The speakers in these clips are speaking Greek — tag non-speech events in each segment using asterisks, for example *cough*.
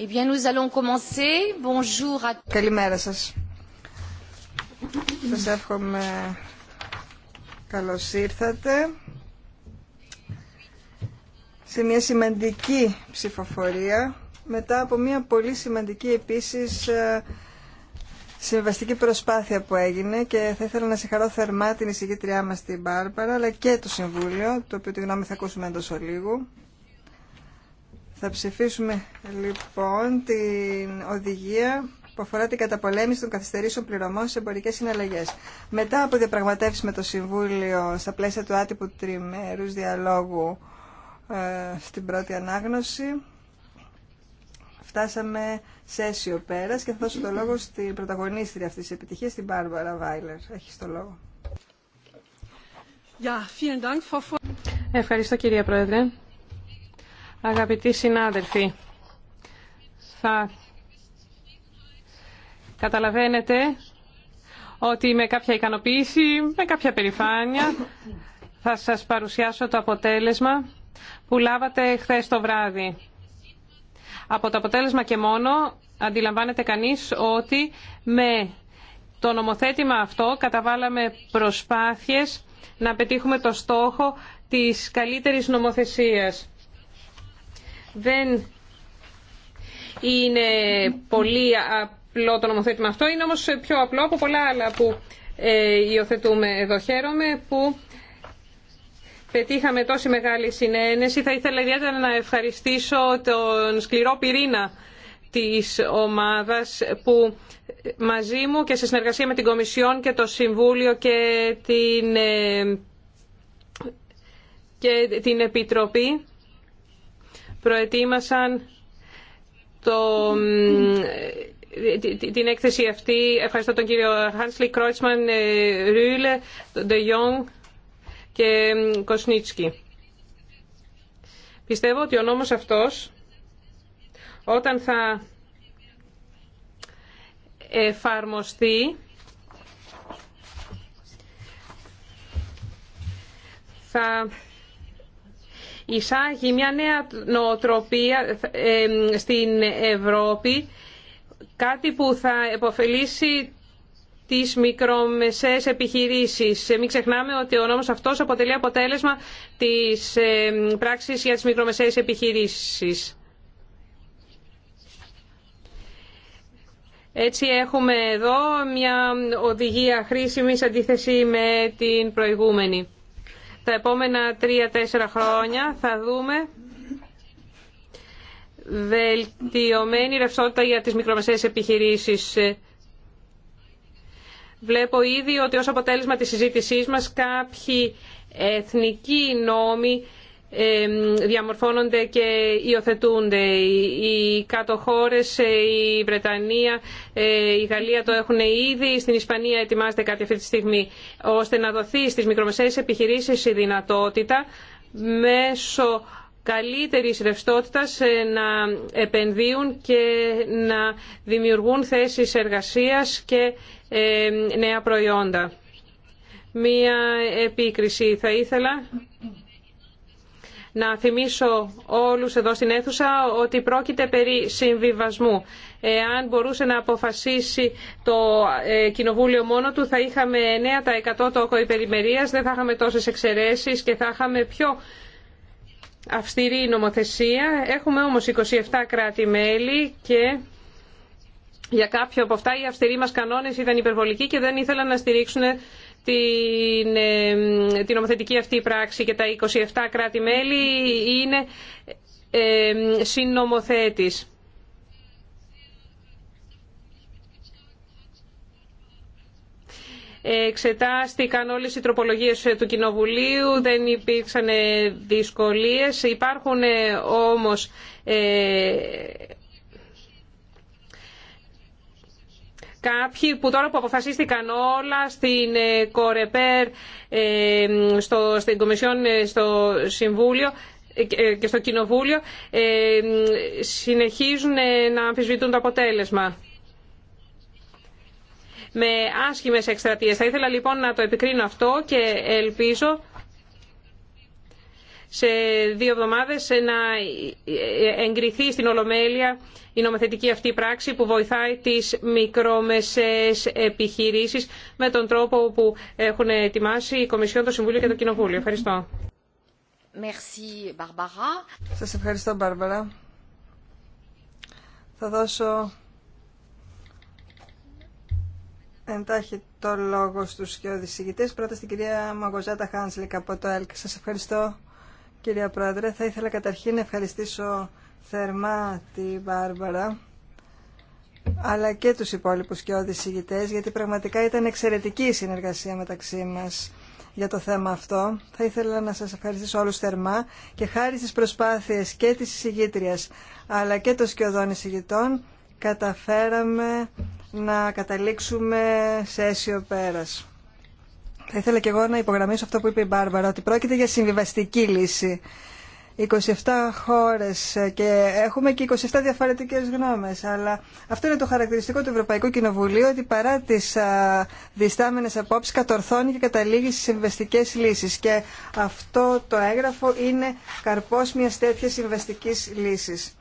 Eh bien, nous allons commencer. Bonjour à... Καλημέρα σας. Σας εύχομαι καλώς ήρθατε σε μια σημαντική ψηφοφορία μετά από μια πολύ σημαντική επίσης ε, συμβαστική προσπάθεια που έγινε και θα ήθελα να συγχαρώ θερμά την εισηγήτριά μας την Μπάρπαρα αλλά και το Συμβούλιο, το οποίο τη γνώμη θα ακούσουμε εντός ολίγου. Θα ψηφίσουμε λοιπόν την οδηγία που αφορά την καταπολέμηση των καθυστερήσεων πληρωμών σε εμπορικέ συναλλαγέ. Μετά από διαπραγματεύσει με το Συμβούλιο στα πλαίσια του άτυπου τριμερού διαλόγου ε, στην πρώτη ανάγνωση, Φτάσαμε σε αίσιο πέρας και θα δώσω το λόγο στην πρωταγωνίστρια αυτής της επιτυχίας, την Μπάρμπαρα Βάιλερ. Έχεις το λόγο. Ευχαριστώ κυρία Πρόεδρε. Αγαπητοί συνάδελφοι, θα καταλαβαίνετε ότι με κάποια ικανοποίηση, με κάποια περηφάνεια θα σας παρουσιάσω το αποτέλεσμα που λάβατε χθες το βράδυ. Από το αποτέλεσμα και μόνο αντιλαμβάνεται κανείς ότι με το νομοθέτημα αυτό καταβάλαμε προσπάθειες να πετύχουμε το στόχο της καλύτερης νομοθεσίας. Δεν είναι πολύ απλό το νομοθέτημα αυτό, είναι όμως πιο απλό από πολλά άλλα που ε, υιοθετούμε εδώ. Χαίρομαι που πετύχαμε τόση μεγάλη συνένεση. Θα ήθελα ιδιαίτερα να ευχαριστήσω τον σκληρό πυρήνα της ομάδας που μαζί μου και σε συνεργασία με την Κομισιόν και το Συμβούλιο και την, ε, και την Επιτροπή προετοίμασαν το, ε, την έκθεση αυτή. Ευχαριστώ τον κύριο Χάνσλι Κρότσμαν, ε, Ρούλε, τον Ιόγκ και Κοσνίτσκι. Πιστεύω ότι ο νόμος αυτός όταν θα εφαρμοστεί θα εισάγει μια νέα νοοτροπία ε, στην Ευρώπη, κάτι που θα επωφελήσει τις μικρομεσαίες επιχειρήσεις. Μην ξεχνάμε ότι ο νόμος αυτός αποτελεί αποτέλεσμα της ε, πράξης για τις μικρομεσαίες επιχειρήσεις. Έτσι έχουμε εδώ μια οδηγία χρήσιμη σε αντίθεση με την προηγούμενη. Τα επόμενα τρία-τέσσερα χρόνια θα δούμε βελτιωμένη ρευστότητα για τις μικρομεσαίες επιχειρήσεις. Βλέπω ήδη ότι ως αποτέλεσμα της συζήτησής μας κάποιοι εθνικοί νόμοι διαμορφώνονται και υιοθετούνται. Οι κάτω χώρε, ε, η Βρετανία, ε, η Γαλλία το έχουν ήδη. Στην Ισπανία ετοιμάζεται κάτι αυτή τη στιγμή, ώστε να δοθεί στις μικρομεσαίες επιχειρήσεις η δυνατότητα μέσω καλύτερη ρευστότητας ε, να επενδύουν και να δημιουργούν θέσεις εργασίας και ε, νέα προϊόντα. Μία επίκριση θα ήθελα να θυμίσω όλους εδώ στην αίθουσα ότι πρόκειται περί συμβιβασμού. Εάν μπορούσε να αποφασίσει το ε, Κοινοβούλιο μόνο του θα είχαμε 9% τόκο υπερημερίας, δεν θα είχαμε τόσες εξαιρέσεις και θα είχαμε πιο αυστηρή νομοθεσία. Έχουμε όμως 27 κράτη-μέλη και για κάποιο από αυτά οι αυστηροί μας κανόνες ήταν υπερβολικοί και δεν ήθελαν να στηρίξουν την, ε, την νομοθετική αυτή πράξη και τα 27 κράτη-μέλη είναι ε, συνομοθέτης. εξετάστηκαν όλες οι τροπολογίες του Κοινοβουλίου, δεν υπήρξαν δυσκολίες. Υπάρχουν ε, όμως ε, κάποιοι που τώρα που αποφασίστηκαν όλα στην ε, Κορεπέρ, στο, στην Κομισιόν, στο Συμβούλιο και στο Κοινοβούλιο, συνεχίζουν να αμφισβητούν το αποτέλεσμα με άσχημες εκστρατείε. Θα ήθελα λοιπόν να το επικρίνω αυτό και ελπίζω σε δύο εβδομάδες να εγκριθεί στην Ολομέλεια η νομοθετική αυτή πράξη που βοηθάει τις μικρομεσαίες επιχειρήσεις με τον τρόπο που έχουν ετοιμάσει η Κομισιόν, το Συμβούλιο και το Κοινοβούλιο. Ευχαριστώ. Merci, Σας ευχαριστώ, Μπάρμπαρα. Θα δώσω εντάχει το λόγο στους και οδησηγητές. Πρώτα στην κυρία Μαγκοζάτα Χάνσλικ από το ΕΛΚ. Σας ευχαριστώ κυρία Πρόεδρε. Θα ήθελα καταρχήν να ευχαριστήσω θερμά τη Μπάρμπαρα αλλά και τους υπόλοιπους και οδησηγητές γιατί πραγματικά ήταν εξαιρετική η συνεργασία μεταξύ μας για το θέμα αυτό. Θα ήθελα να σας ευχαριστήσω όλους θερμά και χάρη στις προσπάθειες και της εισηγήτριας αλλά και των σκιωδών εισηγητών καταφέραμε να καταλήξουμε σε αίσιο πέρας. Θα ήθελα και εγώ να υπογραμμίσω αυτό που είπε η Μπάρβαρα, ότι πρόκειται για συμβιβαστική λύση. 27 χώρες και έχουμε και 27 διαφορετικές γνώμες. Αλλά αυτό είναι το χαρακτηριστικό του Ευρωπαϊκού Κοινοβουλίου, ότι παρά τις διστάμενε διστάμενες απόψεις κατορθώνει και καταλήγει στις συμβαστικές λύσεις. Και αυτό το έγγραφο είναι καρπός μιας τέτοιας συμβαστικής λύσης.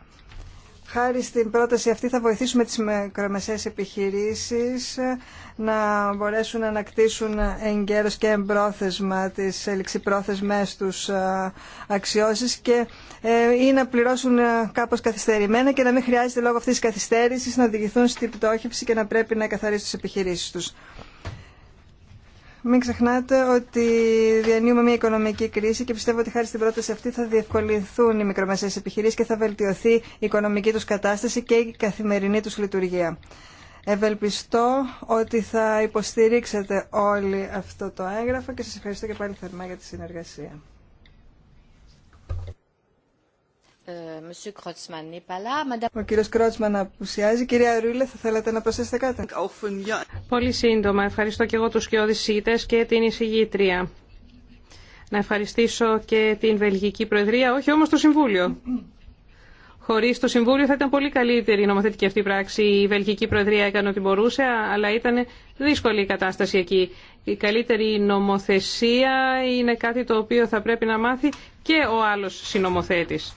Χάρη στην πρόταση αυτή θα βοηθήσουμε τις μικρομεσαίες επιχειρήσεις να μπορέσουν να ανακτήσουν εγκαίρως και εμπρόθεσμα τις ελιξιπρόθεσμες τους ε, αξιώσεις και, ε, ή να πληρώσουν ε, κάπως καθυστερημένα και να μην χρειάζεται λόγω αυτής της καθυστέρησης να οδηγηθούν στην πτώχευση και να πρέπει να εκαθαρίσουν τις επιχειρήσεις τους. Μην ξεχνάτε ότι διανύουμε μια οικονομική κρίση και πιστεύω ότι χάρη στην πρόταση αυτή θα διευκολυνθούν οι μικρομεσαίες επιχειρήσεις και θα βελτιωθεί η οικονομική του κατάσταση και η καθημερινή του λειτουργία. Ευελπιστώ ότι θα υποστηρίξετε όλοι αυτό το έγγραφο και σας ευχαριστώ και πάλι θερμά για τη συνεργασία. Ε, ο κύριος Κρότσμαν απουσιάζει. Κυρία Ρούλε, θα θέλατε να προσθέσετε κάτι. Πολύ σύντομα. Ευχαριστώ και εγώ τους κοιόδης και την εισηγήτρια. Να ευχαριστήσω και την Βελγική Προεδρία, όχι όμως το Συμβούλιο. Χωρί το Συμβούλιο θα ήταν πολύ καλύτερη η νομοθετική αυτή πράξη. Η Βελγική Προεδρία έκανε ό,τι μπορούσε, αλλά ήταν δύσκολη η κατάσταση εκεί. Η καλύτερη νομοθεσία είναι κάτι το οποίο θα πρέπει να μάθει και ο άλλος συνομοθέτης.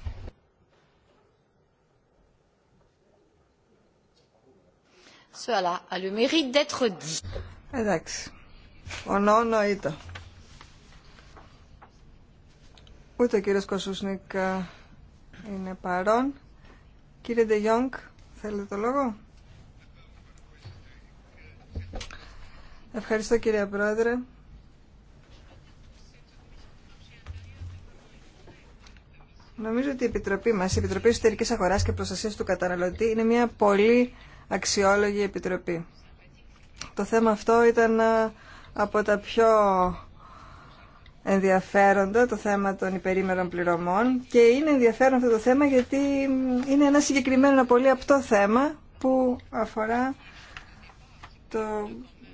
Cela a le mérite d'être Εντάξει. Ούτε ο κύριο Κωσούσνικ ε, είναι παρόν. Κύριε Ντεγιόγκ, θέλετε το λόγο. Ευχαριστώ κύριε Πρόεδρε. Νομίζω ότι η Επιτροπή μας, η Επιτροπή Εσωτερικής Αγοράς και Προστασίας του Καταναλωτή, είναι μια πολύ αξιόλογη επιτροπή. Το θέμα αυτό ήταν ε, από τα πιο ενδιαφέροντα, το θέμα των υπερήμερων πληρωμών και είναι ενδιαφέρον αυτό το θέμα γιατί είναι ένα συγκεκριμένο πολύ απτό θέμα που αφορά το,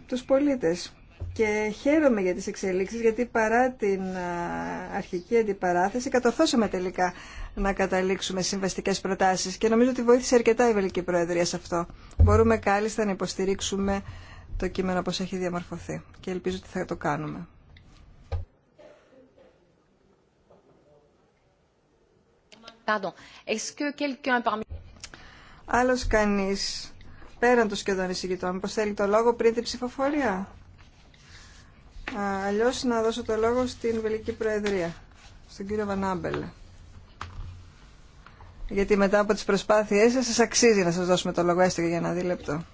τους πολίτες. Και χαίρομαι για τις εξελίξεις γιατί παρά την ε, αρχική αντιπαράθεση κατορθώσαμε τελικά να καταλήξουμε συμβαστικές προτάσεις και νομίζω ότι βοήθησε αρκετά η Βελική Προεδρία σε αυτό. Μπορούμε κάλλιστα να υποστηρίξουμε το κείμενο όπως έχει διαμορφωθεί και ελπίζω ότι θα το κάνουμε. Άλλος κανείς, πέραν του σχεδόν εισηγητών, πως θέλει το λόγο πριν την ψηφοφορία. Αλλιώ να δώσω το λόγο στην Βελική Προεδρία, στον κύριο Βανάμπελε γιατί μετά από τις προσπάθειές σας σας αξίζει να σας δώσουμε το λόγο έστω και για ένα δίλεπτο.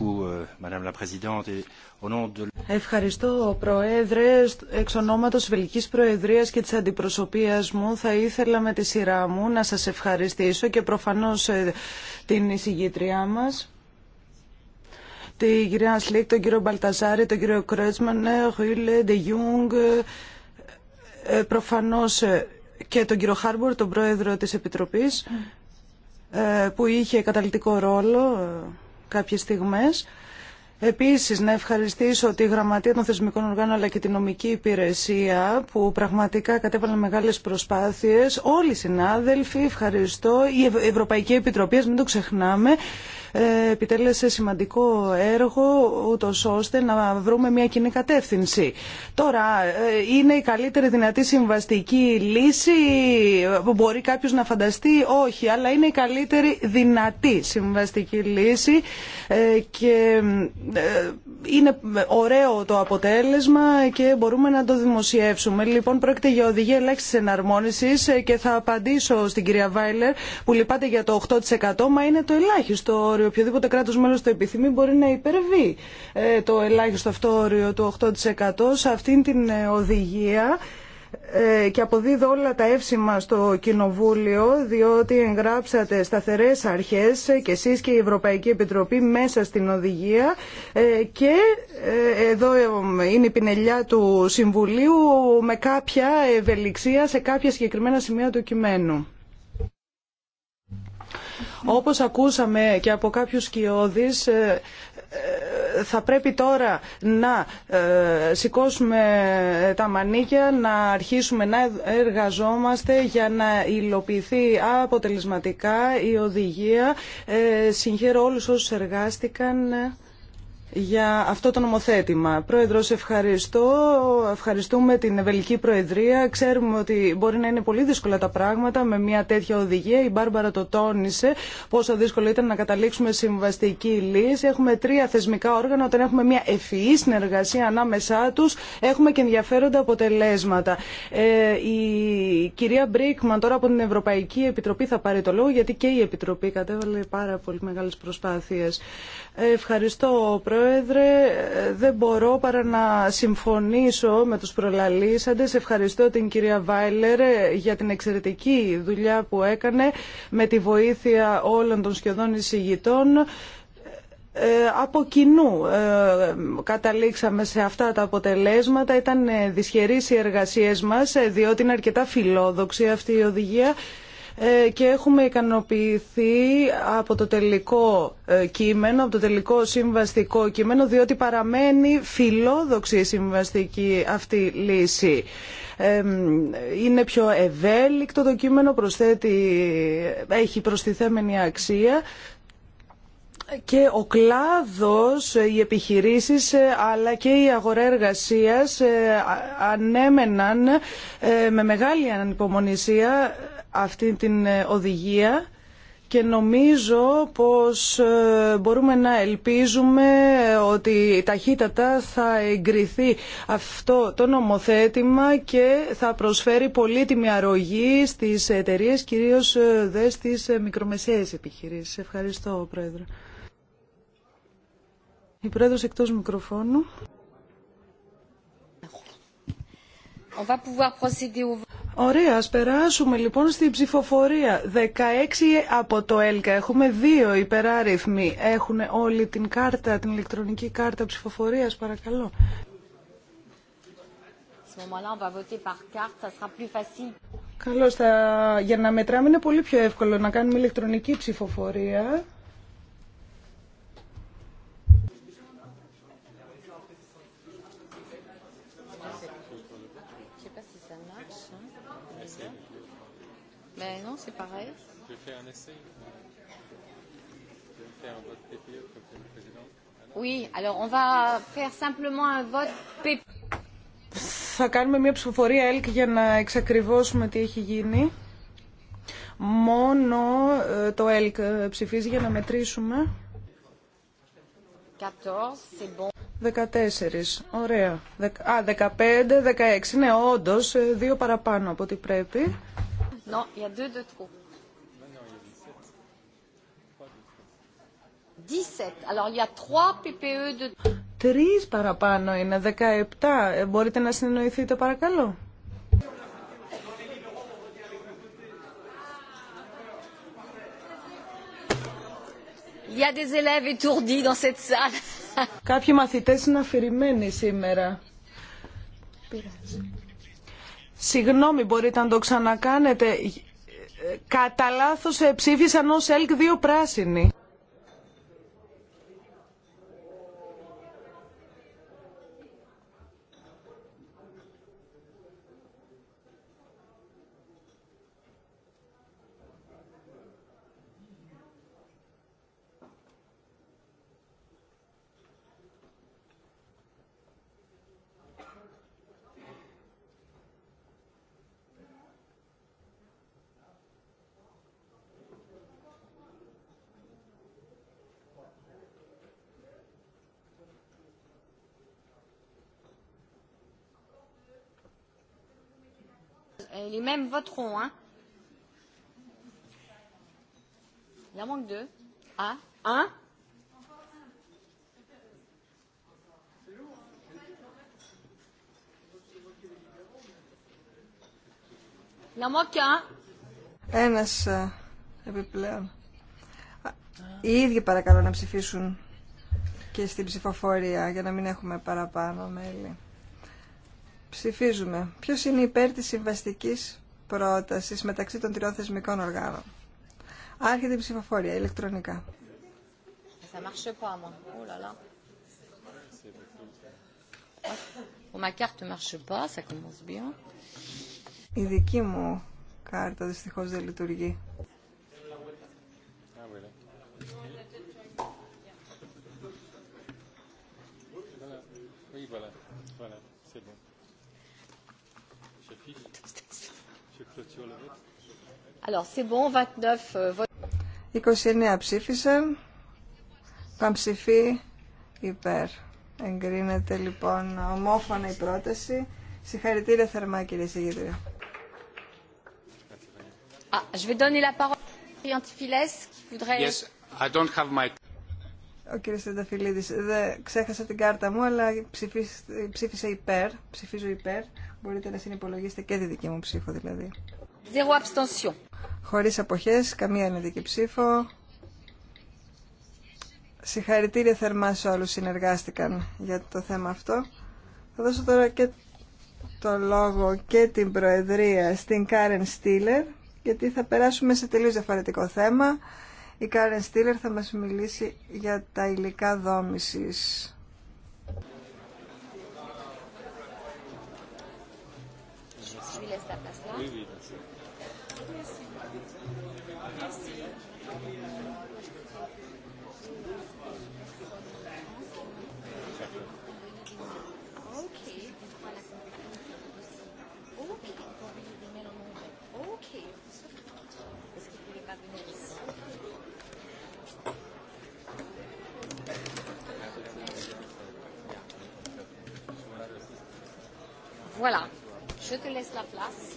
Euh, Ευχαριστώ, Προέδρε. Εξ ονόματο Βελική Προεδρία και τη Αντιπροσωπεία μου, θα ήθελα με τη σειρά μου να σα ευχαριστήσω και προφανώ ε, την εισηγήτριά μα, την κυρία Σλίκ, τον κύριο Μπαλταζάρη, τον κύριο Κρέτσμαν, Χουίλε, ε, Ντε Γιούγκ. Ε, προφανώ και τον κύριο Χάρμπορ, τον πρόεδρο της Επιτροπής, ε, που είχε καταλητικό ρόλο ε, κάποιες στιγμές. Επίσης, να ευχαριστήσω τη Γραμματεία των Θεσμικών Οργάνων αλλά και τη Νομική Υπηρεσία που πραγματικά κατέβαλαν μεγάλες προσπάθειες. Όλοι οι συνάδελφοι, ευχαριστώ. Η Ευρωπαϊκή Επιτροπή, μην το ξεχνάμε, ε, επιτέλεσε σημαντικό έργο ούτως ώστε να βρούμε μια κοινή κατεύθυνση. Τώρα, ε, είναι η καλύτερη δυνατή συμβαστική λύση που μπορεί κάποιος να φανταστεί, όχι, αλλά είναι η καλύτερη δυνατή συμβαστική λύση ε, και είναι ωραίο το αποτέλεσμα και μπορούμε να το δημοσιεύσουμε. Λοιπόν, πρόκειται για οδηγία ελάχιστη εναρμόνιση και θα απαντήσω στην κυρία Βάιλερ που λυπάται για το 8% μα είναι το ελάχιστο όριο. Οποιοδήποτε κράτος μέλος το επιθυμεί μπορεί να υπερβεί ε, το ελάχιστο αυτό όριο του 8% σε αυτήν την ε, οδηγία ε, και αποδίδω όλα τα εύσημα στο Κοινοβούλιο διότι εγγράψατε σταθερές αρχές και εσείς και η Ευρωπαϊκή Επιτροπή μέσα στην οδηγία και εδώ είναι η πινελιά του Συμβουλίου με κάποια ευελιξία σε κάποια συγκεκριμένα σημεία του κειμένου. Όπως ακούσαμε και από κάποιους σκιώδεις, ε, ε, θα πρέπει τώρα να ε, σηκώσουμε τα μανίκια, να αρχίσουμε να εργαζόμαστε για να υλοποιηθεί αποτελεσματικά η οδηγία. Συγχαίρω όλους όσους εργάστηκαν για αυτό το νομοθέτημα. Πρόεδρο, ευχαριστώ. Ευχαριστούμε την ευελική Προεδρία. Ξέρουμε ότι μπορεί να είναι πολύ δύσκολα τα πράγματα με μια τέτοια οδηγία. Η Μπάρμπαρα το τόνισε πόσο δύσκολο ήταν να καταλήξουμε συμβαστική λύση. Έχουμε τρία θεσμικά όργανα. Όταν έχουμε μια ευφυή συνεργασία ανάμεσά του, έχουμε και ενδιαφέροντα αποτελέσματα. Ε, η κυρία Μπρίκμαν τώρα από την Ευρωπαϊκή Επιτροπή θα πάρει το λόγο, γιατί και η Επιτροπή κατέβαλε πάρα πολύ μεγάλε προσπάθειε. Ε, ευχαριστώ, πρόεδρο. Πρόεδρε, δεν μπορώ παρά να συμφωνήσω με τους προλαλήσαντες. Ευχαριστώ την κυρία Βάιλερ για την εξαιρετική δουλειά που έκανε με τη βοήθεια όλων των σχεδόν εισηγητών. Ε, από κοινού ε, καταλήξαμε σε αυτά τα αποτελέσματα. Ήταν δυσχερείς οι εργασίες μας, ε, διότι είναι αρκετά φιλόδοξη αυτή η οδηγία ε, και έχουμε ικανοποιηθεί από το τελικό ε, κείμενο, από το τελικό συμβαστικό κείμενο, διότι παραμένει φιλόδοξη η συμβαστική αυτή λύση. Ε, είναι πιο ευέλικτο το κείμενο, προσθέτει, έχει προστιθέμενη αξία και ο κλάδος, οι επιχειρήσεις αλλά και η αγορά εργασίας ανέμεναν με μεγάλη ανυπομονησία αυτή την ε, οδηγία και νομίζω πως ε, μπορούμε να ελπίζουμε ε, ότι ταχύτατα θα εγκριθεί αυτό το νομοθέτημα και θα προσφέρει πολύτιμη αρρωγή στις εταιρείε, κυρίως δε στις μικρομεσαίες επιχειρήσεις. Ευχαριστώ, Πρόεδρε. Η Πρόεδρος εκτός μικροφώνου. Ωραία, ας περάσουμε λοιπόν στην ψηφοφορία. 16 από το ΕΛΚΑ. Έχουμε δύο υπεράριθμοι. Έχουν όλη την κάρτα, την ηλεκτρονική κάρτα ψηφοφορίας, παρακαλώ. Καλώς, θα... για να μετράμε είναι πολύ πιο εύκολο να κάνουμε ηλεκτρονική ψηφοφορία. c'est pareil. Je vais faire un essai. Je vais faire un vote PPE comme le président. Oui, alors on va faire simplement un vote PPE. Θα κάνουμε μια ψηφοφορία ΕΛΚ για να εξακριβώσουμε τι έχει γίνει. Μόνο ε, το ΕΛΚ ε, ψηφίζει για να μετρήσουμε. 14, c'est bon. 14. Ωραία. Α, 15, 16. Ναι, όντως, ε, δύο παραπάνω από ό,τι πρέπει. Non, il y a deux Τρεις παραπάνω είναι, 17. Ε, μπορείτε να συνεννοηθείτε παρακαλώ. Il Κάποιοι μαθητές είναι αφηρημένοι σήμερα. Πειράζει. Συγγνώμη, μπορείτε να το ξανακάνετε. Κατά λάθο ε, ψήφισαν ω ΕΛΚ δύο πράσινοι. Et euh, les mêmes voteront, hein Il en manque deux. Ah, un Il en manque un. Ένας ε, επιπλέον. Οι ίδιοι παρακαλώ να ψηφίσουν και στην ψηφοφορία για να μην έχουμε παραπάνω μέλη. Ψηφίζουμε. Ποιο είναι υπέρ τη συμβαστικής πρόταση μεταξύ των τριών θεσμικών οργάνων. Άρχεται η ψηφοφορία ηλεκτρονικά. Η δική μου κάρτα δυστυχώ δεν λειτουργεί. voilà, c'est bon. 29 euh, ψήφισαν. Παμψηφί υπέρ. Εγκρίνεται λοιπόν ομόφωνα η πρόταση. Συγχαρητήρια θερμά κύριε Συγγήτρια. Ah, Ο κύριο Τενταφυλλίδης. Ξέχασα την κάρτα μου, αλλά ψήφισε υπέρ. Ψηφίζω υπέρ. Μπορείτε να συνυπολογίσετε και τη δική μου ψήφο δηλαδή. Zero Χωρίς αποχές, καμία δική ψήφο. Συγχαρητήρια θερμά σε όλους συνεργάστηκαν για το θέμα αυτό. Θα δώσω τώρα και το λόγο και την Προεδρία στην Κάρεν Στήλερ, γιατί θα περάσουμε σε τελείως διαφορετικό θέμα. Η Κάρεν Στήλερ θα μας μιλήσει για τα υλικά δόμησης. Je te laisse la place.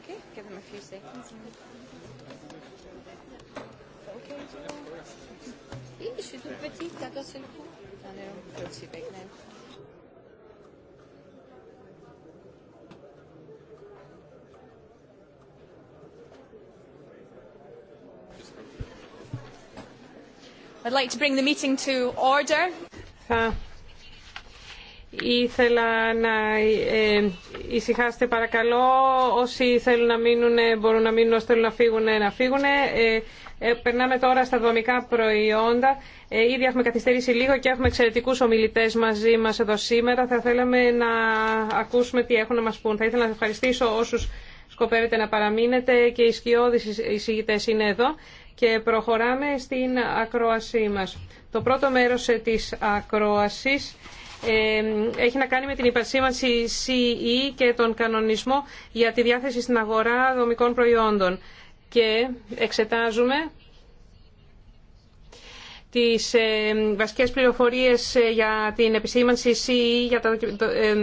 Okay, give them a few seconds. Okay, Oui, je suis toute petite, là, d'un seul coup. know, I je suis big now. I'd like to bring the meeting to order. Ήθελα να ε, ησυχάσετε παρακαλώ. Όσοι θέλουν να μείνουν ε, μπορούν να μείνουν, όσοι θέλουν να φύγουν ε, να φύγουν. περνάμε τώρα στα δομικά προϊόντα. ήδη έχουμε καθυστερήσει λίγο και έχουμε εξαιρετικούς ομιλητές μαζί μας εδώ σήμερα. Θα θέλαμε να ακούσουμε τι έχουν να μας πούν. Θα ήθελα να σας ευχαριστήσω όσους σκοπεύετε να παραμείνετε και οι σκιώδεις εισηγητές είναι εδώ και προχωράμε στην ακρόασή μας. Το πρώτο μέρος της ακρόασης έχει να κάνει με την υπερσήμανση CE και τον κανονισμό για τη διάθεση στην αγορά δομικών προϊόντων. Και εξετάζουμε τις βασικές πληροφορίες ε, για την επισήμανση CE για τα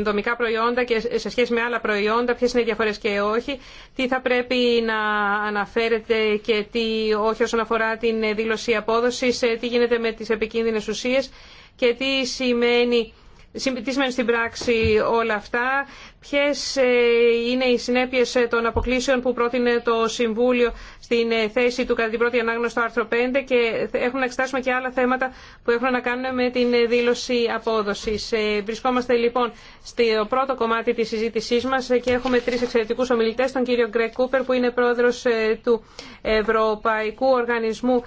δομικά προϊόντα και σε σχέση με άλλα προϊόντα, ποιες είναι οι διαφορές και όχι, τι θα πρέπει να αναφέρεται και τι όχι όσον αφορά την δήλωση απόδοσης, ε, τι γίνεται με τις επικίνδυνες ουσίες και τι σημαίνει σημαίνει στην πράξη όλα αυτά, Ποιε ε, είναι οι συνέπειε ε, των αποκλήσεων που πρότεινε το Συμβούλιο στην ε, θέση του κατά την πρώτη ανάγνωση στο άρθρο 5 και έχουμε να εξετάσουμε και άλλα θέματα που έχουν να κάνουν με την δήλωση απόδοση. Βρισκόμαστε λοιπόν στο πρώτο κομμάτι τη συζήτησή μα και έχουμε τρει εξαιρετικού ομιλητέ, τον κύριο Γκρέκ Κούπερ που είναι πρόεδρο του Ευρωπαϊκού Οργανισμού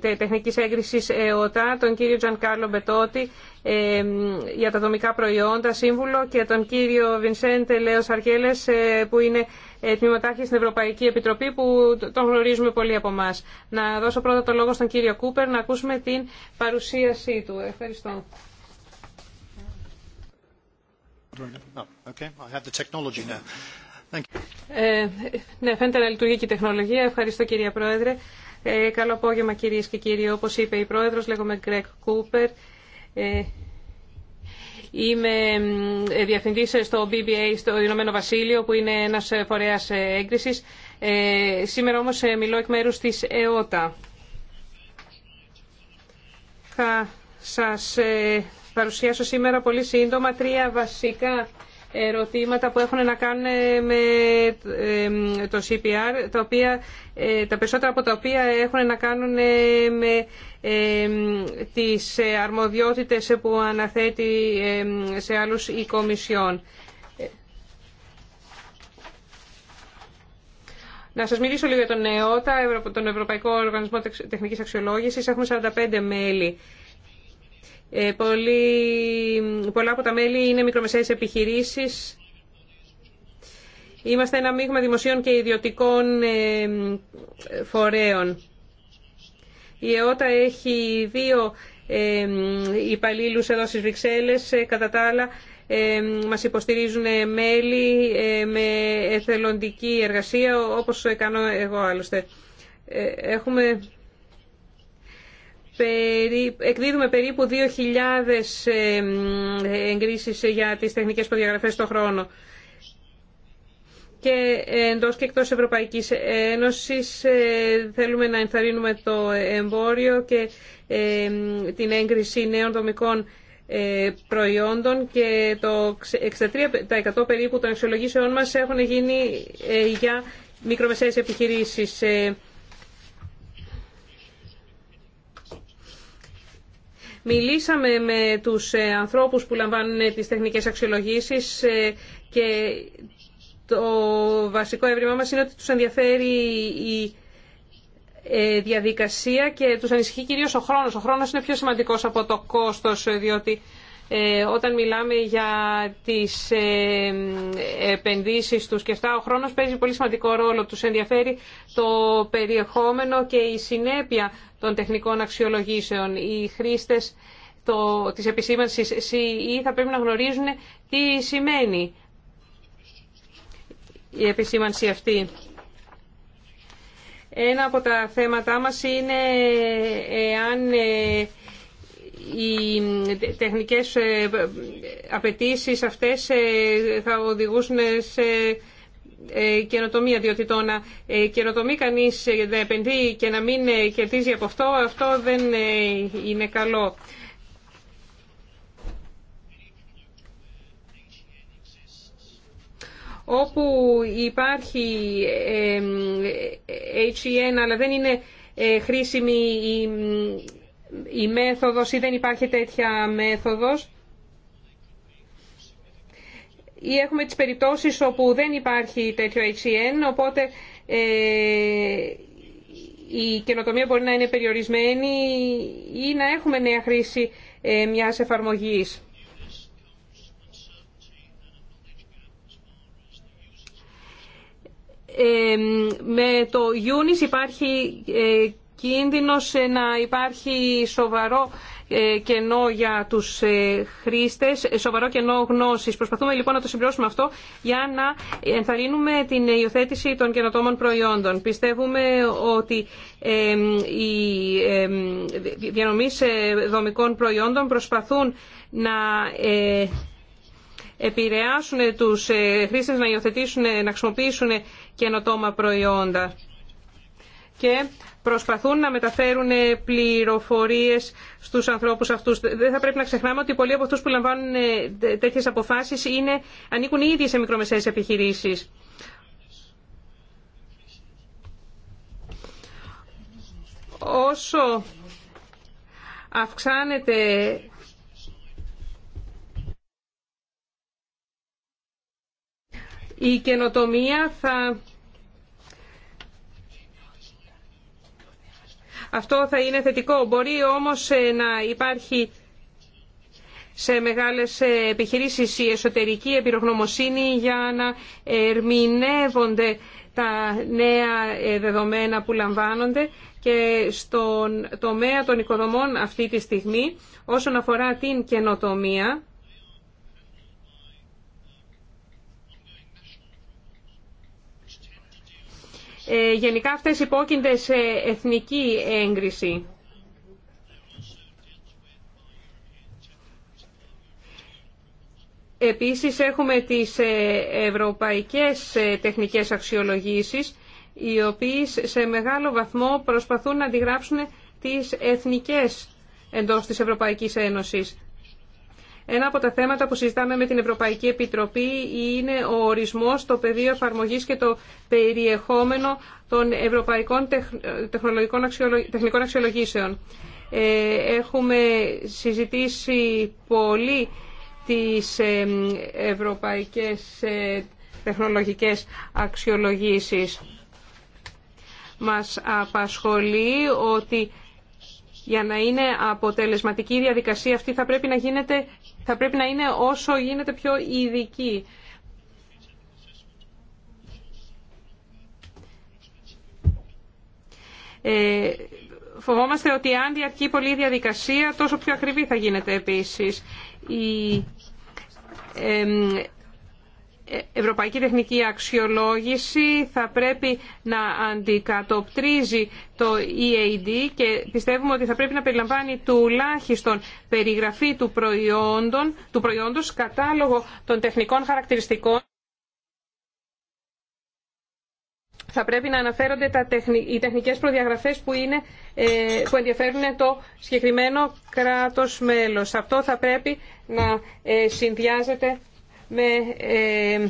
Τεχνική Έγκριση ΕΟΤΑ, τον κύριο Τζαν Κάρλο Μπετότη, για τα δομικά προϊόντα σύμβουλο και τον κύριο Βινσέντε Λέο Αργέλες ε, που είναι ε, τμήματάρχη στην Ευρωπαϊκή Επιτροπή που τον γνωρίζουμε πολύ από εμά. Να δώσω πρώτα το λόγο στον κύριο Κούπερ να ακούσουμε την παρουσίασή του. Ευχαριστώ. Ε, ναι, φαίνεται να λειτουργεί και η τεχνολογία. Ευχαριστώ κύριε Πρόεδρε. καλό απόγευμα κυρίες και κύριοι. Όπως είπε η Πρόεδρος, λέγομαι Greg Cooper. Ε, είμαι ε, διευθυντή στο BBA στο Ηνωμένο Βασίλειο που είναι ένας ε, φορέας έγκρισης. Σήμερα όμως μιλώ εκ μέρους της ΕΟΤΑ. Θα σα παρουσιάσω σήμερα πολύ σύντομα τρία βασικά ερωτήματα που έχουν να κάνουν με το CPR, τα, οποία, ε, τα περισσότερα από τα οποία έχουν να κάνουν ε, με τις ε, αρμοδιότητες που αναθέτει σε άλλους η Κομισιόν. Να σας μιλήσω λίγο για τον ΕΟΤΑ, τον Ευρωπαϊκό Οργανισμό Τεχνικής Αξιολόγησης. Έχουμε 45 μέλη. Ε, πολλά από τα μέλη είναι μικρομεσαίες επιχειρήσεις. Είμαστε ένα μείγμα δημοσίων και ιδιωτικών ε, φορέων. Η ΕΟΤΑ έχει δύο ε, υπαλλήλου εδώ στις Βρυξέλλες. Κατά τα άλλα, μας υποστηρίζουν μέλη με εθελοντική εργασία, όπως κάνω εγώ άλλωστε. Έχουμε εκδίδουμε περίπου 2.000 ε, εγκρίσεις για τις τεχνικές προδιαγραφέ το χρόνο. Και εντός και εκτός Ευρωπαϊκής Ένωσης ε, θέλουμε να ενθαρρύνουμε το εμπόριο και ε, την έγκριση νέων δομικών προϊόντων και το 63% περίπου των αξιολογήσεών μας έχουν γίνει για μικρομεσαίες επιχειρήσεις. Μιλήσαμε με τους ε, ανθρώπους που λαμβάνουν τις τεχνικές αξιολογήσεις ε, και το βασικό έβριμα μας είναι ότι τους ενδιαφέρει η ε, διαδικασία και τους ανησυχεί κυρίως ο χρόνος. Ο χρόνος είναι πιο σημαντικός από το κόστος, διότι ε, όταν μιλάμε για τις ε, επενδύσεις τους και αυτά, ο χρόνος παίζει πολύ σημαντικό ρόλο. Τους ενδιαφέρει το περιεχόμενο και η συνέπεια των τεχνικών αξιολογήσεων. Οι χρήστες το, της επισήμανσης CE θα πρέπει να γνωρίζουν τι σημαίνει η επισήμανση αυτή. Ένα από τα θέματά μας είναι εάν ε, οι τεχνικές ε, απαιτήσεις αυτές ε, θα οδηγούσαν σε ε, καινοτομία, διότι το να καινοτομεί κανείς, να επενδύει και να μην κερδίζει από αυτό, αυτό δεν είναι καλό. Όπου υπάρχει HEN αλλά δεν είναι χρήσιμη η η μέθοδος ή δεν υπάρχει τέτοια μέθοδος ή έχουμε τις περιπτώσεις όπου δεν υπάρχει τέτοιο HCN, e οπότε ε, η καινοτομία μπορεί να είναι περιορισμένη ή να έχουμε νέα χρήση ε, μιας εφαρμογής. Ε, με το UNIS υπάρχει ε, κίνδυνος ε, να υπάρχει σοβαρό ε, κενό για τους ε, χρήστες, σοβαρό κενό γνώσης. Προσπαθούμε λοιπόν να το συμπληρώσουμε αυτό για να ενθαρρύνουμε την υιοθέτηση των καινοτόμων προϊόντων. Πιστεύουμε ότι οι διανομής δομικών προϊόντων προσπαθούν να επηρεάσουν τους χρήστες να υιοθετήσουν, να χρησιμοποιήσουν καινοτόμα προϊόντα. Και προσπαθούν να μεταφέρουν πληροφορίες στους ανθρώπους αυτούς. Δεν θα πρέπει να ξεχνάμε ότι πολλοί από αυτού που λαμβάνουν ε, τέτοιες αποφάσεις είναι, ανήκουν ήδη σε μικρομεσαίες επιχειρήσεις. Όσο αυξάνεται η καινοτομία θα Αυτό θα είναι θετικό. Μπορεί όμως ε, να υπάρχει σε μεγάλες ε, επιχειρήσεις η εσωτερική επιρογνωμοσύνη για να ερμηνεύονται τα νέα ε, δεδομένα που λαμβάνονται και στον τομέα των οικοδομών αυτή τη στιγμή όσον αφορά την καινοτομία Ε, γενικά αυτές υπόκεινται σε εθνική έγκριση. Επίσης έχουμε τις ε, ευρωπαϊκές ε, τεχνικές αξιολογήσεις οι οποίες σε μεγάλο βαθμό προσπαθούν να αντιγράψουν τις εθνικές εντός της Ευρωπαϊκής Ένωσης. Ένα από τα θέματα που συζητάμε με την Ευρωπαϊκή Επιτροπή είναι ο ορισμός, το πεδίο εφαρμογής και το περιεχόμενο των ευρωπαϊκών τεχνολογικών τεχνικών αξιολογήσεων. Ε, έχουμε συζητήσει πολύ τις ε, ευρωπαϊκές ε, τεχνολογικές αξιολογήσεις. Μας απασχολεί ότι για να είναι αποτελεσματική η διαδικασία αυτή θα πρέπει να γίνεται θα πρέπει να είναι όσο γίνεται πιο ειδική. Ε, φοβόμαστε ότι αν διαρκεί πολύ η διαδικασία, τόσο πιο ακριβή θα γίνεται επίσης. Η Ευρωπαϊκή Τεχνική Αξιολόγηση θα πρέπει να αντικατοπτρίζει το EAD και πιστεύουμε ότι θα πρέπει να περιλαμβάνει τουλάχιστον περιγραφή του, προϊόντος του προϊόντος κατάλογο των τεχνικών χαρακτηριστικών. Θα πρέπει να αναφέρονται οι τεχνικές προδιαγραφές που, είναι, ε, που ενδιαφέρουν το συγκεκριμένο κράτος μέλος. Αυτό θα πρέπει να ε, συνδυάζεται με ε,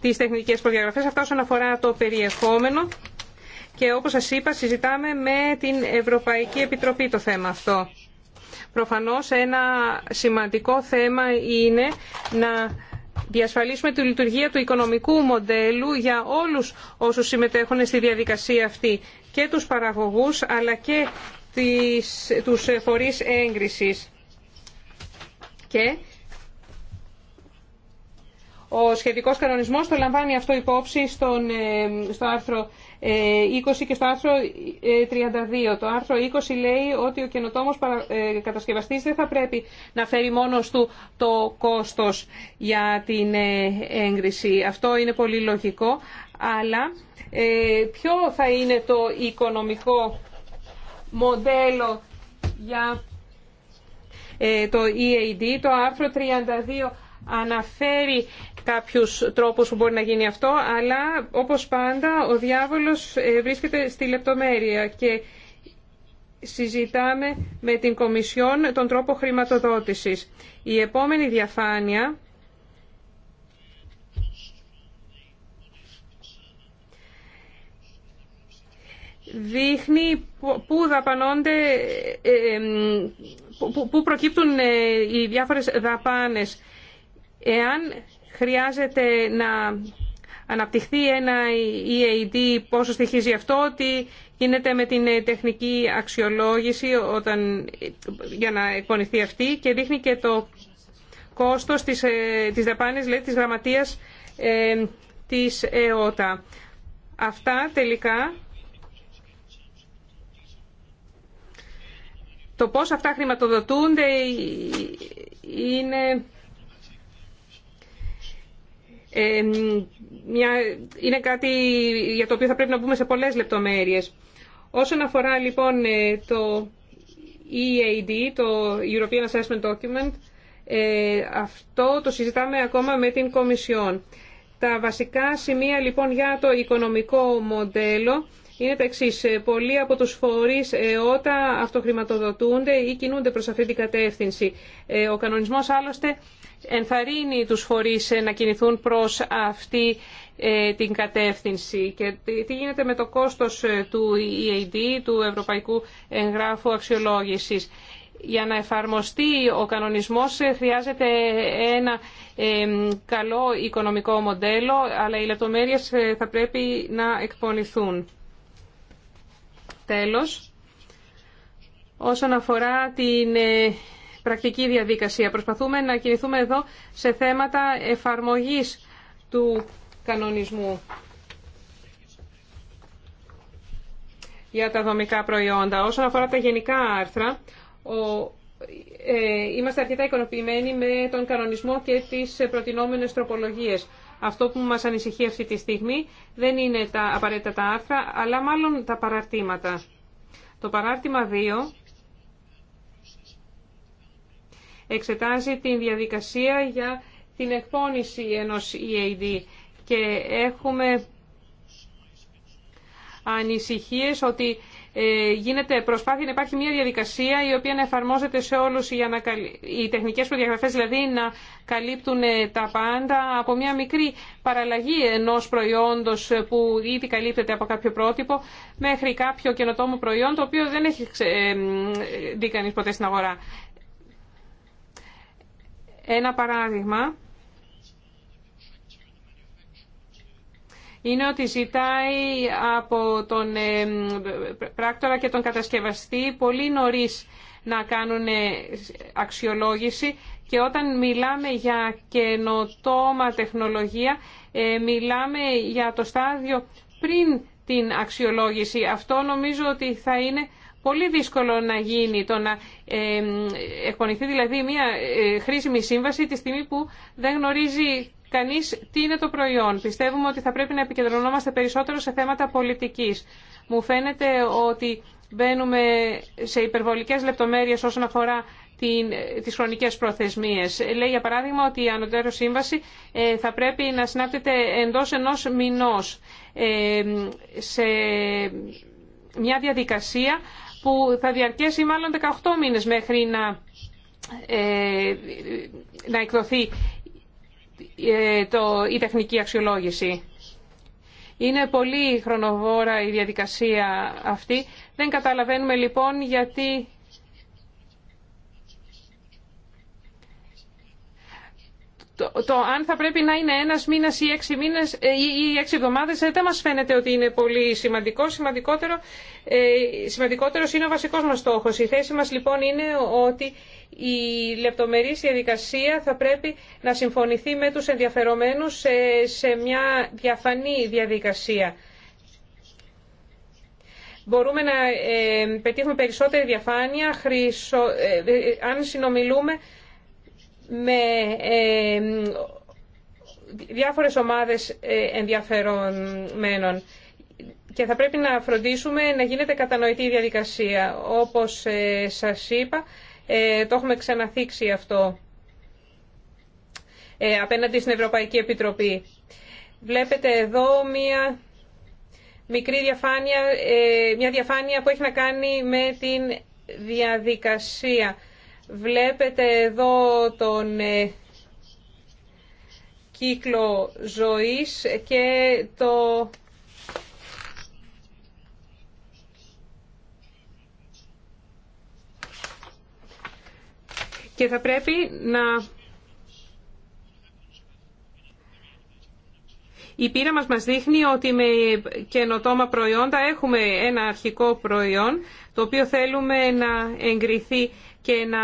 τις τεχνικές προδιαγραφές. Αυτά όσον αφορά το περιεχόμενο και όπως σας είπα συζητάμε με την Ευρωπαϊκή Επιτροπή το θέμα αυτό. Προφανώς ένα σημαντικό θέμα είναι να διασφαλίσουμε τη λειτουργία του οικονομικού μοντέλου για όλους όσους συμμετέχουν στη διαδικασία αυτή και τους παραγωγούς αλλά και τις, τους φορείς έγκρισης και ο σχετικός κανονισμός το λαμβάνει αυτό υπόψη στον, ε, στο άρθρο 20 ε, και στο άρθρο 32. Ε, το άρθρο 20 λέει ότι ο καινοτόμος κατασκευαστής δεν θα πρέπει να φέρει μόνος του το κόστος για την έγκριση. Αυτό είναι πολύ λογικό, αλλά ποιο θα είναι το οικονομικό μοντέλο για ε, το EAD. Το άρθρο 32 αναφέρει κάποιους τρόπους που μπορεί να γίνει αυτό, αλλά όπως πάντα ο διάβολος ε, βρίσκεται στη λεπτομέρεια και συζητάμε με την Κομισιόν τον τρόπο χρηματοδότησης. Η επόμενη διαφάνεια δείχνει πού δαπανώνται ε, πού προκύπτουν ε, οι διάφορες δαπάνες. Εάν χρειάζεται να αναπτυχθεί ένα EAD, πόσο στοιχίζει αυτό, ότι γίνεται με την ε, τεχνική αξιολόγηση όταν, για να εκπονηθεί αυτή και δείχνει και το κόστος της, ε, της δαπάνης, λέει, της γραμματείας της ΕΟΤΑ. Αυτά τελικά Το πώς αυτά χρηματοδοτούνται είναι... μια, είναι κάτι για το οποίο θα πρέπει να μπούμε σε πολλές λεπτομέρειες. Όσον αφορά λοιπόν ε, το EAD, το European Assessment Document, ε, αυτό το συζητάμε ακόμα με την Κομισιόν. Τα βασικά σημεία λοιπόν για το οικονομικό μοντέλο είναι τα εξή. Ε, πολλοί από τους φορείς ε, όταν αυτοχρηματοδοτούνται ή κινούνται προς αυτή την κατεύθυνση. Ε, ο κανονισμός άλλωστε ενθαρρύνει τους φορείς να κινηθούν προς αυτή την κατεύθυνση. Και τι γίνεται με το κόστος του EAD, του Ευρωπαϊκού Εγγράφου Αξιολόγησης. Για να εφαρμοστεί ο κανονισμός χρειάζεται ένα καλό οικονομικό μοντέλο, αλλά οι λεπτομέρειες θα πρέπει να εκπονηθούν. Τέλος, όσον αφορά την ε, πρακτική διαδικασία, προσπαθούμε να κινηθούμε εδώ σε θέματα εφαρμογής του κανονισμού για τα δομικά προϊόντα. Όσον αφορά τα γενικά άρθρα, ο ε, είμαστε αρκετά ικανοποιημένοι με τον κανονισμό και τις προτινόμενες τροπολογίες. Αυτό που μας ανησυχεί αυτή τη στιγμή δεν είναι τα απαραίτητα άρθρα, αλλά μάλλον τα παραρτήματα. Το παράρτημα 2 εξετάζει την διαδικασία για την εκπόνηση ενός EAD και έχουμε ανησυχίες ότι ε, γίνεται προσπάθεια να υπάρχει μια διαδικασία η οποία να εφαρμόζεται σε όλους για να οι τεχνικές προδιαγραφές δηλαδή να καλύπτουν ε, τα πάντα από μια μικρή παραλλαγή ενός προϊόντος ε, που ήδη καλύπτεται από κάποιο πρότυπο μέχρι κάποιο καινοτόμο προϊόν το οποίο δεν έχει δει κανείς ποτέ στην αγορά. Ένα παράδειγμα είναι ότι ζητάει από τον ε, πράκτορα και τον κατασκευαστή πολύ νωρίς να κάνουν ε, αξιολόγηση και όταν μιλάμε για καινοτόμα τεχνολογία ε, μιλάμε για το στάδιο πριν την αξιολόγηση. Αυτό νομίζω ότι θα είναι πολύ δύσκολο να γίνει το να εκπονηθεί δηλαδή μια χρήσιμη σύμβαση τη στιγμή που δεν γνωρίζει Κανεί τι είναι το προϊόν. Πιστεύουμε ότι θα πρέπει να επικεντρωνόμαστε περισσότερο σε θέματα πολιτικής. Μου φαίνεται ότι μπαίνουμε σε υπερβολικές λεπτομέρειες όσον αφορά τι χρονικέ προθεσμίε. Λέει για παράδειγμα ότι η ανωτέρω σύμβαση ε, θα πρέπει να συνάπτεται εντός ενός μηνός ε, σε μια διαδικασία που θα διαρκέσει μάλλον 18 μήνες μέχρι να, ε, να εκδοθεί ε, το, η τεχνική αξιολόγηση. Είναι πολύ χρονοβόρα η διαδικασία αυτή. Δεν καταλαβαίνουμε λοιπόν γιατί το, αν θα πρέπει να είναι ένας μήνας ή έξι, μήνες, ε, ή, έξι εβδομάδες ε, δεν μας φαίνεται ότι είναι πολύ σημαντικό. Σημαντικότερο, ε, σημαντικότερο είναι ο βασικός μας στόχος. Η θέση μας λοιπόν είναι ότι η λεπτομερής διαδικασία θα πρέπει να συμφωνηθεί με τους ενδιαφερομένους σε, μια διαφανή διαδικασία. Μπορούμε να πετύχουμε περισσότερη διαφάνεια αν συνομιλούμε με διάφορες ομάδες ε, ενδιαφερομένων. Και θα πρέπει να φροντίσουμε να γίνεται κατανοητή η διαδικασία. Όπως ε, σας είπα, ε, το έχουμε ξαναθίξει αυτό απέναντι στην Ευρωπαϊκή Επιτροπή. Βλέπετε εδώ μία μικρή διαφάνεια, μια διαφάνεια που έχει να κάνει με την διαδικασία Βλέπετε εδώ τον ε, κύκλο ζωής και το και θα πρέπει να Η πείρα μας μας δείχνει ότι με καινοτόμα προϊόντα έχουμε ένα αρχικό προϊόν το οποίο θέλουμε να εγκριθεί και να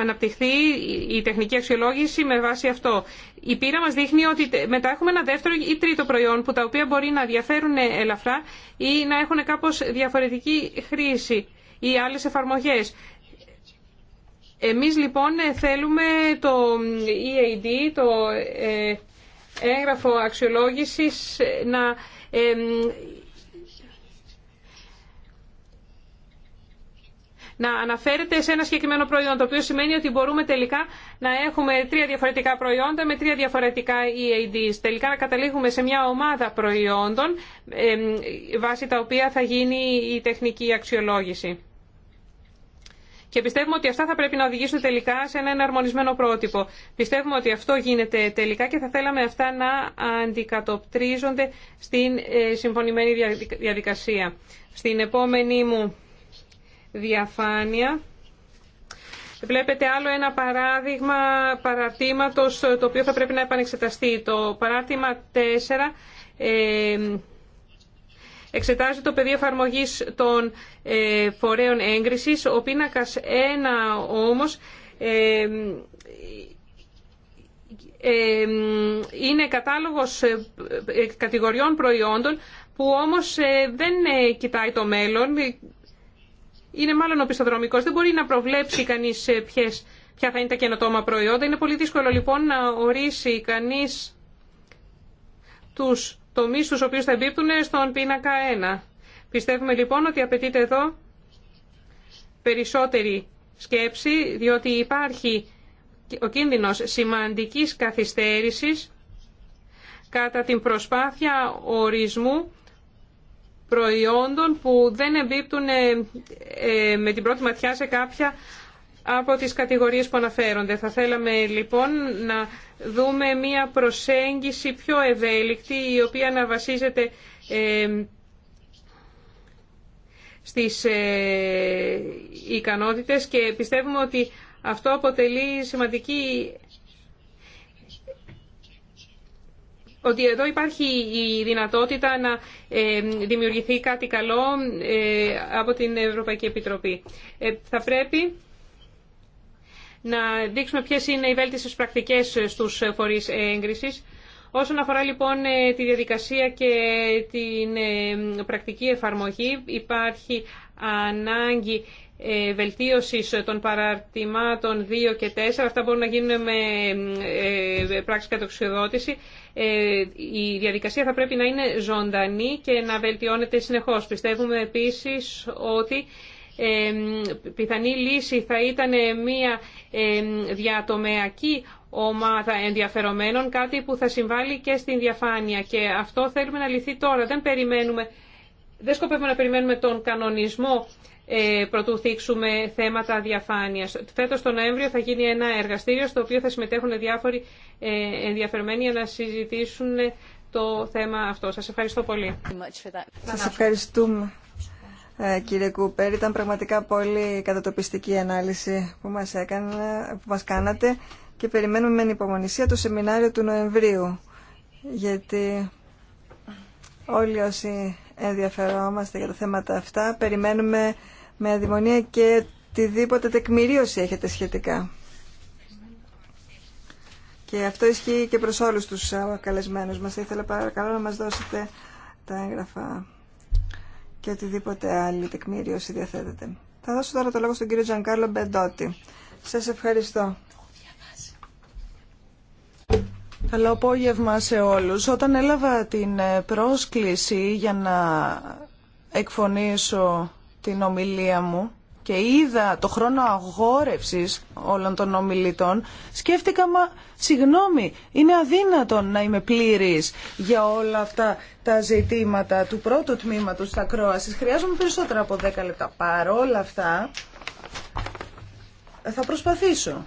αναπτυχθεί η τεχνική αξιολόγηση με βάση αυτό. Η πείρα μας δείχνει ότι μετά έχουμε ένα δεύτερο ή τρίτο προϊόν που τα οποία μπορεί να διαφέρουν ελαφρά ή να έχουν κάπως διαφορετική χρήση ή άλλες εφαρμογές. Εμείς λοιπόν θέλουμε το EAD, το ε, έγγραφο αξιολόγησης, να να αναφέρεται σε ένα συγκεκριμένο προϊόν, το οποίο σημαίνει ότι μπορούμε τελικά να έχουμε τρία διαφορετικά προϊόντα με τρία διαφορετικά EADs. Τελικά να καταλήγουμε σε μια ομάδα προϊόντων βάσει τα οποία θα γίνει η τεχνική αξιολόγηση. Και πιστεύουμε ότι αυτά θα πρέπει να οδηγήσουν τελικά σε ένα εναρμονισμένο πρότυπο. Πιστεύουμε ότι αυτό γίνεται τελικά και θα θέλαμε αυτά να αντικατοπτρίζονται στην ε, συμφωνημένη διαδικασία. Στην επόμενη μου διαφάνεια. Βλέπετε άλλο ένα παράδειγμα παρατήματος ε, το οποίο θα πρέπει να επανεξεταστεί. Το παράτημα 4 ε, εξετάζει το πεδίο εφαρμογή των ε, φορέων έγκρισης. Ο πίνακας 1 όμως είναι κατάλογος κατηγοριών προϊόντων που όμως δεν κοιτάει το μέλλον είναι μάλλον οπισθοδρομικός. Δεν μπορεί να προβλέψει κανείς ποια θα είναι τα καινοτόμα προϊόντα. Είναι πολύ δύσκολο λοιπόν να ορίσει κανείς τους τομείς του οποίους θα εμπίπτουν στον πίνακα 1. Πιστεύουμε λοιπόν ότι απαιτείται εδώ περισσότερη σκέψη, διότι υπάρχει ο κίνδυνος σημαντικής καθυστέρησης κατά την προσπάθεια ορισμού προϊόντων που δεν εμπίπτουν ε, ε, με την πρώτη ματιά σε κάποια από τις κατηγορίες που αναφέρονται. Θα θέλαμε λοιπόν να δούμε μία προσέγγιση πιο ευέλικτη η οποία να βασίζεται ε, στις ικανότητες και πιστεύουμε ότι αυτό αποτελεί σημαντική ότι εδώ υπάρχει η δυνατότητα να ε, δημιουργηθεί κάτι καλό ε, από την Ευρωπαϊκή Επιτροπή. Ε, θα πρέπει να δείξουμε ποιες είναι οι βέλτιστες πρακτικές στους φορείς έγκρισης. Όσον αφορά λοιπόν τη διαδικασία και την πρακτική εφαρμογή, υπάρχει ανάγκη ε, Βελτίωση των παραρτημάτων 2 και 4. Αυτά μπορούν να γίνουν με ε, ε, πράξη κατοξιδότηση. Η διαδικασία θα πρέπει να είναι ζωντανή και να βελτιώνεται συνεχώς. Πιστεύουμε επίσης ότι πιθανή λύση θα ήταν μια διατομεακή ομάδα ενδιαφερομένων, κάτι που θα συμβάλλει και στην διαφάνεια. Και αυτό θέλουμε να λυθεί τώρα. Δεν περιμένουμε, δεν σκοπεύουμε να περιμένουμε τον κανονισμό ε, πρωτού θίξουμε θέματα διαφάνειας. Φέτος τον Νοέμβριο θα γίνει ένα εργαστήριο στο οποίο θα συμμετέχουν διάφοροι ε, ενδιαφερμένοι για να συζητήσουν το θέμα αυτό. Σας ευχαριστώ πολύ. Σας ευχαριστούμε. Ε, κύριε Κούπερ, ήταν πραγματικά πολύ κατατοπιστική ανάλυση που μας, έκανε, που μας κάνατε και περιμένουμε με ανυπομονησία το σεμινάριο του Νοεμβρίου γιατί όλοι όσοι ενδιαφερόμαστε για τα θέματα αυτά περιμένουμε με αδημονία και οτιδήποτε τεκμηρίωση έχετε σχετικά. Και αυτό ισχύει και προς όλους τους καλεσμένους μας. Θα ήθελα παρακαλώ να μας δώσετε τα έγγραφα και οτιδήποτε άλλη τεκμηρίωση διαθέτεται. Θα δώσω τώρα το λόγο στον κύριο Τζανκάρλο Μπεντότη. Σας ευχαριστώ. Καλό απόγευμα σε όλους. Όταν έλαβα την πρόσκληση για να εκφωνήσω την ομιλία μου και είδα το χρόνο αγόρευσης όλων των ομιλητών, σκέφτηκα, μα συγγνώμη, είναι αδύνατο να είμαι πλήρης για όλα αυτά τα ζητήματα του πρώτου τμήματος στα ακρόασης. Χρειάζομαι περισσότερα από 10 λεπτά. Παρόλα αυτά, θα προσπαθήσω.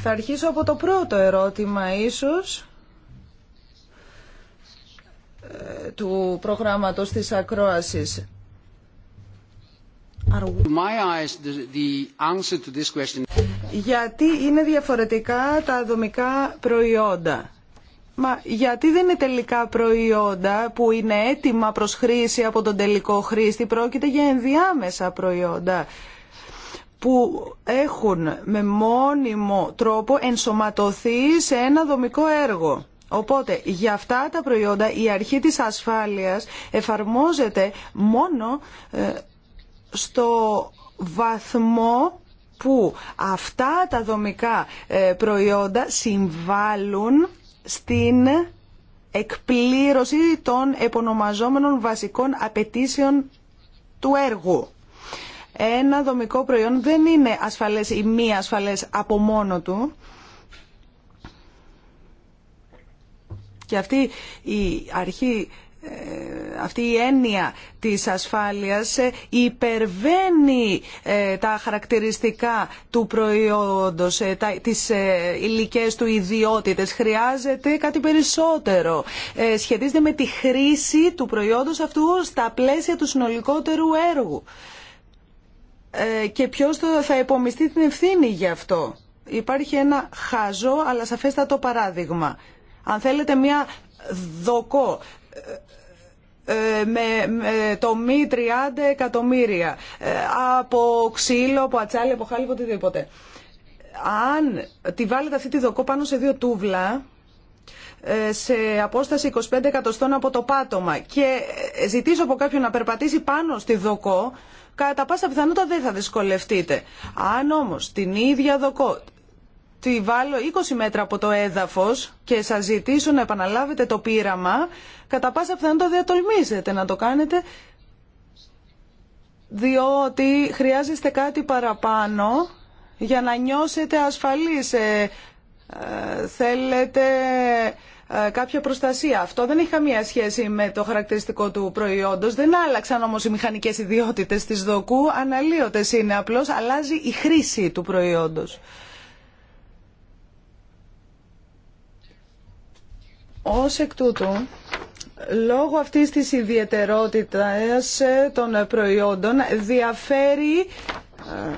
Θα αρχίσω από το πρώτο ερώτημα, ίσως του προγράμματος της ακρόασης. Γιατί είναι διαφορετικά τα δομικά προϊόντα. Μα γιατί δεν είναι τελικά προϊόντα που είναι έτοιμα προς χρήση από τον τελικό χρήστη, πρόκειται για ενδιάμεσα προϊόντα που έχουν με μόνιμο τρόπο ενσωματωθεί σε ένα δομικό έργο. Οπότε για αυτά τα προϊόντα η αρχή της ασφάλειας εφαρμόζεται μόνο ε, στο βαθμό που αυτά τα δομικά ε, προϊόντα συμβάλλουν στην εκπλήρωση των επωνομαζόμενων βασικών απαιτήσεων του έργου. Ένα δομικό προϊόν δεν είναι ασφαλές ή μη ασφαλές από μόνο του. Και αυτή η αρχή ε, αυτή η έννοια της ασφάλειας ε, υπερβαίνει ε, τα χαρακτηριστικά του προϊόντος, τις υλικές του ιδιότητες. Χρειάζεται κάτι περισσότερο. Σχετίζεται με τη χρήση του προϊόντος αυτού στα πλαίσια του συνολικότερου έργου. Και ποιος θα επομιστεί την ευθύνη γι' αυτό. Υπάρχει ένα χάζο αλλά σαφέστατο παράδειγμα αν θέλετε, μια δοκό ε, ε, με, με το μη 30 εκατομμύρια ε, από ξύλο, από ατσάλι, από χάλι, οτιδήποτε. Αν τη βάλετε αυτή τη δοκό πάνω σε δύο τούβλα, σε απόσταση 25 εκατοστών από το πάτωμα και ζητήσω από κάποιον να περπατήσει πάνω στη δοκό, κατά πάσα πιθανότητα δεν θα δυσκολευτείτε. Αν όμως την ίδια δοκό ότι βάλω 20 μέτρα από το έδαφος και σας ζητήσω να επαναλάβετε το πείραμα, κατά πάσα πιθανότητα δεν να το κάνετε, διότι χρειάζεστε κάτι παραπάνω για να νιώσετε ασφαλείς. Ε, ε, θέλετε ε, κάποια προστασία. Αυτό δεν έχει καμία σχέση με το χαρακτηριστικό του προϊόντος. Δεν άλλαξαν όμως οι μηχανικές ιδιότητες της δοκού. Αναλύωτες είναι απλώς. Αλλάζει η χρήση του προϊόντος. Ως εκ τούτου, λόγω αυτής της ιδιαιτερότητας ε, των προϊόντων διαφέρει ε,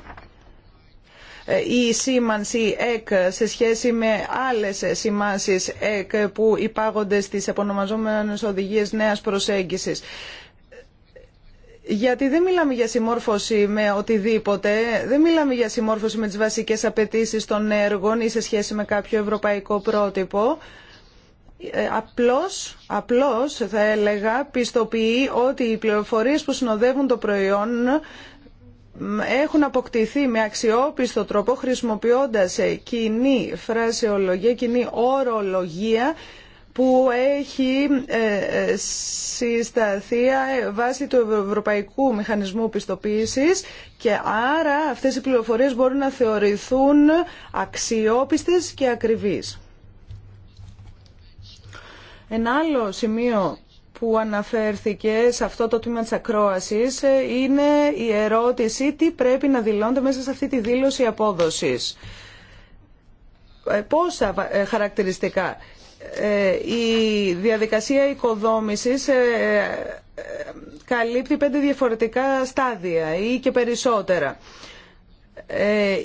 ε, η σήμανση ΕΚ σε σχέση με άλλες σημάσεις ΕΚ που υπάγονται στις επωνομαζόμενες οδηγίες νέας προσέγγισης. Γιατί δεν μιλάμε για συμμόρφωση με οτιδήποτε, δεν μιλάμε για συμμόρφωση με τις βασικές απαιτήσεις των έργων ή σε σχέση με κάποιο ευρωπαϊκό πρότυπο. Ε, απλώς, απλώς θα έλεγα πιστοποιεί ότι οι πληροφορίες που συνοδεύουν το προϊόν έχουν αποκτηθεί με αξιόπιστο τρόπο χρησιμοποιώντας ε, κοινή φρασιολογία, κοινή ορολογία που έχει ε, συσταθεί βάσει του Ευρωπαϊκού Μηχανισμού Πιστοποίησης και άρα αυτές οι πληροφορίες μπορούν να θεωρηθούν αξιόπιστες και ακριβείς. Ένα άλλο σημείο που αναφέρθηκε σε αυτό το τμήμα της ακρόασης είναι η ερώτηση τι πρέπει να δηλώνεται μέσα σε αυτή τη δήλωση απόδοσης. Ε, πόσα ε, χαρακτηριστικά. Ε, η διαδικασία οικοδόμησης καλύπτει πέντε διαφορετικά στάδια ή και περισσότερα. Ε,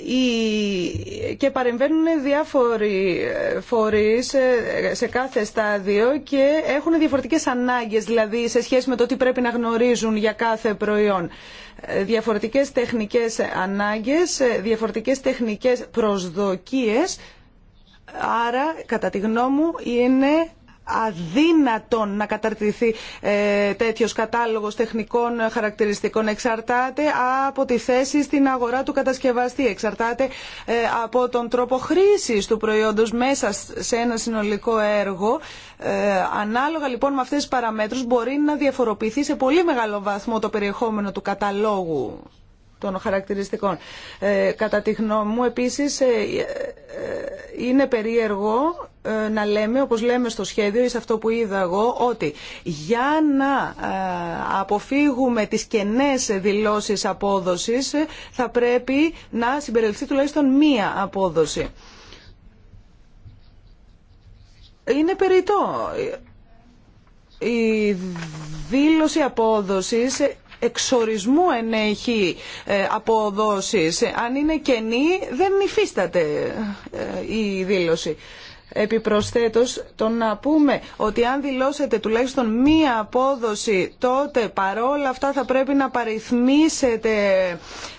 και παρεμβαίνουν διάφοροι ε, φορείς ε, σε κάθε στάδιο και έχουν διαφορετικές ανάγκες δηλαδή σε σχέση με το τι πρέπει να γνωρίζουν για κάθε προϊόν. Διαφορετικές τεχνικές ανάγκες, διαφορετικές τεχνικές προσδοκίες. Άρα, κατά τη γνώμη μου, είναι αδύνατον να καταρτηθεί ε, τέτοιος κατάλογος τεχνικών χαρακτηριστικών. Εξαρτάται από τη θέση στην αγορά του κατασκευαστή. Εξαρτάται ε, από τον τρόπο χρήσης του προϊόντος μέσα σε ένα συνολικό έργο. Ε, ανάλογα λοιπόν με αυτές τις παραμέτρους μπορεί να διαφοροποιηθεί σε πολύ μεγάλο βαθμό το περιεχόμενο του καταλόγου των χαρακτηριστικών. Ε, κατά τη γνώμη μου, επίσης, ε, ε, είναι περίεργο να λέμε, όπως λέμε στο σχέδιο ή σε αυτό που είδα εγώ, ότι για να αποφύγουμε τις κενές δηλώσεις απόδοσης θα πρέπει να συμπεριληφθεί τουλάχιστον μία απόδοση. Είναι περιττό. Η δήλωση απόδοσης εξορισμού ενέχει ε, αποδόσεις. Αν είναι κενή δεν υφίσταται ε, η δήλωση. Επιπροσθέτως, το να πούμε ότι αν δηλώσετε τουλάχιστον μία απόδοση, τότε παρόλα αυτά θα πρέπει να παριθμίσετε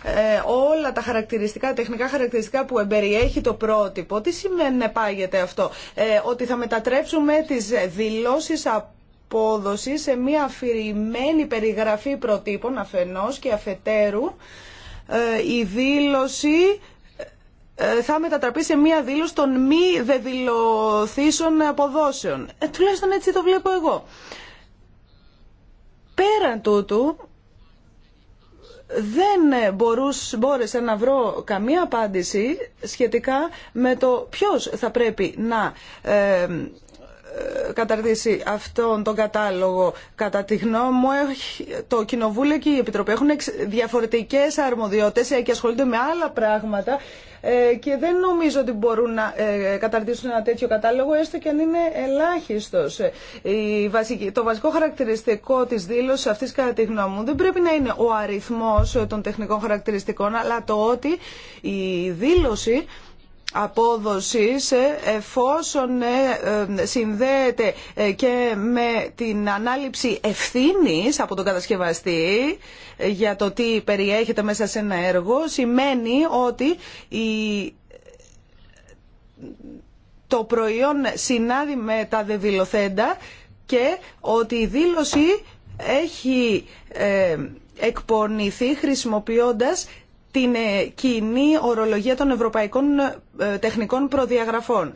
ε, όλα τα χαρακτηριστικά, τεχνικά χαρακτηριστικά που εμπεριέχει το πρότυπο. Τι σημαίνει να πάγεται αυτό, ότι θα μετατρέψουμε τις δηλώσεις απόδοσης απόδοση σε μια αφηρημένη περιγραφή προτύπων αφενός και αφετέρου ε, η δήλωση ε, ε, θα μετατραπεί σε μία δήλωση των μη δεδηλωθήσεων αποδόσεων. τουλάχιστον έτσι το βλέπω εγώ. Πέραν τούτου, δεν μπορούς, μπόρεσα να βρω καμία απάντηση σχετικά με το ποιος θα πρέπει να καταρτήσει αυτόν τον κατάλογο. Κατά τη γνώμη μου, το Κοινοβούλιο και η Επιτροπή έχουν διαφορετικές αρμοδιότητες ε, και ασχολούνται με άλλα πράγματα ε, και δεν νομίζω ότι μπορούν να ε, καταρτήσουν ένα τέτοιο κατάλογο, έστω και αν είναι ελάχιστος. Το βασικό χαρακτηριστικό της δήλωσης αυτής, κατά τη γνώμη μου, δεν πρέπει να είναι ο αριθμός των τεχνικών χαρακτηριστικών, αλλά το ότι η δήλωση απόδοσης ε, εφόσον ε, ε, συνδέεται και με την ανάληψη ευθύνης από τον κατασκευαστή για το τι περιέχεται μέσα σε ένα έργο σημαίνει ότι το προϊόν συνάδει με τα δεδηλωθέντα και ότι η δήλωση έχει εκπονηθεί χρησιμοποιώντας την ε, κοινή ορολογία των ευρωπαϊκών ε, τεχνικών προδιαγραφών.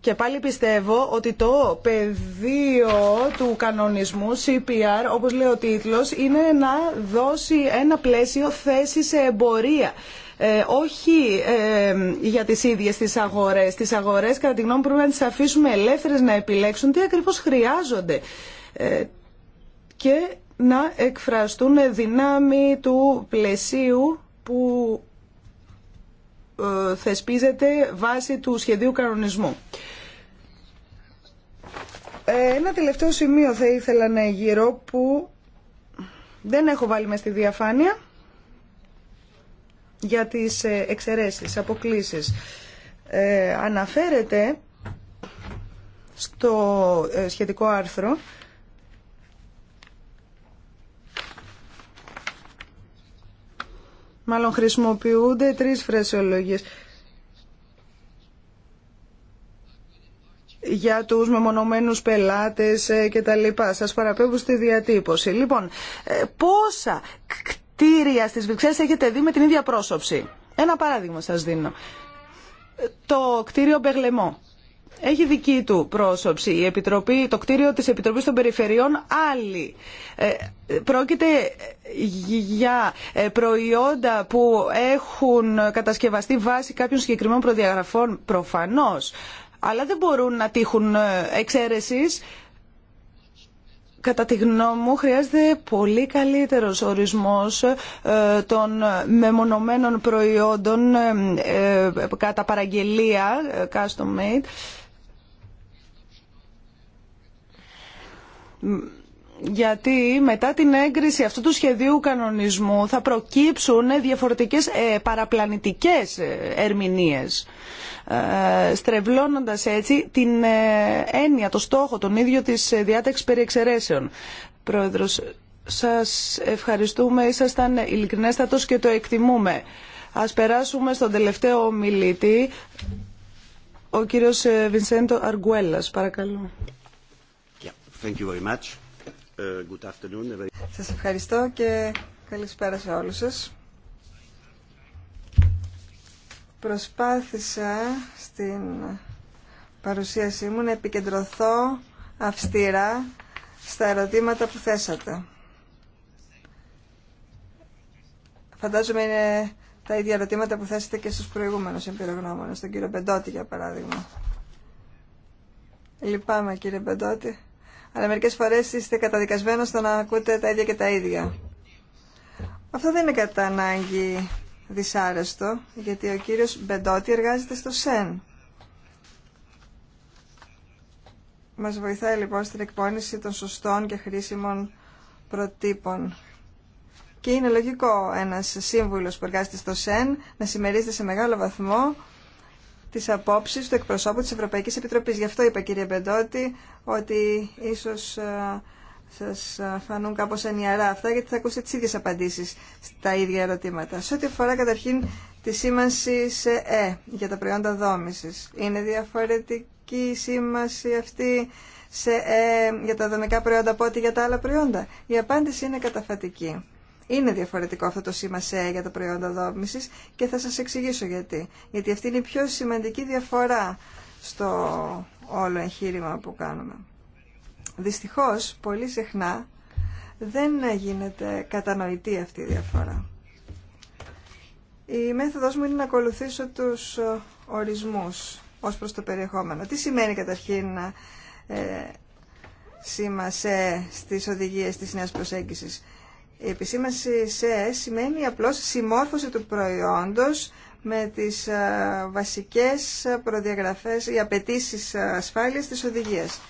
Και πάλι πιστεύω ότι το πεδίο του κανονισμού CPR, όπως λέει ο τίτλος, είναι να δώσει ένα πλαίσιο θέση σε εμπορία. Ε, όχι για τις ίδιες τις αγορές. Τις αγορές, κατά τη γνώμη πρέπει να τις αφήσουμε ελεύθερες να επιλέξουν τι ακριβώς χρειάζονται. και να εκφραστούν δυνάμει του πλαισίου που ε, θεσπίζεται βάσει του σχεδίου κανονισμού. Ε, ένα τελευταίο σημείο θα ήθελα να γύρω που δεν έχω βάλει μες στη διαφάνεια για τις ε, εξαιρέσεις, αποκλήσεις. Ε, αναφέρεται στο σχετικό άρθρο Μάλλον χρησιμοποιούνται τρεις φρασιολογίες. για τους μεμονωμένους πελάτες ε, και τα λοιπά. Σας παραπέμπω στη διατύπωση. Λοιπόν, ε, πόσα κτίρια στις Βρυξέλλες έχετε δει με την ίδια πρόσωψη. Ένα παράδειγμα σας δίνω. Ε, το κτίριο Μπεγλεμό έχει δική του πρόσωψη. Η Επιτροπή, το κτίριο της Επιτροπής των Περιφερειών άλλη. Ε, πρόκειται για ε, προϊόντα που έχουν κατασκευαστεί βάσει κάποιων συγκεκριμένων προδιαγραφών προφανώς, αλλά δεν μπορούν να τύχουν ε, εξαίρεσης. Κατά τη γνώμη μου χρειάζεται πολύ καλύτερος ορισμός ε, των μεμονωμένων προϊόντων κατά παραγγελία, custom made, γιατί μετά την έγκριση αυτού του σχεδίου κανονισμού θα προκύψουν διαφορετικές ε, παραπλανητικές ε, ερμηνείες ε, στρεβλώνοντας έτσι την έννοια, το στόχο, τον ίδιο της διάταξης περί εξαιρέσεων. Πρόεδρος, σας ευχαριστούμε, ήσασταν ειλικρινέστατος και το εκτιμούμε. Ας περάσουμε στον τελευταίο μιλήτη ο κύριος Βινσέντο Αργουέλλας, παρακαλώ. Thank uh, Σας ευχαριστώ και καλησπέρα σε όλους σας. Προσπάθησα στην παρουσίασή μου να επικεντρωθώ αυστηρά στα ερωτήματα που θέσατε. Φαντάζομαι είναι τα ίδια ερωτήματα που θέσατε και στους προηγούμενους εμπειρογνώμονες, τον κύριο Μπεντότη για παράδειγμα. Λυπάμαι κύριε Μπεντότη αλλά μερικές φορές είστε καταδικασμένος στο να ακούτε τα ίδια και τα ίδια. Αυτό δεν είναι κατά ανάγκη δυσάρεστο, γιατί ο κύριος Μπεντότη εργάζεται στο ΣΕΝ. Μας βοηθάει λοιπόν στην εκπόνηση των σωστών και χρήσιμων προτύπων. Και είναι λογικό ένας σύμβουλος που εργάζεται στο ΣΕΝ να συμμερίζεται σε μεγάλο βαθμό τις απόψεις του εκπροσώπου της Ευρωπαϊκής Επιτροπής. Γι' αυτό είπα κύριε Μπεντότη ότι ίσως ε, σας ε, φανούν κάπως ενιαρά αυτά γιατί θα ακούσετε τις ίδιες απαντήσεις στα ίδια ερωτήματα. Σε ό,τι αφορά καταρχήν τη σήμανση σε Ε για τα προϊόντα δόμησης. Είναι διαφορετική η σήμανση αυτή σε Ε για τα δομικά προϊόντα από ό,τι για τα άλλα προϊόντα. Η απάντηση είναι καταφατική. Είναι διαφορετικό αυτό το σήμα σε για τα προϊόντα δόμησης και θα σας εξηγήσω γιατί. Γιατί αυτή είναι η πιο σημαντική διαφορά στο όλο εγχείρημα που κάνουμε. Δυστυχώς, πολύ συχνά δεν γίνεται κατανοητή αυτή η διαφορά. Η μέθοδος μου είναι να ακολουθήσω τους ε, ορισμούς ως προς το περιεχόμενο. Τι σημαίνει καταρχήν ε, σήμα σε στις οδηγίες της νέας προσέγγισης. Η επισήμανση σε σημαίνει απλώς συμμόρφωση του προϊόντος με τις ε, βασικές προδιαγραφές ή απαιτήσει ε, ασφάλειας της οδηγίας.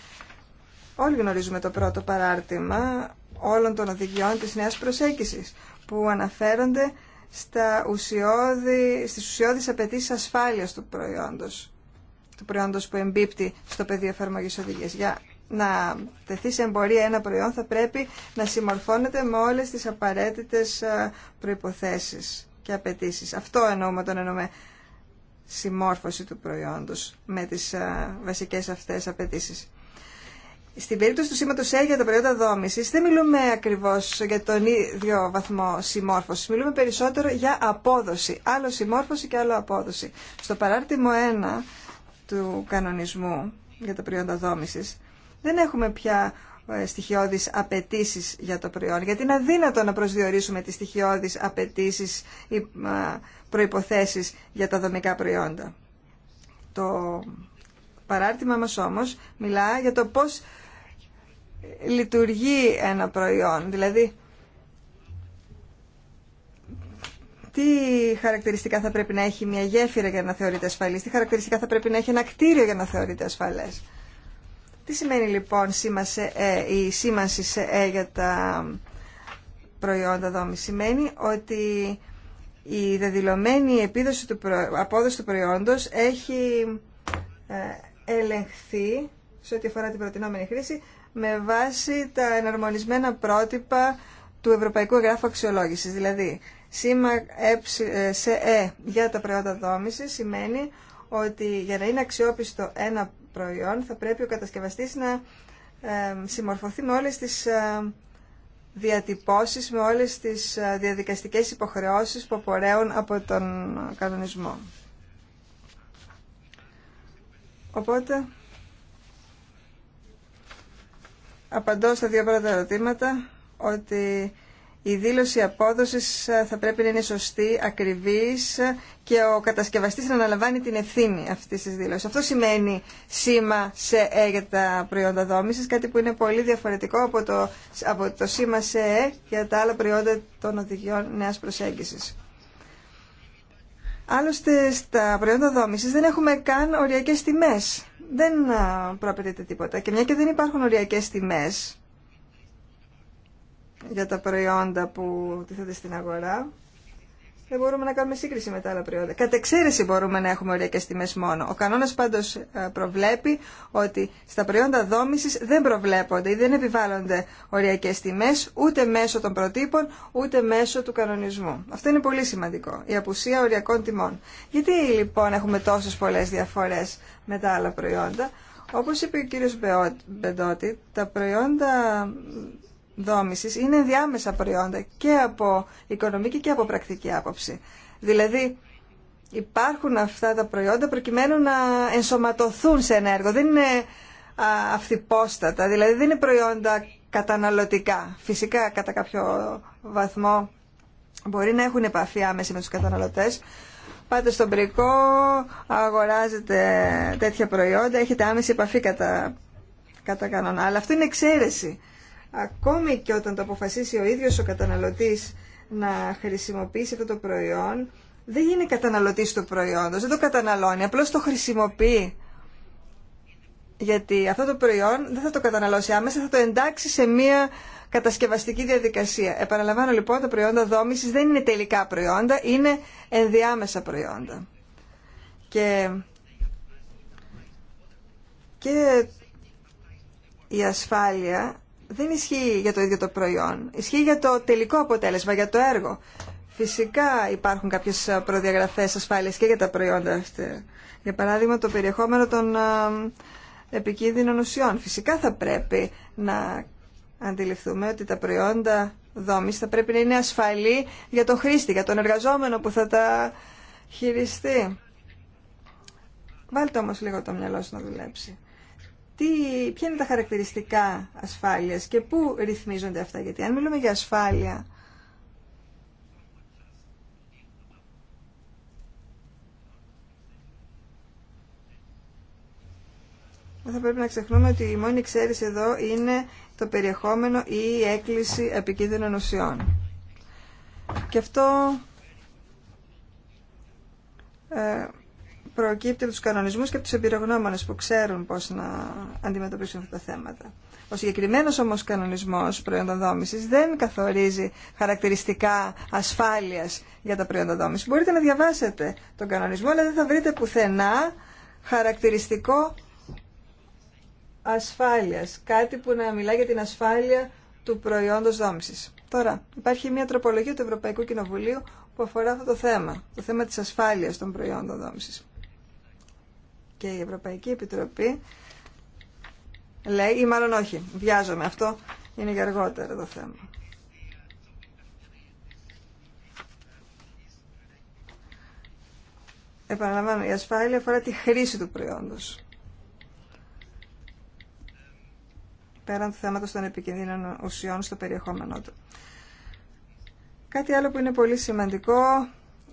Όλοι γνωρίζουμε το πρώτο παράρτημα όλων των οδηγιών της νέας προσέγγισης που αναφέρονται στα ουσιώδη, στις ουσιώδεις απαιτήσει ασφάλειας του προϊόντος του προϊόντος που εμπίπτει στο πεδίο εφαρμογής οδηγίας. Για να τεθεί σε εμπορία ένα προϊόν θα πρέπει να συμμορφώνεται με όλες τις απαραίτητες ε, προϋποθέσεις και απαιτήσει. Αυτό εννοούμε όταν εννοούμε συμμόρφωση του προϊόντος με τις ε, βασικές αυτές απαιτήσει. Στην περίπτωση του σήματο Ε για τα προϊόντα δόμηση, δεν μιλούμε ακριβώ για τον ίδιο βαθμό συμμόρφωση. Μιλούμε περισσότερο για απόδοση. Άλλο συμμόρφωση και άλλο απόδοση. Στο παράρτημο 1 του κανονισμού για τα προϊόντα δόμηση, δεν έχουμε πια ε, στοιχειώδεις απαιτήσει για το προϊόν. Γιατί είναι αδύνατο να προσδιορίσουμε τις στοιχειώδεις απαιτήσει ή προϋποθέσεις για τα δομικά προϊόντα. Το παράρτημα μας όμως μιλά για το πώς λειτουργεί ένα προϊόν. Δηλαδή, τι χαρακτηριστικά θα πρέπει να έχει μια γέφυρα για να θεωρείται ασφαλής, τι χαρακτηριστικά θα πρέπει να έχει ένα κτίριο για να θεωρείται ασφαλές. Τι σημαίνει λοιπόν ε, η σήμανση σε ε για τα προϊόντα δόμηση Σημαίνει ότι η δεδηλωμένη επίδοση του απόδοση του προϊόντος έχει ε, ελεγχθεί σε ό,τι αφορά την προτινόμενη χρήση με βάση τα εναρμονισμένα πρότυπα του Ευρωπαϊκού Εγγράφου Αξιολόγησης. Δηλαδή, σήμα ε, σε ε για τα προϊόντα δόμηση σημαίνει ότι για να είναι αξιόπιστο ένα προϊόν θα πρέπει ο κατασκευαστής να συμμορφωθεί με όλες τις ε, διατυπώσεις, με όλες τις ε, διαδικαστικές υποχρεώσεις που απορρέουν από τον κανονισμό. Οπότε, απαντώ στα δύο πρώτα ερωτήματα ότι η δήλωση απόδοσης ε, θα πρέπει να είναι σωστή, ακριβής και ο κατασκευαστής να αναλαμβάνει την ευθύνη αυτής της δήλωσης. Αυτό σημαίνει σήμα σε ε για τα προϊόντα δόμησης, κάτι που είναι πολύ διαφορετικό από το, από το σήμα σε ε για τα άλλα προϊόντα των οδηγιών νέας προσέγγισης. Άλλωστε στα προϊόντα δόμησης δεν έχουμε καν οριακές τιμές. Δεν προαπαιτείται τίποτα. Και μια και δεν υπάρχουν οριακές τιμές, για τα προϊόντα που τίθεται στην αγορά. Δεν μπορούμε να κάνουμε σύγκριση με τα άλλα προϊόντα. Κατ' εξαίρεση μπορούμε να έχουμε οριακέ τιμέ μόνο. Ο κανόνα πάντω ε, προβλέπει ότι στα προϊόντα δόμηση δεν προβλέπονται ή δεν επιβάλλονται οριακέ τιμέ ούτε μέσω των προτύπων ούτε μέσω του κανονισμού. Αυτό είναι πολύ σημαντικό. Η απουσία οριακών τιμών. Γιατί λοιπόν έχουμε τόσε πολλέ διαφορέ με τα άλλα προϊόντα. Όπω είπε ο κύριο Μπεντότη, τα προϊόντα δόμησης είναι διάμεσα προϊόντα και από οικονομική και από πρακτική άποψη. Δηλαδή υπάρχουν αυτά τα προϊόντα προκειμένου να ενσωματωθούν σε ένα έργο. Δεν είναι αυθυπόστατα, δηλαδή δεν είναι προϊόντα καταναλωτικά. Φυσικά κατά κάποιο βαθμό μπορεί να έχουν επαφή άμεση με τους καταναλωτές. Πάτε στον πρικό, αγοράζετε τέτοια προϊόντα, έχετε άμεση επαφή κατά, κατά κανόνα. Αλλά αυτό είναι εξαίρεση ακόμη και όταν το αποφασίσει ο ίδιος ο καταναλωτής να χρησιμοποιήσει αυτό το προϊόν, δεν είναι καταναλωτής του προϊόντος, δεν το καταναλώνει, απλώς το χρησιμοποιεί. Γιατί αυτό το προϊόν δεν θα το καταναλώσει άμεσα, θα το εντάξει σε μία κατασκευαστική διαδικασία. Επαναλαμβάνω λοιπόν, τα προϊόντα δόμησης δεν είναι τελικά προϊόντα, είναι ενδιάμεσα προϊόντα. Και, και η ασφάλεια δεν ισχύει για το ίδιο το προϊόν. Ισχύει για το τελικό αποτέλεσμα, για το έργο. Φυσικά υπάρχουν κάποιες προδιαγραφές ασφάλεια και για τα προϊόντα. Για παράδειγμα το περιεχόμενο των επικίνδυνων ουσιών. Φυσικά θα πρέπει να αντιληφθούμε ότι τα προϊόντα δομή θα πρέπει να είναι ασφαλή για τον χρήστη, για τον εργαζόμενο που θα τα χειριστεί. Βάλτε όμως λίγο το μυαλό σου να δουλέψει τι, ποια είναι τα χαρακτηριστικά ασφάλειας και πού ρυθμίζονται αυτά. Γιατί αν μιλούμε για ασφάλεια, θα πρέπει να ξεχνούμε ότι η μόνη εξαίρεση εδώ είναι το περιεχόμενο ή η έκκληση επικίνδυνων ουσιών. Και αυτό ε, προκύπτει από τους κανονισμούς και από του εμπειρογνώμονε που ξέρουν πώ να αντιμετωπίσουν αυτά τα θέματα. Ο συγκεκριμένο όμω κανονισμό προϊόντων δόμηση δεν καθορίζει χαρακτηριστικά ασφάλεια για τα προϊόντα δόμησης. Μπορείτε να διαβάσετε τον κανονισμό, αλλά δεν θα βρείτε πουθενά χαρακτηριστικό ασφάλεια. κάτι που να μιλά για την ασφάλεια του προϊόντος δόμησης. Τώρα, υπάρχει μια τροπολογία του Ευρωπαϊκού Κοινοβουλίου που αφορά αυτό το θέμα, το θέμα της ασφάλειας των προϊόντων δόμησης. Και η Ευρωπαϊκή Επιτροπή λέει, ή μάλλον όχι, βιάζομαι, αυτό είναι για αργότερα το θέμα. Επαναλαμβάνω, η ασφάλεια αφορά τη χρήση του προϊόντος. Πέραν του θέματος των επικίνδυνων ουσιών στο περιεχόμενό του. Κάτι άλλο που είναι πολύ σημαντικό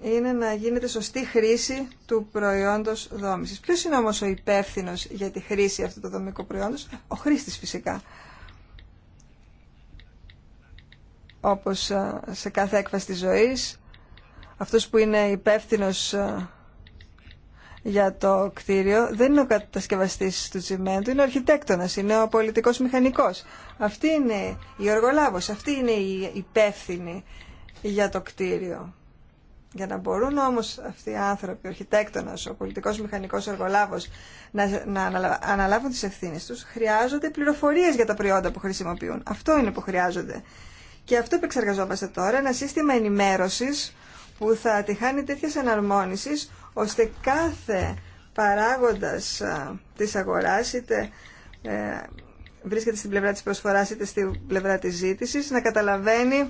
είναι να γίνεται σωστή χρήση του προϊόντος δόμησης. Ποιος είναι όμως ο υπεύθυνο για τη χρήση αυτού του δομικού προϊόντος? Ο χρήστης φυσικά. Όπως σε κάθε έκφαση της ζωής, αυτός που είναι υπεύθυνο για το κτίριο δεν είναι ο κατασκευαστής του τσιμέντου, είναι ο αρχιτέκτονας, είναι ο πολιτικός μηχανικός. Αυτή είναι η οργολάβος, αυτή είναι η υπεύθυνη για το κτίριο. Για να μπορούν όμως αυτοί οι άνθρωποι, ο αρχιτέκτονας, ο πολιτικός μηχανικός εργολάβος να, να αναλάβουν τις ευθύνες τους, χρειάζονται πληροφορίες για τα προϊόντα που χρησιμοποιούν. Αυτό είναι που χρειάζονται. Και αυτό επεξεργαζόμαστε τώρα, ένα σύστημα ενημέρωσης που θα τη χάνει τέτοια ώστε κάθε παράγοντας της αγοράς, είτε ε, βρίσκεται στην πλευρά της προσφοράς, είτε στην πλευρά της ζήτησης, να καταλαβαίνει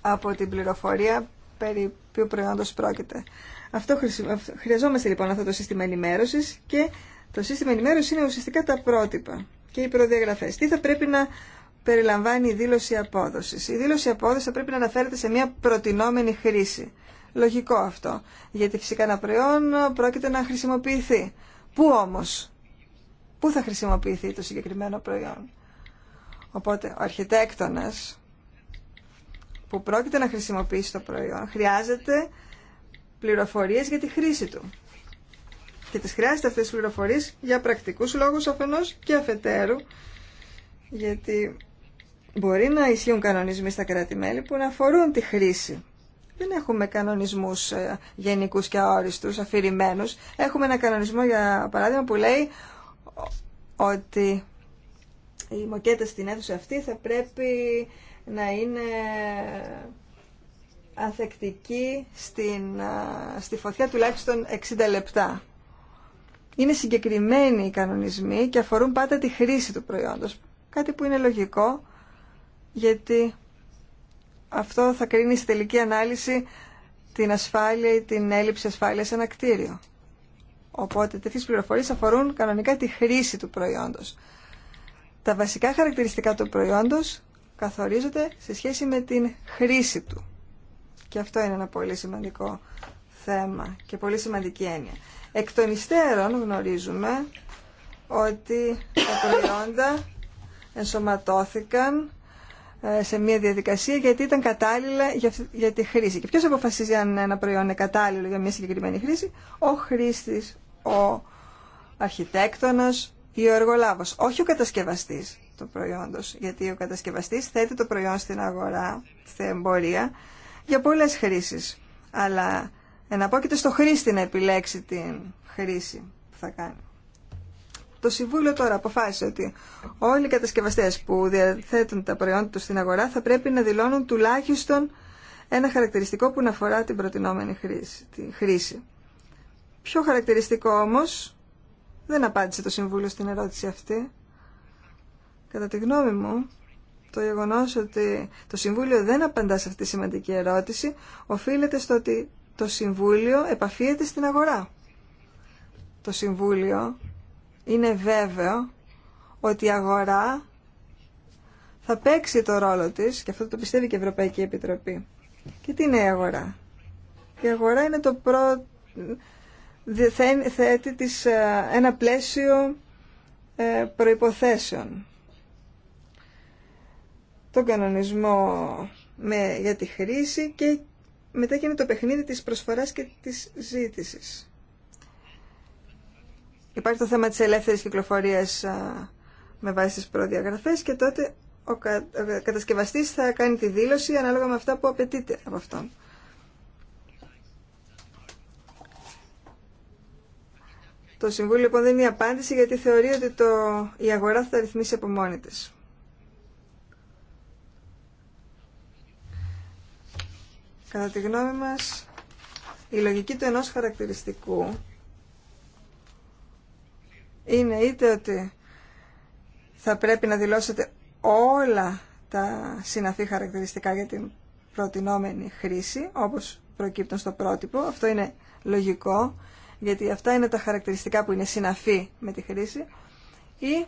από την πληροφορία περί Ποιο προϊόντος πρόκειται. Αυτό χρειαζόμαστε λοιπόν αυτό το σύστημα ενημέρωσης και το σύστημα ενημέρωση είναι ουσιαστικά τα πρότυπα και οι προδιαγραφές. Τι θα πρέπει να περιλαμβάνει η δήλωση απόδοσης. Η δήλωση απόδοσης θα πρέπει να αναφέρεται σε μια προτινόμενη χρήση. Λογικό αυτό, γιατί φυσικά ένα προϊόν πρόκειται να χρησιμοποιηθεί. Πού όμως, πού θα χρησιμοποιηθεί το συγκεκριμένο προϊόν. Οπότε ο αρχιτέκτονας που πρόκειται να χρησιμοποιήσει το προϊόν χρειάζεται πληροφορίες για τη χρήση του. Και τις χρειάζεται αυτές τις πληροφορίες για πρακτικούς λόγους αφενός και αφετέρου, γιατί μπορεί να ισχύουν κανονισμοί στα κράτη-μέλη που να αφορούν τη χρήση. Δεν έχουμε κανονισμούς ε, γενικούς και αόριστους, αφηρημένους. Έχουμε ένα κανονισμό, για παράδειγμα, που λέει ότι οι μοκέτες στην αίθουσα αυτή θα πρέπει να είναι ανθεκτική στην, στη φωτιά τουλάχιστον 60 λεπτά. Είναι συγκεκριμένοι οι κανονισμοί και αφορούν πάντα τη χρήση του προϊόντος. Κάτι που είναι λογικό γιατί αυτό θα κρίνει στη τελική ανάλυση την ασφάλεια ή την έλλειψη ασφάλειας σε ένα κτίριο. Οπότε τέτοιες πληροφορίες αφορούν κανονικά τη χρήση του προϊόντος. Τα βασικά χαρακτηριστικά του προϊόντος καθορίζεται σε σχέση με την χρήση του. Και αυτό είναι ένα πολύ σημαντικό θέμα και πολύ σημαντική έννοια. Εκ των υστέρων γνωρίζουμε ότι τα προϊόντα ενσωματώθηκαν ε, σε μια διαδικασία γιατί ήταν κατάλληλα για τη χρήση. Και ποιος αποφασίζει αν ένα προϊόν είναι κατάλληλο για μια συγκεκριμένη χρήση? Ο χρήστης, ο αρχιτέκτονας ή ο εργολάβος, όχι ο κατασκευαστής το προϊόντος. Γιατί ο κατασκευαστής θέτει το προϊόν στην αγορά, στην εμπορία, για πολλές χρήσεις. Αλλά εναπόκειται στο χρήστη να επιλέξει την χρήση που θα κάνει. Το Συμβούλιο τώρα αποφάσισε ότι όλοι οι κατασκευαστές που διαθέτουν τα προϊόντα τους στην αγορά θα πρέπει να δηλώνουν τουλάχιστον ένα χαρακτηριστικό που να αφορά την προτινόμενη χρήση. Την χρήση. Ποιο χαρακτηριστικό όμως δεν απάντησε το Συμβούλιο στην ερώτηση αυτή. Κατά τη γνώμη μου, το γεγονός ότι το Συμβούλιο δεν απαντά σε αυτή τη σημαντική ερώτηση οφείλεται στο ότι το Συμβούλιο επαφίεται στην αγορά. Το Συμβούλιο είναι βέβαιο ότι η αγορά θα παίξει το ρόλο της και αυτό το πιστεύει και η Ευρωπαϊκή Επιτροπή. Και τι είναι η αγορά. Η αγορά είναι το πρώτο θέτει ε, ένα πλαίσιο ε, προϋποθέσεων τον κανονισμό με, για τη χρήση και μετά γίνεται το παιχνίδι της προσφοράς και της ζήτησης. Υπάρχει το θέμα της ελεύθερης κυκλοφορίας με βάση τις προδιαγραφές και τότε ο, κα, κατασκευαστής θα κάνει τη δήλωση ανάλογα με αυτά που απαιτείται από αυτόν. Το Συμβούλιο λοιπόν δεν είναι η απάντηση γιατί θεωρεί ότι η αγορά θα τα ρυθμίσει από μόνη της. Κατά τη γνώμη μας, η λογική του ενός χαρακτηριστικού είναι είτε ότι θα πρέπει να δηλώσετε όλα τα συναφή χαρακτηριστικά για την προτινόμενη χρήση, όπως προκύπτουν στο πρότυπο. Αυτό είναι λογικό, γιατί αυτά είναι τα χαρακτηριστικά που είναι συναφή με τη χρήση. Ή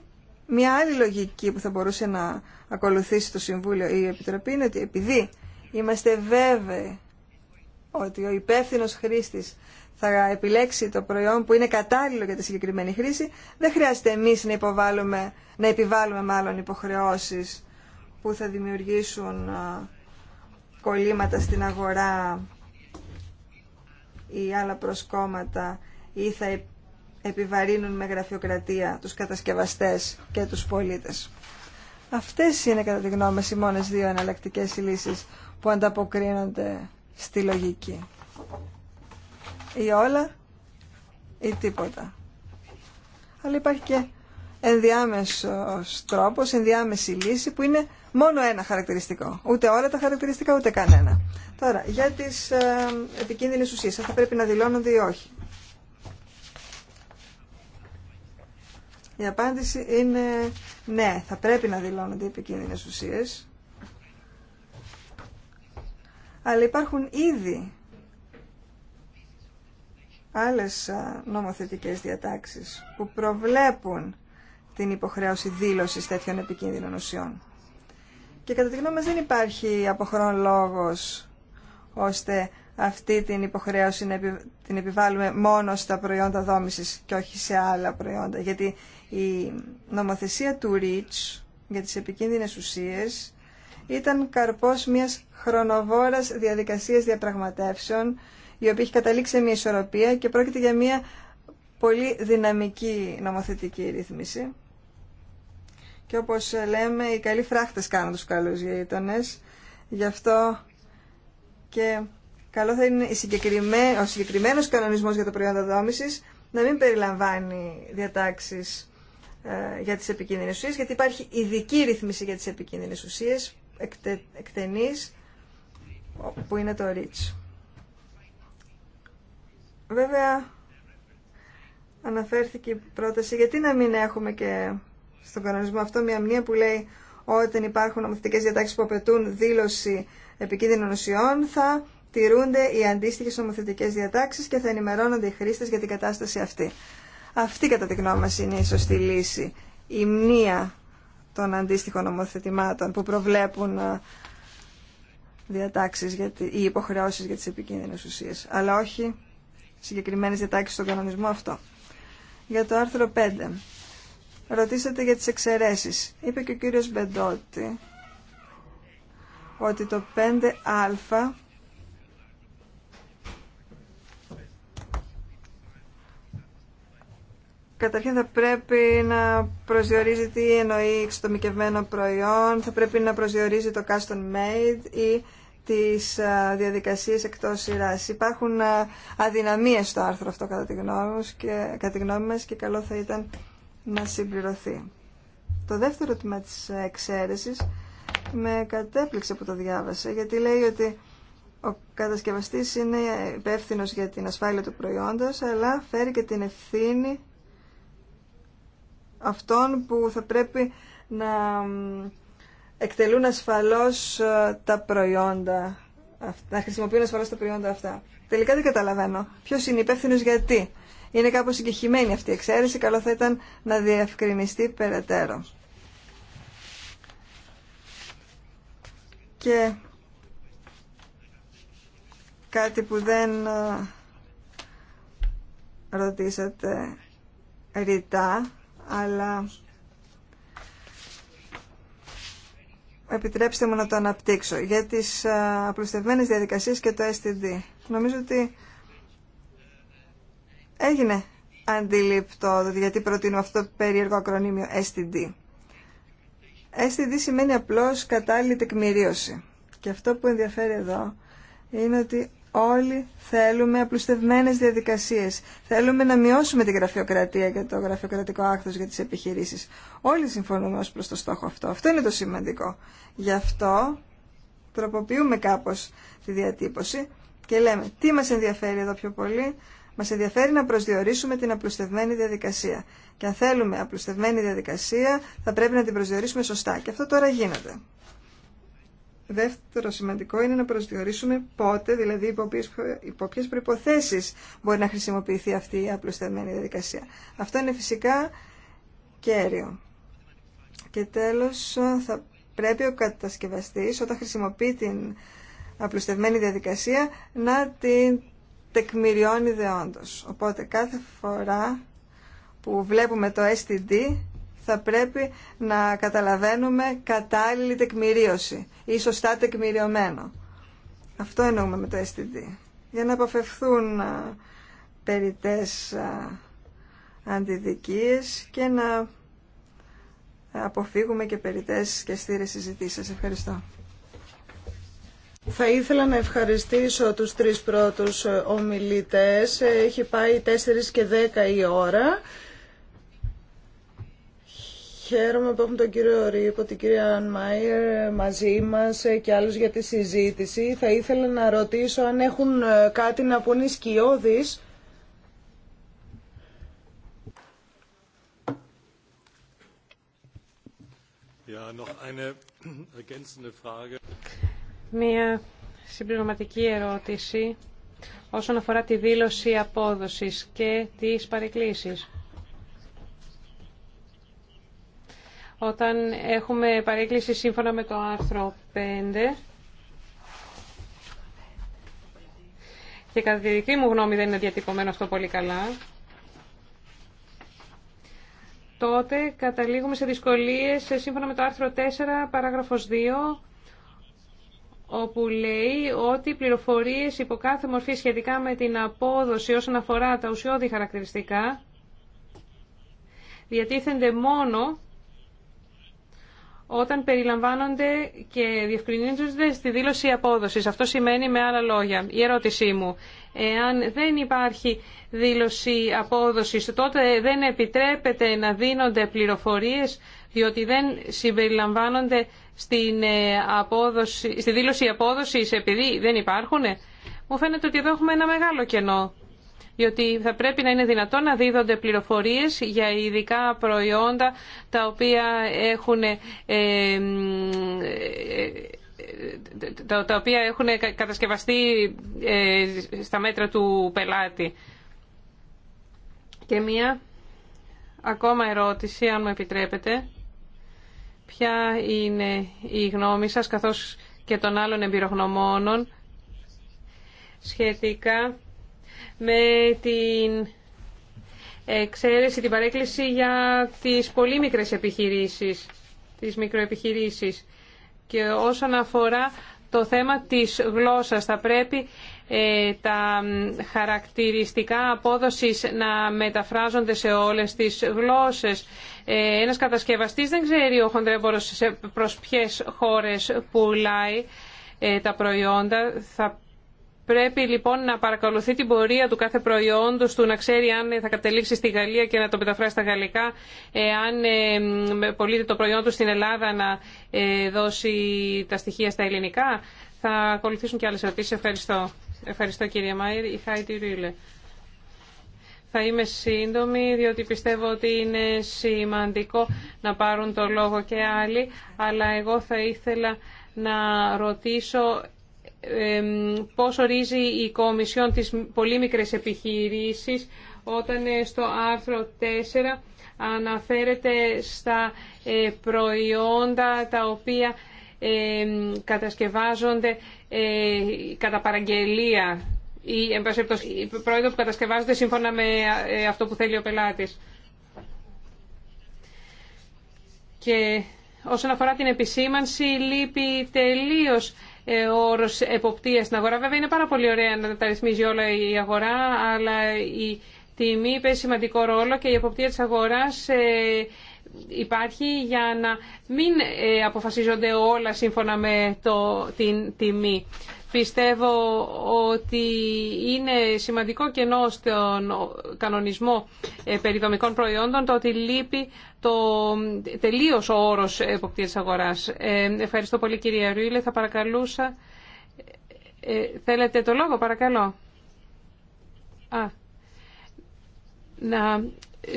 μια άλλη λογική που θα μπορούσε να ακολουθήσει το Συμβούλιο ή η Επιτροπή είναι ότι επειδή είμαστε βέβαιοι ότι ο υπεύθυνο χρήστη θα επιλέξει το προϊόν που είναι κατάλληλο για τη συγκεκριμένη χρήση, δεν χρειάζεται εμείς να, να επιβάλλουμε μάλλον υποχρεώσεις που θα δημιουργήσουν κολλήματα στην αγορά ή άλλα προσκόμματα ή θα επιβαρύνουν με γραφειοκρατία τους κατασκευαστές και τους πολίτες. Αυτές είναι κατά τη γνώμη μας οι μόνες δύο εναλλακτικές λύσεις που ανταποκρίνονται στη λογική. Ή όλα ή τίποτα. Αλλά υπάρχει και ενδιάμεσος τρόπος, ενδιάμεση λύση που είναι μόνο ένα χαρακτηριστικό. Ούτε όλα τα χαρακτηριστικά, ούτε κανένα. Τώρα, για τις ε, επικίνδυνες ουσίες, θα πρέπει να δηλώνονται ή όχι. Η απάντηση είναι ναι, θα πρέπει να δηλώνονται οι επικίνδυνες ουσίες αλλά υπάρχουν ήδη άλλες νομοθετικές διατάξεις που προβλέπουν την υποχρέωση δήλωσης τέτοιων επικίνδυνων ουσιών. Και κατά τη γνώμη μας δεν υπάρχει αποχρόν λόγος ώστε αυτή την υποχρέωση να την επιβάλλουμε μόνο στα προϊόντα δόμησης και όχι σε άλλα προϊόντα. Γιατί η νομοθεσία του REACH για τις επικίνδυνες ουσίες ήταν καρπός μιας χρονοβόρας διαδικασίας διαπραγματεύσεων, η οποία έχει καταλήξει σε μια ισορροπία και πρόκειται για μια πολύ δυναμική νομοθετική ρύθμιση. Και όπως λέμε, οι καλοί φράχτες κάνουν τους καλούς γείτονες. Γι' αυτό και καλό θα είναι ο συγκεκριμένος κανονισμός για το προϊόντα δόμησης να μην περιλαμβάνει διατάξεις ε, για τις επικίνδυνες ουσίες, γιατί υπάρχει ειδική ρύθμιση για τις επικίνδυνες ουσίες εκτε, εκτενής που είναι το REACH. Βέβαια, αναφέρθηκε η πρόταση γιατί να μην έχουμε και στον κανονισμό αυτό μια μνήμα που λέει όταν υπάρχουν νομοθετικές διατάξεις που απαιτούν δήλωση επικίνδυνων ουσιών θα τηρούνται οι αντίστοιχε νομοθετικές διατάξεις και θα ενημερώνονται οι χρήστες για την κατάσταση αυτή. Αυτή, κατά τη γνώμη μας είναι η σωστή λύση. Η μνήμα των αντίστοιχων νομοθετημάτων που προβλέπουν ε, διατάξεις για τη, ή υποχρεώσεις για τις επικίνδυνες ουσίες, αλλά όχι συγκεκριμένες διατάξεις στον κανονισμό αυτό. Για το άρθρο 5. Ρωτήσατε για τις εξαιρέσεις. Είπε και ο κύριος Μπεντότη ότι το 5α Καταρχήν θα πρέπει να προσδιορίζει τι εννοεί εξατομικευμένο προϊόν, θα πρέπει να προσδιορίζει το custom made ή τις διαδικασίες εκτός σειράς. Υπάρχουν αδυναμίες στο άρθρο αυτό κατά τη γνώμη, και, κατά γνώμη μας και καλό θα ήταν να συμπληρωθεί. Το δεύτερο τμήμα της εξαίρεσης με κατέπληξε που το διάβασα γιατί λέει ότι ο κατασκευαστής είναι υπεύθυνο για την ασφάλεια του προϊόντος αλλά φέρει και την ευθύνη αυτών που θα πρέπει να εκτελούν ασφαλώς ε, τα προϊόντα να χρησιμοποιούν ασφαλώς τα προϊόντα αυτά. Τελικά δεν καταλαβαίνω. Ποιο είναι υπεύθυνο γιατί. Είναι κάπως συγκεχημένη αυτή η εξαίρεση. Καλό θα ήταν να διευκρινιστεί περαιτέρω. Και κάτι που δεν ε, ρωτήσατε ρητά αλλά επιτρέψτε μου να το αναπτύξω για τις απλουστευμένες διαδικασίες και το STD. Νομίζω ότι έγινε αντιληπτό δηλαδή γιατί προτείνω αυτό το περίεργο ακρονίμιο STD. STD σημαίνει απλώς κατάλληλη τεκμηρίωση. Και αυτό που ενδιαφέρει εδώ είναι ότι όλοι θέλουμε απλουστευμένες διαδικασίες. Θέλουμε να μειώσουμε την γραφειοκρατία και το γραφειοκρατικό άκθος για τις επιχειρήσεις. Όλοι συμφωνούμε ως προς το στόχο αυτό. Αυτό είναι το σημαντικό. Γι' αυτό τροποποιούμε κάπως τη διατύπωση και λέμε τι μας ενδιαφέρει εδώ πιο πολύ. Μας ενδιαφέρει να προσδιορίσουμε την απλουστευμένη διαδικασία. Και αν θέλουμε απλουστευμένη διαδικασία θα πρέπει να την προσδιορίσουμε σωστά. Και αυτό τώρα γίνεται. Δεύτερο σημαντικό είναι να προσδιορίσουμε πότε, δηλαδή υπό ποιες, προποθέσει μπορεί να χρησιμοποιηθεί αυτή η απλουστευμένη διαδικασία. Αυτό είναι φυσικά κέριο. Και τέλος θα πρέπει ο κατασκευαστής όταν χρησιμοποιεί την απλουστευμένη διαδικασία να την τεκμηριώνει δεόντως. Οπότε κάθε φορά που βλέπουμε το STD θα πρέπει να καταλαβαίνουμε κατάλληλη τεκμηρίωση ή σωστά τεκμηριωμένο. Αυτό εννοούμε με το STD. Για να αποφευθούν περιτές αντιδικίες και να αποφύγουμε και περιτές και στήρες συζητήσεις. ευχαριστώ. Θα ήθελα να ευχαριστήσω τους τρεις πρώτους ε, ομιλητές. Έχει πάει 4 και 10 η ώρα. Χαίρομαι που έχουμε τον κύριο Ρίπο, την κυρία Αν μαζί μας και άλλους για τη συζήτηση. Θα ήθελα να ρωτήσω αν έχουν ε, κάτι να πούν οι σκιώδεις. Μία συμπληρωματική ερώτηση όσον αφορά τη δήλωση απόδοσης και τις παρεκκλήσεις. όταν έχουμε παρέκκληση σύμφωνα με το άρθρο 5 και κατά τη δική μου γνώμη δεν είναι διατυπωμένο αυτό πολύ καλά τότε καταλήγουμε σε δυσκολίες σύμφωνα με το άρθρο 4 παράγραφος 2 όπου λέει ότι πληροφορίες υπό κάθε μορφή σχετικά με την απόδοση όσον αφορά τα ουσιώδη χαρακτηριστικά διατίθενται μόνο όταν περιλαμβάνονται και διευκρινίζονται στη δήλωση απόδοσης. Αυτό σημαίνει με άλλα λόγια. Η ερώτησή μου, εάν δεν υπάρχει δήλωση απόδοσης, τότε δεν επιτρέπεται να δίνονται πληροφορίες διότι δεν συμπεριλαμβάνονται στην ε, απόδοση, στη δήλωση απόδοσης επειδή δεν υπάρχουν. Μου φαίνεται ότι εδώ έχουμε ένα μεγάλο κενό διότι θα πρέπει να είναι δυνατόν να δίδονται πληροφορίες για ειδικά προϊόντα τα οποία έχουν ε, ε, τα οποία έχουν κατασκευαστεί ε, στα μέτρα του πελάτη. Και μία ακόμα ερώτηση, αν μου επιτρέπετε. Ποια είναι η γνώμη σας, καθώς και των άλλων εμπειρογνωμόνων, σχετικά με την εξαίρεση, την παρέκκληση για τις πολύ μικρές επιχειρήσεις, τις μικροεπιχειρήσεις. Και όσον αφορά το θέμα της γλώσσας, θα πρέπει ε, τα χαρακτηριστικά απόδοσης να μεταφράζονται σε όλες τις γλώσσες. Ε, ένας κατασκευαστής δεν ξέρει ο χοντρέμπορος προς ποιες χώρες πουλάει ε, τα προϊόντα. Θα Πρέπει λοιπόν να παρακολουθεί την πορεία του κάθε προϊόντος του, να ξέρει αν θα κατελήξει στη Γαλλία και να το μεταφράσει στα γαλλικά, αν ε, πωλείται το προϊόν του στην Ελλάδα να ε, δώσει τα στοιχεία στα ελληνικά. Θα ακολουθήσουν και άλλες ερωτήσεις. Ευχαριστώ. Ευχαριστώ κύριε Μάιρ. Η Χάιτι Ρίλε. Θα είμαι σύντομη, διότι πιστεύω ότι είναι σημαντικό να πάρουν το λόγο και άλλοι, αλλά εγώ θα ήθελα να ρωτήσω πώς ορίζει η Κομισιόν τις πολύ μικρές επιχειρήσεις όταν ε, στο άρθρο 4 αναφέρεται στα ε, προϊόντα τα οποία κατασκευάζονται ε, κατά παραγγελία ή προϊόντα που κατασκευάζονται σύμφωνα με αυτό που θέλει ο πελάτης. Και όσον αφορά την επισήμανση λείπει τελείως ε, όρο εποπτεία στην αγορά. Βέβαια είναι πάρα πολύ ωραία να τα ρυθμίζει όλα η αγορά, αλλά η τιμή παίζει σημαντικό ρόλο και η εποπτεία της αγοράς ε, υπάρχει για να μην ε, αποφασίζονται όλα σύμφωνα με το, την τιμή. Πιστεύω ότι είναι σημαντικό κενό στον κανονισμό ε, περιδομικών προϊόντων το ότι λείπει το τελείως ο όρος εποπτείας αγοράς. Ε, ευχαριστώ πολύ κυρία Ρούιλε. Θα παρακαλούσα... Ε, θέλετε το λόγο, παρακαλώ. Α, να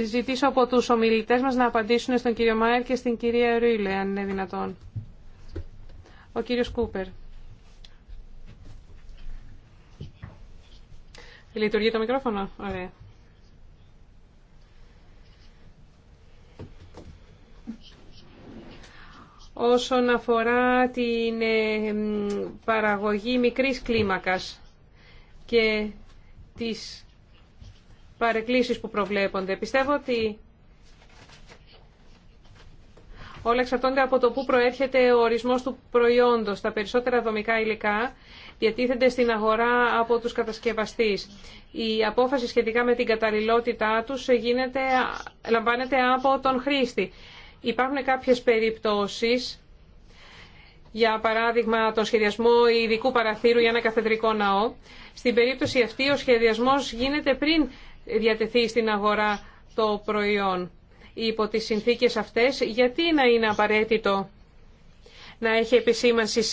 ζητήσω από τους ομιλητές μας να απαντήσουν στον κύριο Μάερ και στην κυρία Ρούιλε, αν είναι δυνατόν. Ο κύριος Κούπερ. Λειτουργεί το μικρόφωνο. Ωραία. όσον αφορά την ε, παραγωγή μικρής κλίμακας και τις παρεκκλήσεις που προβλέπονται. Πιστεύω ότι όλα εξαρτώνται από το πού προέρχεται ο ορισμός του προϊόντος. Τα περισσότερα δομικά υλικά διατίθενται στην αγορά από τους κατασκευαστείς. Η απόφαση σχετικά με την καταλληλότητά τους γίνεται, λαμβάνεται από τον χρήστη. Υπάρχουν κάποιες περιπτώσεις, για παράδειγμα τον σχεδιασμό ειδικού παραθύρου για ένα καθεδρικό ναό. Στην περίπτωση αυτή ο σχεδιασμός γίνεται πριν διατεθεί στην αγορά το προϊόν. Υπό τις συνθήκες αυτές, γιατί να είναι απαραίτητο να έχει επισήμανση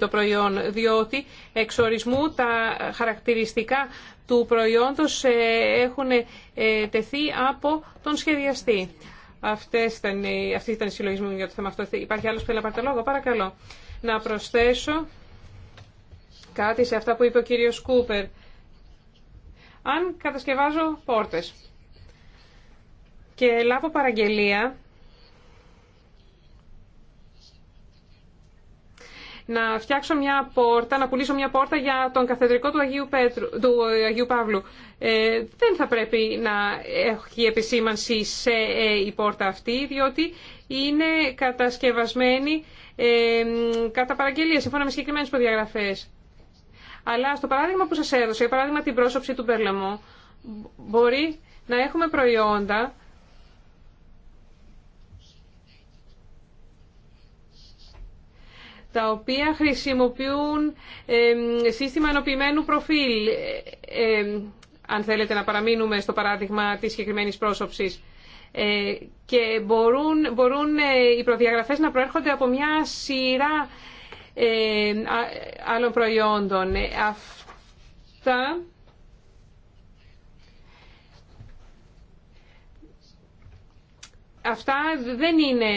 το προϊόν, διότι εξορισμού τα χαρακτηριστικά του προϊόντος ε, έχουν ε, τεθεί από τον σχεδιαστή. Αυτές ήταν, ε, αυτή ήταν η συλλογή για το θέμα αυτό. Υπάρχει άλλος που θέλει να πάρει το λόγο. Παρακαλώ. Να προσθέσω κάτι σε αυτά που είπε ο κύριος Κούπερ. Αν κατασκευάζω πόρτες και λάβω παραγγελία να φτιάξω μια πόρτα, να πουλήσω μια πόρτα για τον καθεδρικό του Αγίου, Πέτρου, του Αγίου Παύλου. Ε, δεν θα πρέπει να έχει επισήμανση σε ε, η πόρτα αυτή, διότι είναι κατασκευασμένη ε, κατά παραγγελία, σύμφωνα με συγκεκριμένε προδιαγραφές. Αλλά στο παράδειγμα που σας έδωσα, για παράδειγμα την πρόσωψη του Περλεμό, μπορεί να έχουμε προϊόντα τα οποία χρησιμοποιούν σύστημα ενοποιημένου προφίλ, ε, αν θέλετε να παραμείνουμε στο παράδειγμα της συγκεκριμένη πρόσωψης. Ε, και μπορούν, μπορούν ε, οι προδιαγραφές να προέρχονται από μια σειρά άλλων προϊόντων. Αυτά... Αυτά δεν είναι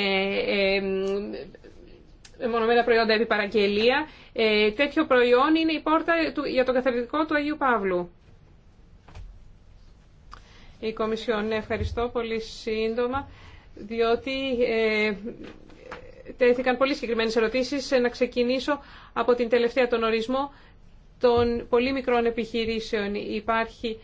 μονομένα προϊόντα επί παραγγελία. Ε, τέτοιο προϊόν είναι η πόρτα του, για το καθαριστικό του Αγίου Παύλου. Η Κομισιόν, ναι, ευχαριστώ πολύ σύντομα, διότι ε, τέθηκαν πολύ συγκεκριμένες ερωτήσεις. Ε, να ξεκινήσω από την τελευταία, τον ορισμό των πολύ μικρών επιχειρήσεων. Υπάρχει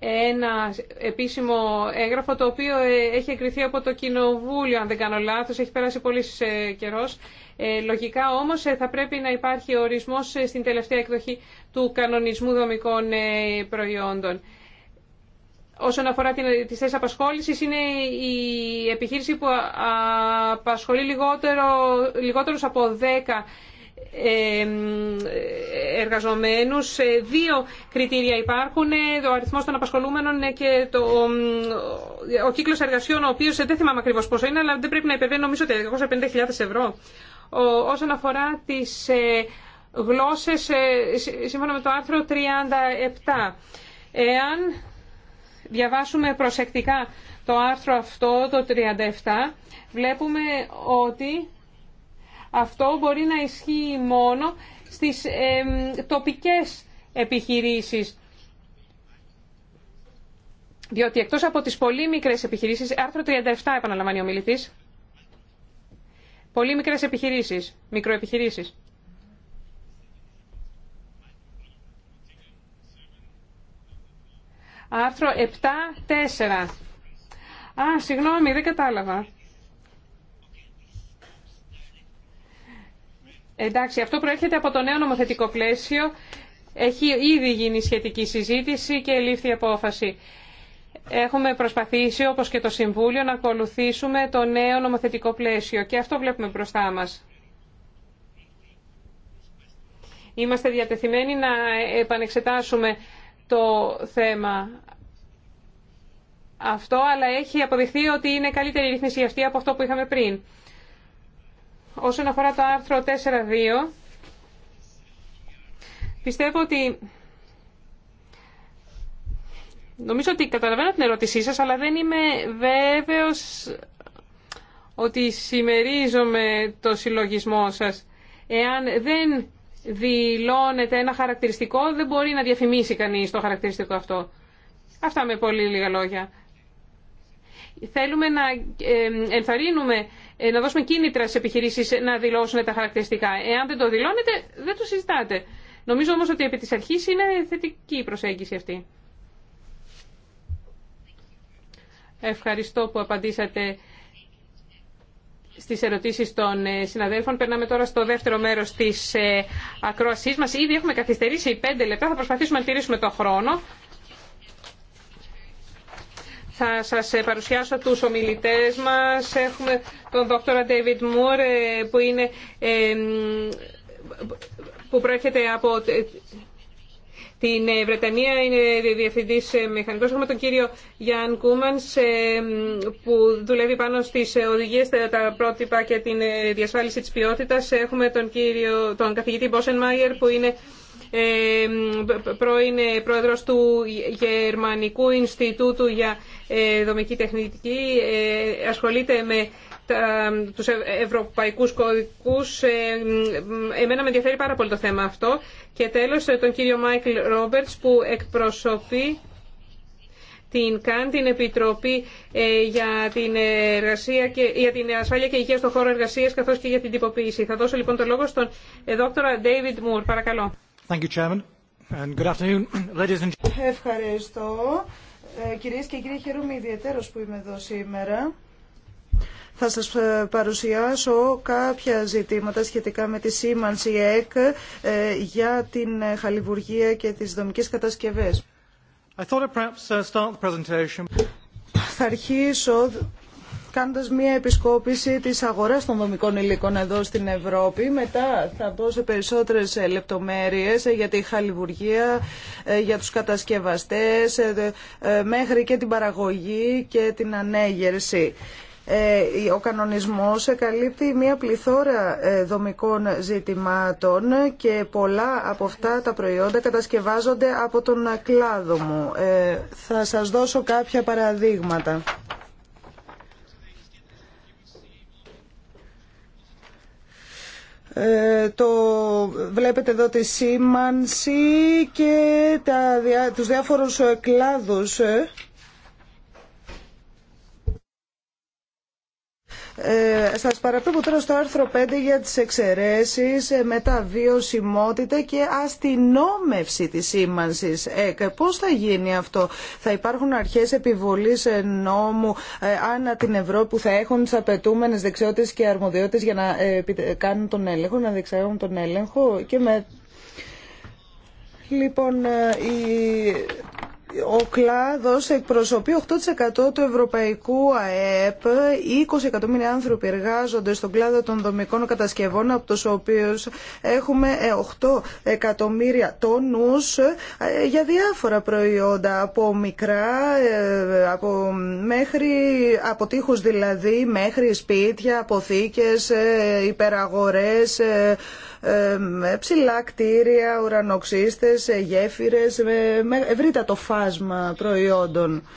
ένα επίσημο έγγραφο το οποίο ε, έχει εγκριθεί από το Κοινοβούλιο, αν δεν κάνω λάθος, έχει περάσει πολύ ε, καιρός. Ε, λογικά όμως θα πρέπει να υπάρχει ορισμός στην τελευταία εκδοχή του κανονισμού δομικών προϊόντων. Όσον αφορά τις θέσεις απασχόλησης, είναι η επιχείρηση που απασχολεί λιγότερο, λιγότερους από 10 εργαζομένους. Ε, δύο κριτήρια υπάρχουν, ε, ο αριθμός των απασχολούμενων ε, και το, ο κύκλος εργασιών, ο οποίος δεν θυμάμαι ακριβώς πόσο είναι, αλλά δεν πρέπει να υπερβαίνει νομίζω 250.000 ευρώ. Ο, όσον αφορά τις ε, γλώσσες, ε, σύμφωνα με το άρθρο 37, εάν διαβάσουμε προσεκτικά το άρθρο αυτό, το 37, βλέπουμε ότι αυτό μπορεί να ισχύει μόνο στις ε, τοπικές επιχειρήσεις. Διότι εκτός από τις πολύ μικρές επιχειρήσεις, άρθρο 37 επαναλαμβάνει ο μιλητής, πολύ μικρές επιχειρήσεις, μικροεπιχειρήσεις. Άρθρο 7-4. Α, συγγνώμη, δεν κατάλαβα. Εντάξει, αυτό προέρχεται από το νέο νομοθετικό πλαίσιο. Έχει ήδη γίνει σχετική συζήτηση και λήφθη απόφαση. Έχουμε προσπαθήσει, όπως και το Συμβούλιο, να ακολουθήσουμε το νέο νομοθετικό πλαίσιο και αυτό βλέπουμε μπροστά μας. Είμαστε διατεθειμένοι να επανεξετάσουμε το θέμα αυτό, αλλά έχει αποδειχθεί ότι είναι καλύτερη η ρύθμιση αυτή από αυτό που είχαμε πριν. Όσον αφορά το άρθρο 4.2, πιστεύω ότι... Νομίζω ότι καταλαβαίνω την ερώτησή σας, αλλά δεν είμαι βέβαιος ότι συμμερίζομαι το συλλογισμό σας. Εάν δεν δηλώνεται ένα χαρακτηριστικό, δεν μπορεί να διαφημίσει κανείς το χαρακτηριστικό αυτό. Αυτά με πολύ λίγα λόγια. Θέλουμε να ενθαρρύνουμε ε, να δώσουμε κίνητρα σε επιχειρήσει να δηλώσουν τα χαρακτηριστικά. Εάν δεν το δηλώνετε, δεν το συζητάτε. Νομίζω όμω ότι επί τη αρχή είναι θετική η προσέγγιση αυτή. Ευχαριστώ που απαντήσατε στις ερωτήσεις των ε, συναδέλφων. Περνάμε τώρα στο δεύτερο μέρος της ε, ακρόασής μας. Ήδη έχουμε καθυστερήσει πέντε λεπτά. Θα προσπαθήσουμε να τηρήσουμε το χρόνο. Θα σας ε, παρουσιάσω τους ομιλητές μας. Έχουμε τον Δόκτορα David Μουρ ε, που, είναι, ε, που προέρχεται από την Βρετανία, είναι διευθυντής μηχανικός. Έχουμε τον κύριο Γιάνν Κούμανς που δουλεύει πάνω στις οδηγίες, τα πρότυπα και την διασφάλιση της ποιότητας. Έχουμε τον, κύριο, τον καθηγητή που είναι πρώην ε, πρόεδρος του Γερμανικού Ινστιτούτου για ε, Δομική Τεχνητική ε, Ασχολείται με τους ευρωπαϊκούς κωδικούς. Εμένα με ενδιαφέρει πάρα πολύ το θέμα αυτό. Και τέλος τον κύριο Μάικλ Ρόμπερτς που εκπροσωπεί την ΚΑΝ, την Επιτροπή για, την εργασία και, για την ασφάλεια και υγεία στον χώρο εργασίας καθώς και για την τυποποίηση. Θα δώσω λοιπόν το λόγο στον δόκτωρα David Μουρ Παρακαλώ. Thank you, Chairman. And good afternoon, *clears throat* ladies and gentlemen. Ευχαριστώ. Ε, κυρίες και κύριοι, χαίρομαι ιδιαίτερος που είμαι εδώ σήμερα. Θα σας ε, παρουσιάσω κάποια ζητήματα σχετικά με τη σήμανση ΕΚ ε, για την χαλιβουργία και τις δομικές κατασκευές. I thought I'd perhaps uh, start the presentation. Θα αρχίσω κάνοντας μια επισκόπηση της αγοράς των δομικών υλικών εδώ στην Ευρώπη. Μετά θα μπω σε περισσότερες ε, λεπτομέρειες ε, για τη χαλιβουργία, ε, για τους κατασκευαστές, μέχρι και την παραγωγή και την ανέγερση. Ο κανονισμός καλύπτει μία πληθώρα δομικών ζητημάτων και πολλά από αυτά τα προϊόντα κατασκευάζονται από τον κλάδο μου. Θα σας δώσω κάποια παραδείγματα. Ε, το βλέπετε εδώ τη σήμανση και τα, τους διάφορους ε, κλάδους ε. Ε, σας παραπέμπω τώρα στο άρθρο 5 για τις εξαιρέσεις, ε, μετά βιωσιμότητα και αστυνόμευση της σήμανσης. Ε, πώς θα γίνει αυτό. Θα υπάρχουν αρχές επιβολής ε, νόμου ε, ανά την Ευρώπη που θα έχουν τις απαιτούμενε δεξιότητες και αρμοδιότητες για να ε, κάνουν τον έλεγχο, να διεξάγουν τον έλεγχο και με... Λοιπόν, η ο κλάδος εκπροσωπεί 8% του ευρωπαϊκού ΑΕΠ. 20 εκατομμύρια άνθρωποι εργάζονται στον κλάδο των δομικών κατασκευών, από τους οποίους έχουμε 8 ε, εκατομμύρια τόνους ε, για διάφορα προϊόντα, από μικρά, ε, από, μέχρι, από δηλαδή, μέχρι σπίτια, αποθήκες, υπεραγορές, ε, ψηλά κτίρια, ουρανοξύστες, ε, γέφυρες, με ευρύτατο φάσμα προϊόντων.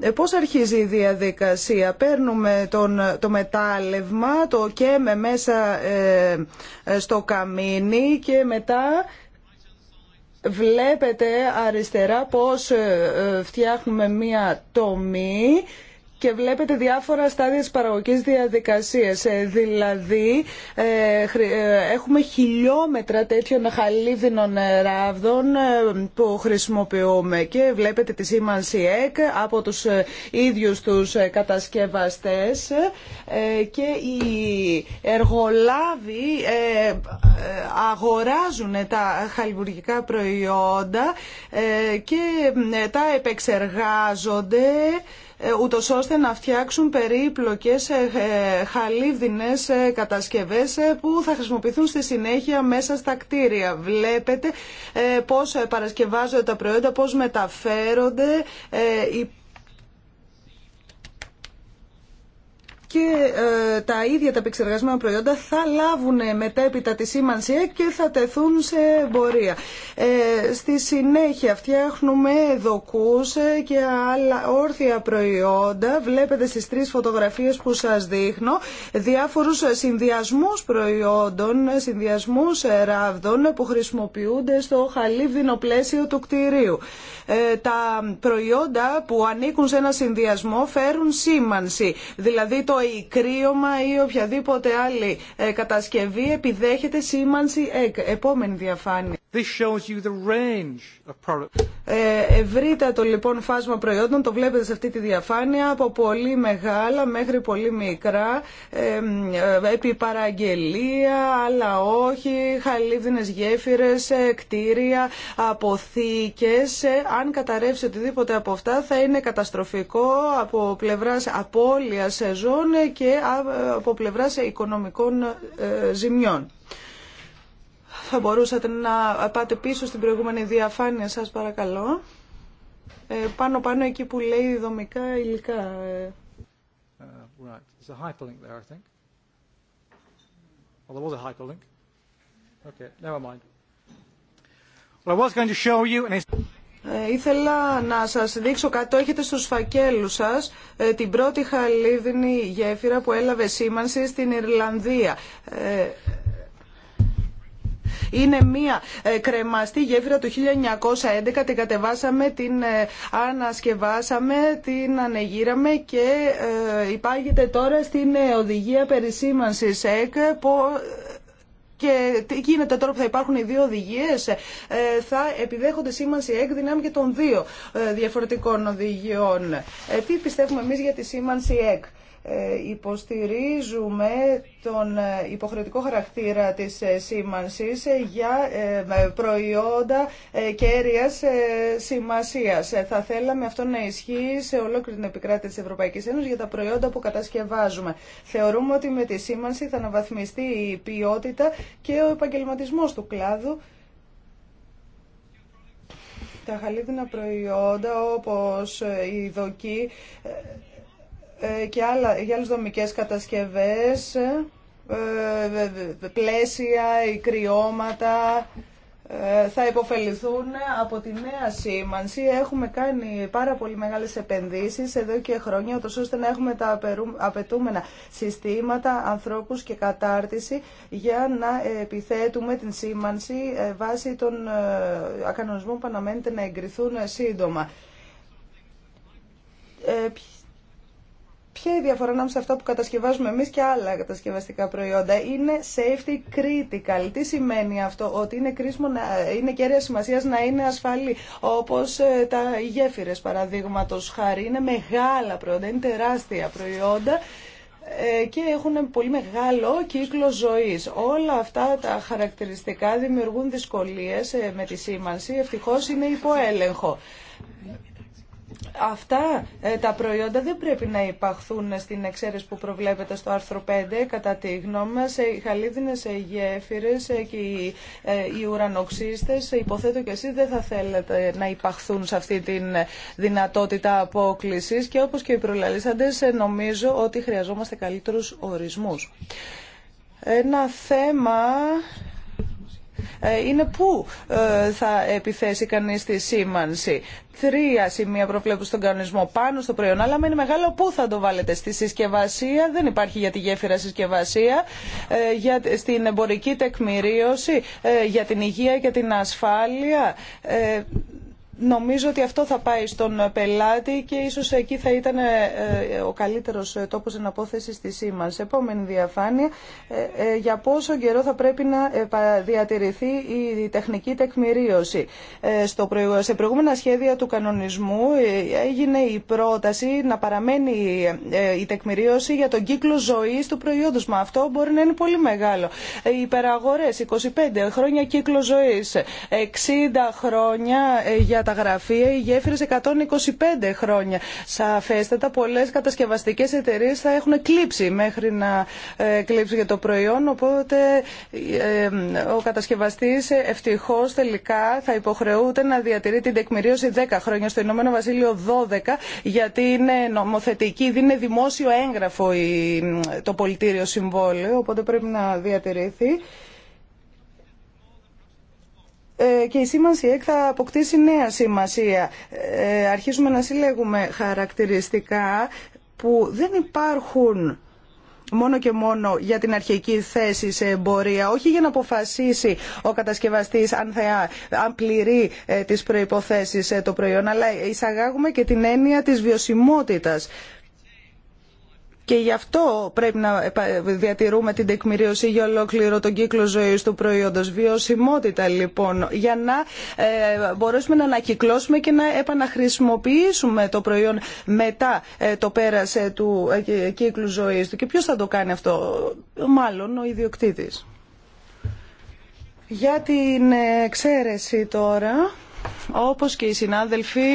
Ε, πώς αρχίζει η διαδικασία. Παίρνουμε τον, το μετάλλευμα, το καίμε μέσα ε, ε, στο καμίνι και μετά βλέπετε αριστερά πώς φτιάχνουμε μία τομή και βλέπετε διάφορα στάδια της παραγωγικής διαδικασίας. Ε, δηλαδή, ε, ε, έχουμε χιλιόμετρα τέτοιων χαλίδινων ράβδων που χρησιμοποιούμε και βλέπετε τη σήμανση ΕΚ από τους ίδιους τους κατασκευαστές και οι εργολάβοι αγοράζουν τα χαλιβουργικά προϊόντα και τα επεξεργάζονται ε, ούτως ώστε να φτιάξουν περίπλοκες ε, ε, χαλίβδινες κατασκευές που θα χρησιμοποιηθούν στη συνέχεια μέσα στα κτίρια. Βλέπετε πώς παρασκευάζονται τα προϊόντα, πώς μεταφέρονται. και ε, τα ίδια τα επεξεργασμένα προϊόντα θα λάβουν μετέπειτα τη σήμανση και θα τεθούν σε εμπορία. Ε, στη συνέχεια φτιάχνουμε δοκούς ε, και άλλα όρθια προϊόντα. Βλέπετε στις τρεις φωτογραφίες που σας δείχνω διάφορους συνδυασμούς προϊόντων, συνδυασμούς ράβδων που χρησιμοποιούνται στο χαλίβδινο πλαίσιο του κτηρίου. Ε, τα προϊόντα που ανήκουν σε ένα συνδυασμό φέρουν σήμανση. Δηλαδή το ή κρύωμα ή οποιαδήποτε άλλη ε, κατασκευή επιδέχεται σήμανση ΕΚ. Επόμενη διαφάνεια. This shows ε, ευρύτατο λοιπόν φάσμα προϊόντων, το βλέπετε σε αυτή τη διαφάνεια, από πολύ μεγάλα μέχρι πολύ μικρά, ε, ε, επί παραγγελία, αλλά όχι, χαλίβδινες γέφυρες, κτίρια, αποθήκες. Αν καταρρεύσει οτιδήποτε από αυτά θα είναι καταστροφικό από πλευράς απώλειας σεζόν και από πλευράς οικονομικών ζημιών. Θα μπορούσατε να πάτε πίσω στην προηγούμενη διαφάνεια σας παρακαλώ. Ε, πάνω πάνω εκεί που λέει δομικά υλικά. Ε. Uh, right. There's a hyperlink there, I think. Well, there was a hyperlink. Okay, never mind. Well, I was going to show you and it's... Ε, ήθελα να σας δείξω κάτι. έχετε στους φακέλους σας ε, την πρώτη χαλίδινη γέφυρα που έλαβε σήμανση στην Ιρλανδία. Ε, είναι μία ε, κρεμαστή γέφυρα του 1911. Την κατεβάσαμε, την ε, ανασκευάσαμε, την ανεγύραμε και ε, υπάγεται τώρα στην οδηγία περισήμανσης ΕΚ και τι γίνεται τώρα που θα υπάρχουν οι δύο οδηγίε, θα επιδέχονται σήμανση ΕΚ δυνάμει και των δύο διαφορετικών οδηγιών. τι πιστεύουμε εμεί για τη σήμανση ΕΚ. Ε, υποστηρίζουμε τον ε, υποχρεωτικό χαρακτήρα της ε, σήμανσης για προϊόντα κέρυας σημασίας. Θα θέλαμε αυτό να ισχύει σε ολόκληρη την επικράτηση της Ευρωπαϊκής Ένωσης για τα προϊόντα που κατασκευάζουμε. Θεωρούμε ότι με τη σήμανση θα αναβαθμιστεί η ποιότητα και ο επαγγελματισμός του κλάδου τα χαλίδινα προϊόντα όπως η δοκή ε, και άλλα, για άλλες δομικές κατασκευές, ε, πλαίσια, οι κρυώματα, ε, θα υποφεληθούν από τη νέα σήμανση. Έχουμε κάνει πάρα πολύ μεγάλες επενδύσεις εδώ και χρόνια, ώστε να έχουμε τα απαιτούμενα συστήματα, ανθρώπους και κατάρτιση για να επιθέτουμε την σήμανση βάσει των ακανονισμών που αναμένεται να εγκριθούν σύντομα Ποια είναι η διαφορά ανάμεσα σε αυτά που κατασκευάζουμε εμεί και άλλα κατασκευαστικά προϊόντα. Είναι safety critical. Τι σημαίνει αυτό, ότι είναι κρίσιμο, να, είναι κέρια σημασία να είναι ασφαλή. Όπως ε, τα γέφυρε, παραδείγματο χάρη, είναι μεγάλα προϊόντα, είναι τεράστια προϊόντα ε, και έχουν πολύ μεγάλο κύκλο ζωής. Όλα αυτά τα χαρακτηριστικά δημιουργούν δυσκολίες ε, με τη σήμανση. Ευτυχώς είναι υποέλεγχο. Αυτά ε, τα προϊόντα δεν πρέπει να υπαχθούν στην εξαίρεση που προβλέπεται στο άρθρο 5 κατά τη γνώμη μας. Ε, οι χαλίδινες ε, γέφυρες και οι, οι ουρανοξύστες υποθέτω και εσείς δεν θα θέλετε να υπαχθούν σε αυτή τη δυνατότητα απόκλησης και όπως και οι προλαλήσαντες νομίζω ότι χρειαζόμαστε καλύτερους ορισμούς. Ένα θέμα ε, είναι πού ε, θα επιθέσει κανείς τη σήμανση. Τρία σημεία προβλέπουν στον κανονισμό πάνω στο προϊόν, αλλά με μεγάλο πού θα το βάλετε. Στη συσκευασία, δεν υπάρχει για τη γέφυρα συσκευασία, ε, για, στην εμπορική τεκμηρίωση, για την υγεία και την ασφάλεια. Νομίζω ότι αυτό θα πάει στον πελάτη και ίσως εκεί θα ήταν ε, ε, ο καλύτερος ε, τόπος εναπόθεσης της ΣΥΜΑΣ. Επόμενη διαφάνεια, για πόσο καιρό θα πρέπει να διατηρηθεί η τεχνική τεκμηρίωση. Σε προηγούμενα σχέδια του κανονισμού έγινε η πρόταση να παραμένει η τεκμηρίωση για τον κύκλο ζωής του προϊόντος. Μα αυτό μπορεί να είναι πολύ μεγάλο. Οι υπεραγορές, 25 χρόνια κύκλο ζωής, 60 χρόνια για τα η οι γέφυρες 125 χρόνια. Σαφέστατα Πολλέ κατασκευαστικές εταιρείε θα έχουν κλείψει μέχρι να ε, κλείψει για το προϊόν οπότε ε, ο κατασκευαστής ε, ευτυχώς τελικά θα υποχρεούται να διατηρεί την τεκμηρίωση 10 χρόνια στο Ηνωμένο Βασίλειο 12 γιατί είναι νομοθετική, δεν είναι δημόσιο έγγραφο το πολιτήριο συμβόλαιο οπότε πρέπει να διατηρηθεί. Ε, και η σήμανση ΕΚ θα αποκτήσει νέα σημασία. Ε, αρχίζουμε να συλλέγουμε χαρακτηριστικά που δεν υπάρχουν μόνο και μόνο για την αρχική θέση σε εμπορία, όχι για να αποφασίσει ο κατασκευαστής αν, θα, αν πληρεί ε, τις προϋποθέσεις το προϊόν, αλλά εισαγάγουμε και την έννοια της βιωσιμότητας. Και γι' αυτό πρέπει να διατηρούμε την τεκμηρίωση για ολόκληρο τον κύκλο ζωή του προϊόντο. Βιωσιμότητα λοιπόν, για να ε, μπορέσουμε να ανακυκλώσουμε και να επαναχρησιμοποιήσουμε το προϊόν μετά ε, το πέρασε του ε, κύκλου ζωή του. Και ποιο θα το κάνει αυτό, μάλλον ο ιδιοκτήτη. Για την εξαίρεση τώρα όπως και οι συνάδελφοι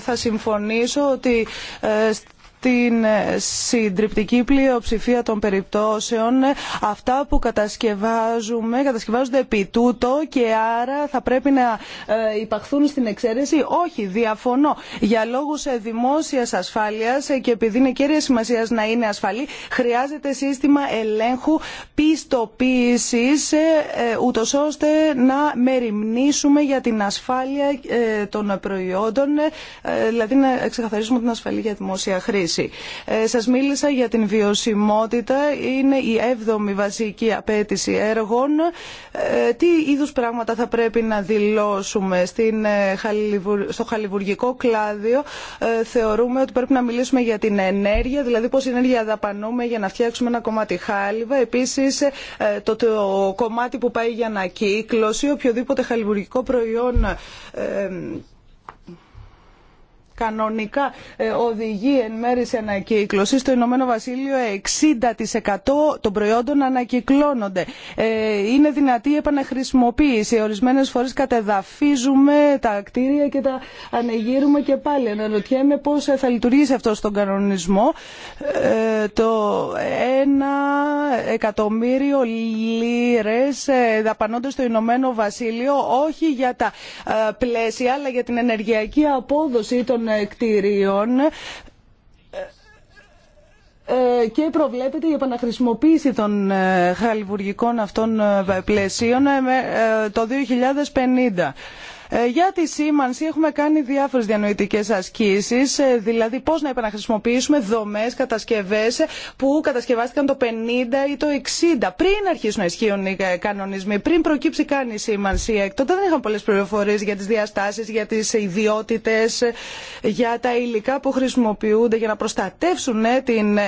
θα συμφωνήσω ότι την συντριπτική πλειοψηφία των περιπτώσεων αυτά που κατασκευάζουμε κατασκευάζονται επί τούτο και άρα θα πρέπει να ε, υπαχθούν στην εξαίρεση. Όχι, διαφωνώ. Για λόγους ε, δημόσιας ασφάλειας ε, και επειδή είναι κέρια σημασία να είναι ασφαλή χρειάζεται σύστημα ελέγχου πιστοποίησης ούτως ώστε να μεριμνήσουμε για την ασφάλεια των προϊόντων δηλαδή να ξεκαθαρίσουμε την ασφαλή για δημόσια χρήση. Σα ε, σας μίλησα για την βιωσιμότητα, είναι η έβδομη βασική απέτηση έργων. Ε, τι είδους πράγματα θα πρέπει να δηλώσουμε στην, ε, στο χαλιβουργικό κλάδιο. θεωρούμε ότι πρέπει να μιλήσουμε για την ενέργεια, δηλαδή πώς ενέργεια δαπανούμε για να φτιάξουμε ένα κομμάτι χάλιβα. Επίσης το, το κομμάτι που πάει για ανακύκλωση, οποιοδήποτε χαλιβουργικό προϊόν κανονικά ε, οδηγεί εν μέρη σε ανακύκλωση. Στο Ηνωμένο Βασίλειο 60% των προϊόντων ανακυκλώνονται. Ε, είναι δυνατή η επαναχρησιμοποίηση. Ορισμένες φορές κατεδαφίζουμε τα κτίρια και τα ανεγείρουμε και πάλι. Αναρωτιέμαι πώς θα λειτουργήσει αυτό στον κανονισμό. Ε, το ένα εκατομμύριο λίρες δαπανώνται στο Ηνωμένο Βασίλειο όχι για τα πλαίσια αλλά για την ενεργειακή απόδοση των κτηρίων ε, και προβλέπεται η επαναχρησιμοποίηση των ε, χαλιβουργικών αυτών ε, πλαισίων το 2050. Ε, για τη σήμανση έχουμε κάνει διάφορες διανοητικές ασκήσεις, ε, δηλαδή πώς να επαναχρησιμοποιήσουμε δομές, κατασκευές ε, που κατασκευάστηκαν το 50 ή το 60, πριν αρχίσουν να ισχύουν οι κανονισμοί, πριν προκύψει καν η σήμανση έκτοτε. Δεν είχαν πολλές πληροφορίες για τις διαστάσεις, για τις ιδιότητες, για τα υλικά που χρησιμοποιούνται για να προστατεύσουν την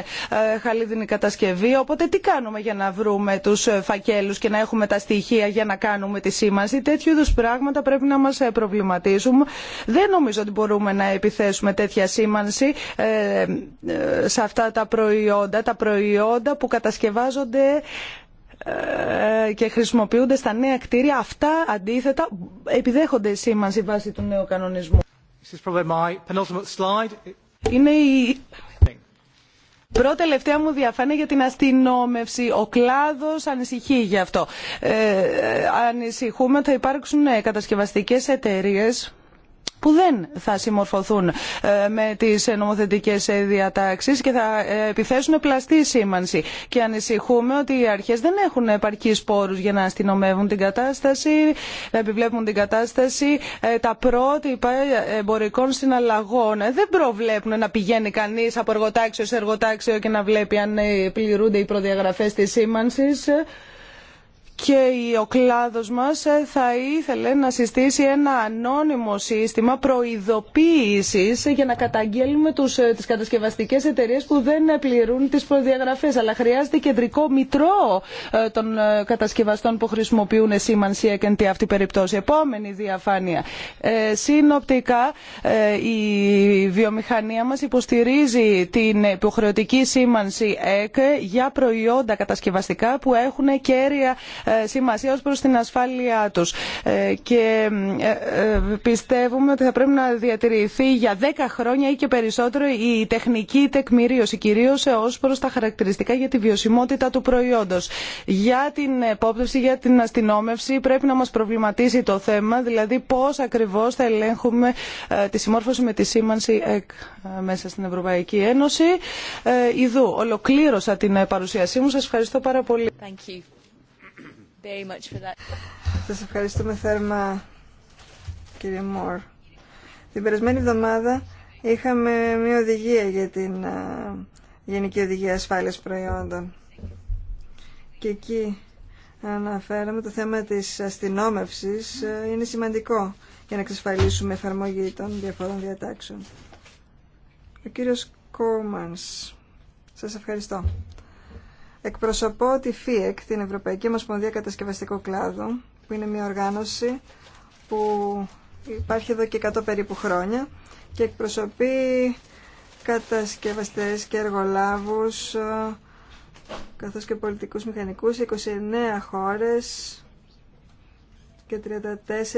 χαλίδινη κατασκευή. Οπότε τι κάνουμε για να βρούμε τους φακέλους και να έχουμε τα στοιχεία για να κάνουμε τη σήμανση. Τέτοιου πράγματα πρέπει να μας ε, προβληματίζουν. Δεν νομίζω ότι μπορούμε να επιθέσουμε τέτοια σήμανση ε, ε, σε αυτά τα προϊόντα, τα προϊόντα που κατασκευάζονται και χρησιμοποιούνται στα νέα κτίρια. Αυτά αντίθετα επιδέχονται σήμανση βάσει του νέου κανονισμού. Είναι η Πρώτη τελευταία μου διαφάνεια για την αστυνόμευση. Ο κλάδο ανησυχεί γι' αυτό. Ε, ε, ανησυχούμε ότι θα υπάρξουν ε, κατασκευαστικέ εταιρείε που δεν θα συμμορφωθούν ε, με τις νομοθετικές διατάξεις και θα ε, επιθέσουν πλαστή σήμανση. Και ανησυχούμε ότι οι αρχές δεν έχουν επαρκείς πόρους για να αστυνομεύουν την κατάσταση, να επιβλέπουν την κατάσταση. Ε, τα πρότυπα εμπορικών συναλλαγών δεν προβλέπουν να πηγαίνει κανείς από εργοτάξιο σε εργοτάξιο και να βλέπει αν πληρούνται οι προδιαγραφές της σήμανσης και ο κλάδος μας ε, θα ήθελε να συστήσει ένα ανώνυμο σύστημα προειδοποίησης για να καταγγέλουμε τους, ε, τις κατασκευαστικές εταιρείες που δεν πληρούν τις προδιαγραφές. Αλλά χρειάζεται κεντρικό μητρό ε, των κατασκευαστών που χρησιμοποιούν σήμανση έκεντη αυτή περιπτώση. Επόμενη διαφάνεια. συνοπτικά η βιομηχανία μας υποστηρίζει την υποχρεωτική σήμανση ΕΚ e για προϊόντα κατασκευαστικά που έχουν κέρια ε, σημασία ως προς την ασφάλειά τους. Ε, και ε, πιστεύουμε ότι θα πρέπει να διατηρηθεί για 10 χρόνια ή και περισσότερο η τεχνική τεκμηρίωση, κυρίως ως προς τα χαρακτηριστικά για τη βιωσιμότητα του προϊόντος. Για την επόπτευση, για την αστυνόμευση πρέπει να μας προβληματίσει το θέμα, δηλαδή πώς ακριβώς θα ελέγχουμε τη συμμόρφωση με τη σήμανση ΕΚ μέσα στην Ευρωπαϊκή Ένωση. Ιδού, ολοκλήρωσα την παρουσίασή μου. Σας ευχαριστώ πάρα πολύ. Thank you very Σας ευχαριστούμε θέρμα, κύριε Μόρ. Την περασμένη εβδομάδα είχαμε μια οδηγία για την Γενική Οδηγία Ασφάλειας Προϊόντων. Και εκεί αναφέραμε το θέμα της αστυνόμευσης. Είναι σημαντικό για να εξασφαλίσουμε εφαρμογή των διαφόρων διατάξεων. Ο κύριος Κόμανς. Σας ευχαριστώ. Εκπροσωπώ τη ΦΙΕΚ, την Ευρωπαϊκή Ομοσπονδία Κατασκευαστικού Κλάδου, που είναι μια οργάνωση που υπάρχει εδώ και 100 περίπου χρόνια και εκπροσωπεί κατασκευαστές και εργολάβους ε, καθώς και πολιτικούς μηχανικούς 29 χώρες και 34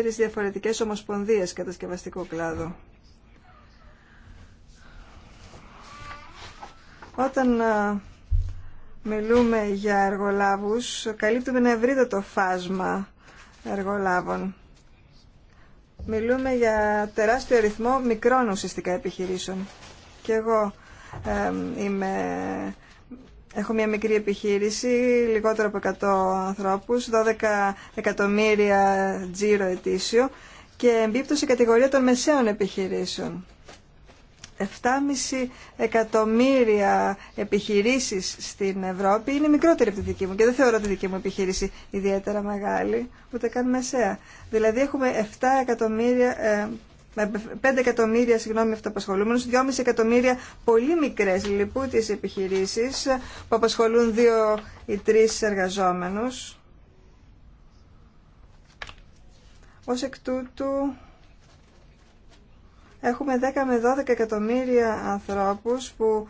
διαφορετικές ομοσπονδίες κατασκευαστικού κλάδου. Όταν ε, μιλούμε για εργολάβους, καλύπτουμε ένα ευρύτατο φάσμα εργολάβων. Μιλούμε για τεράστιο αριθμό μικρών ουσιαστικά επιχειρήσεων. Και εγώ είμαι, έχω μια μικρή επιχείρηση, λιγότερο από 100 ανθρώπους, 12 εκατομμύρια τζίρο ετήσιο και εμπίπτωση κατηγορία των μεσαίων επιχειρήσεων. 7,5 εκατομμύρια επιχειρήσεις στην Ευρώπη είναι μικρότερη από τη δική μου και δεν θεωρώ τη δική μου επιχείρηση ιδιαίτερα μεγάλη, ούτε καν μεσαία. Δηλαδή έχουμε 7 εκατομμύρια, 5 ε, εκατομμύρια συγγνώμη αυτοαπασχολούμενους, 2,5 εκατομμύρια πολύ μικρές λιπούτιες επιχειρήσεις που απασχολούν 2 ή 3 εργαζόμενους. Ως εκ τούτου έχουμε 10 με 12 εκατομμύρια ανθρώπους που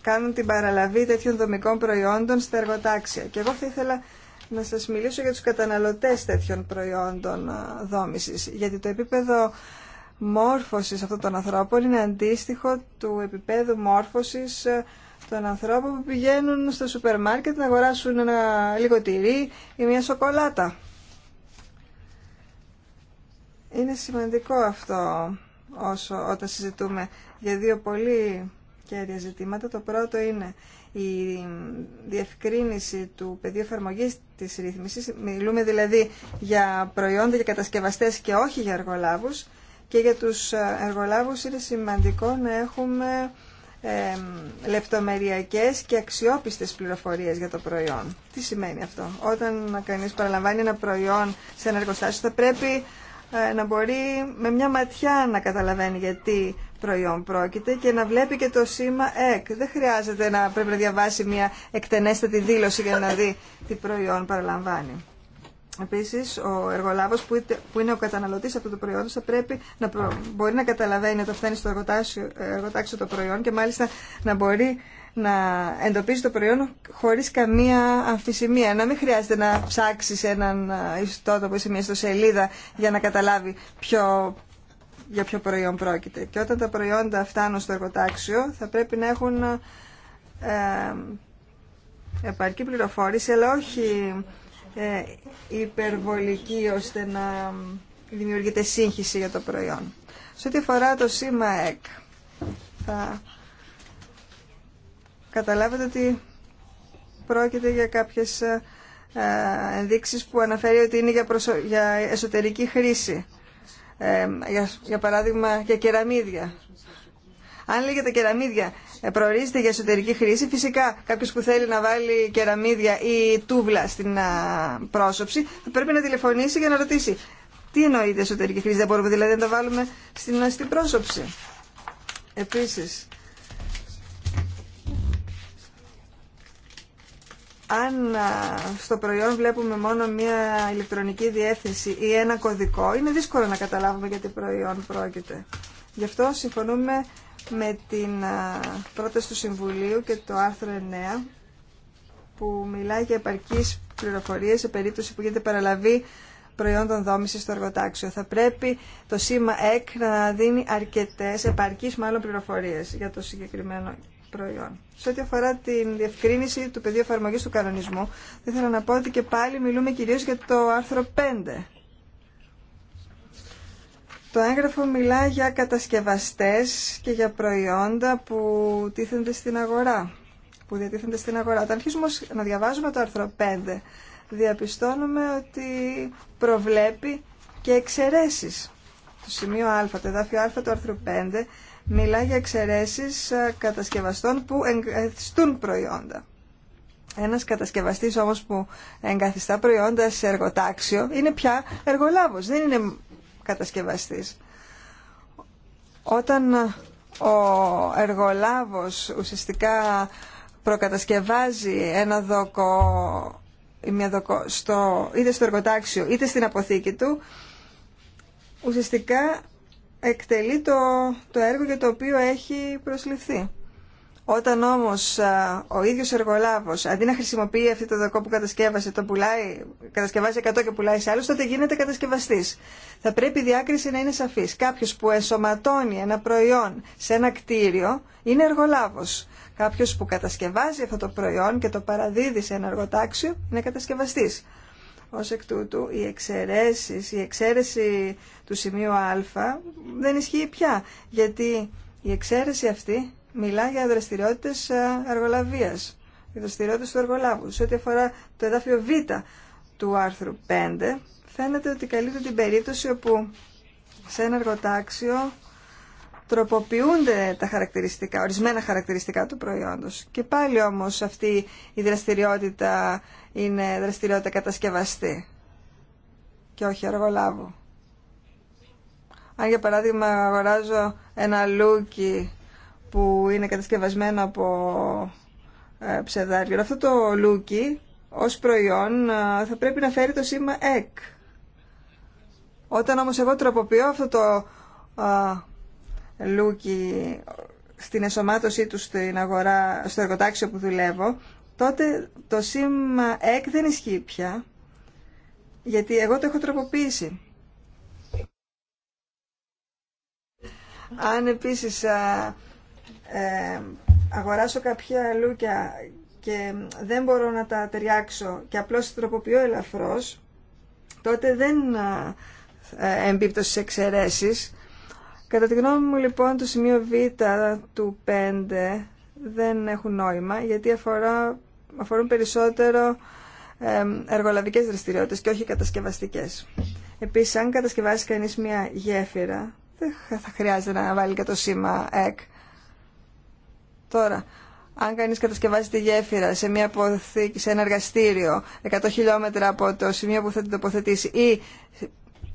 κάνουν την παραλαβή τέτοιων δομικών προϊόντων στα εργοτάξια. Και εγώ θα ήθελα να σας μιλήσω για τους καταναλωτές τέτοιων προϊόντων δόμησης, γιατί το επίπεδο μόρφωσης αυτών των ανθρώπων είναι αντίστοιχο του επίπεδου μόρφωσης ε, των ανθρώπων που πηγαίνουν στο σούπερ μάρκετ να αγοράσουν ένα λίγο τυρί ή μια σοκολάτα. Είναι σημαντικό αυτό όσο όταν συζητούμε για δύο πολύ κέρια ζητήματα. Το πρώτο είναι η διευκρίνηση του πεδίου εφαρμογή της ρύθμιση. Μιλούμε δηλαδή για προϊόντα και κατασκευαστές και όχι για εργολάβους. Και για τους ε, εργολάβους είναι σημαντικό να έχουμε ε, λεπτομεριακές και αξιόπιστες πληροφορίες για το προϊόν. Τι σημαίνει αυτό. Όταν κανείς παραλαμβάνει ένα προϊόν σε ένα εργοστάσιο θα πρέπει ε, να μπορεί με μια ματιά να καταλαβαίνει γιατί προϊόν πρόκειται και να βλέπει και το σήμα ΕΚ. Δεν χρειάζεται να πρέπει να διαβάσει μια εκτενέστατη δήλωση για να δει τι προϊόν παραλαμβάνει. Επίσης, ο εργολάβος που είναι ο καταναλωτής αυτού του προϊόντο, θα πρέπει να μπορεί να καταλαβαίνει ότι φτάνει στο εργοτάξιο το προϊόν και μάλιστα να μπορεί να εντοπίζει το προϊόν χωρίς καμία αμφισημία. Να μην χρειάζεται να ψάξει έναν ιστότοπο ή σε μια ιστοσελίδα για να καταλάβει ποιο, για ποιο προϊόν πρόκειται. Και όταν τα προϊόντα φτάνουν στο εργοτάξιο θα πρέπει να έχουν επαρκή πληροφόρηση αλλά όχι ε, υπερβολική ώστε να δημιουργείται σύγχυση για το προϊόν. Σε ό,τι αφορά το σήμα καταλάβετε ότι πρόκειται για κάποιες ε, ε, ενδείξεις που αναφέρει ότι είναι για, για εσωτερική χρήση. Ε, για, για παράδειγμα, για κεραμίδια. Αν λέγεται κεραμίδια προορίζεται για εσωτερική χρήση, φυσικά κάποιος που θέλει να βάλει κεραμίδια ή τούβλα στην πρόσωψη θα πρέπει να τηλεφωνήσει για να ρωτήσει τι εννοείται εσωτερική χρήση, δεν μπορούμε δηλαδή να τα βάλουμε στην, στην πρόσωψη. Επίσης, αν στο προϊόν βλέπουμε μόνο μία ηλεκτρονική διεύθυνση ή ένα κωδικό, είναι δύσκολο να καταλάβουμε για τι προϊόν πρόκειται. Γι' αυτό συμφωνούμε με την πρόταση του Συμβουλίου και το άρθρο 9 που μιλάει για επαρκείς πληροφορίες σε περίπτωση που γίνεται παραλαβή προϊόντων δόμησης στο εργοτάξιο. Θα πρέπει το σήμα ΕΚ να δίνει αρκετές, επαρκείς μάλλον πληροφορίες για το συγκεκριμένο προϊόν. Σε ό,τι αφορά την διευκρίνηση του πεδίου εφαρμογή του κανονισμού, θα ήθελα να πω ότι και πάλι μιλούμε κυρίω για το άρθρο 5. Το έγγραφο μιλά για κατασκευαστές και για προϊόντα που τίθενται στην αγορά, που διατίθενται στην αγορά. Όταν αρχίσουμε να διαβάζουμε το άρθρο 5, διαπιστώνουμε ότι προβλέπει και εξαιρέσεις. Το σημείο α, το εδάφιο α του άρθρου 5 μιλά για εξαιρέσει ε, κατασκευαστών που εγκαθιστούν προϊόντα. Ένας κατασκευαστής όμως που εγκαθιστά προϊόντα σε εργοτάξιο είναι πια εργολάβος, δεν είναι κατασκευαστής. Όταν ε, ο εργολάβος ουσιαστικά προκατασκευάζει ένα δόκο, μια δόκο στο, είτε στο εργοτάξιο είτε στην αποθήκη του, ουσιαστικά εκτελεί το, το έργο για το οποίο έχει προσληφθεί. Όταν όμως ο ίδιος εργολάβος, αντί να χρησιμοποιεί αυτό το δοκό που κατασκεύασε, το πουλάει, κατασκευάζει 100 και πουλάει σε άλλους, τότε γίνεται κατασκευαστής. Θα πρέπει η διάκριση να είναι σαφής. Κάποιος που εσωματώνει ένα προϊόν σε ένα κτίριο είναι εργολάβος. Κάποιος που κατασκευάζει αυτό το προϊόν και το παραδίδει σε ένα εργοτάξιο είναι κατασκευαστής. Ως εκ τούτου, οι η εξαίρεση του σημείου α δεν ισχύει πια, γιατί η εξαίρεση αυτή μιλά για δραστηριότητες αργολαβίας, ε, για δραστηριότητες του εργολάβου, Σε ό,τι αφορά το εδάφιο β του άρθρου 5, φαίνεται ότι καλύπτει την περίπτωση όπου σε ένα εργοτάξιο τροποποιούνται τα χαρακτηριστικά, ορισμένα χαρακτηριστικά του προϊόντος. Και πάλι όμως αυτή η δραστηριότητα είναι δραστηριότητα κατασκευαστή και όχι εργολάβου. Αν για παράδειγμα αγοράζω ένα λούκι που είναι κατασκευασμένο από ε, αυτό το λούκι ως προϊόν ε, θα πρέπει να φέρει το σήμα ΕΚ. Όταν όμως εγώ τροποποιώ αυτό το ε, λούκι στην εσωμάτωσή του στην αγορά, στο εργοτάξιο που δουλεύω, τότε το σήμα ΕΚ δεν ισχύει πια, γιατί εγώ το έχω τροποποιήσει. Αν επίσης ε, αγοράσω κάποια λούκια και δεν μπορώ να τα ταιριάξω και απλώς τροποποιώ ελαφρώς, τότε δεν εμπίπτω στις εξαιρέσεις, Κατά τη γνώμη μου λοιπόν το σημείο Β του 5 δεν έχουν νόημα γιατί αφορά, αφορούν περισσότερο εργολαβικές δραστηριότητες και όχι κατασκευαστικές. Επίσης αν κατασκευάσει κανείς μια γέφυρα δεν θα χρειάζεται να βάλει και το σήμα ΕΚ. Τώρα, αν κανείς κατασκευάζει τη γέφυρα σε, μια αποθήκη, σε ένα εργαστήριο 100 χιλιόμετρα από το σημείο που θα την τοποθετήσει ή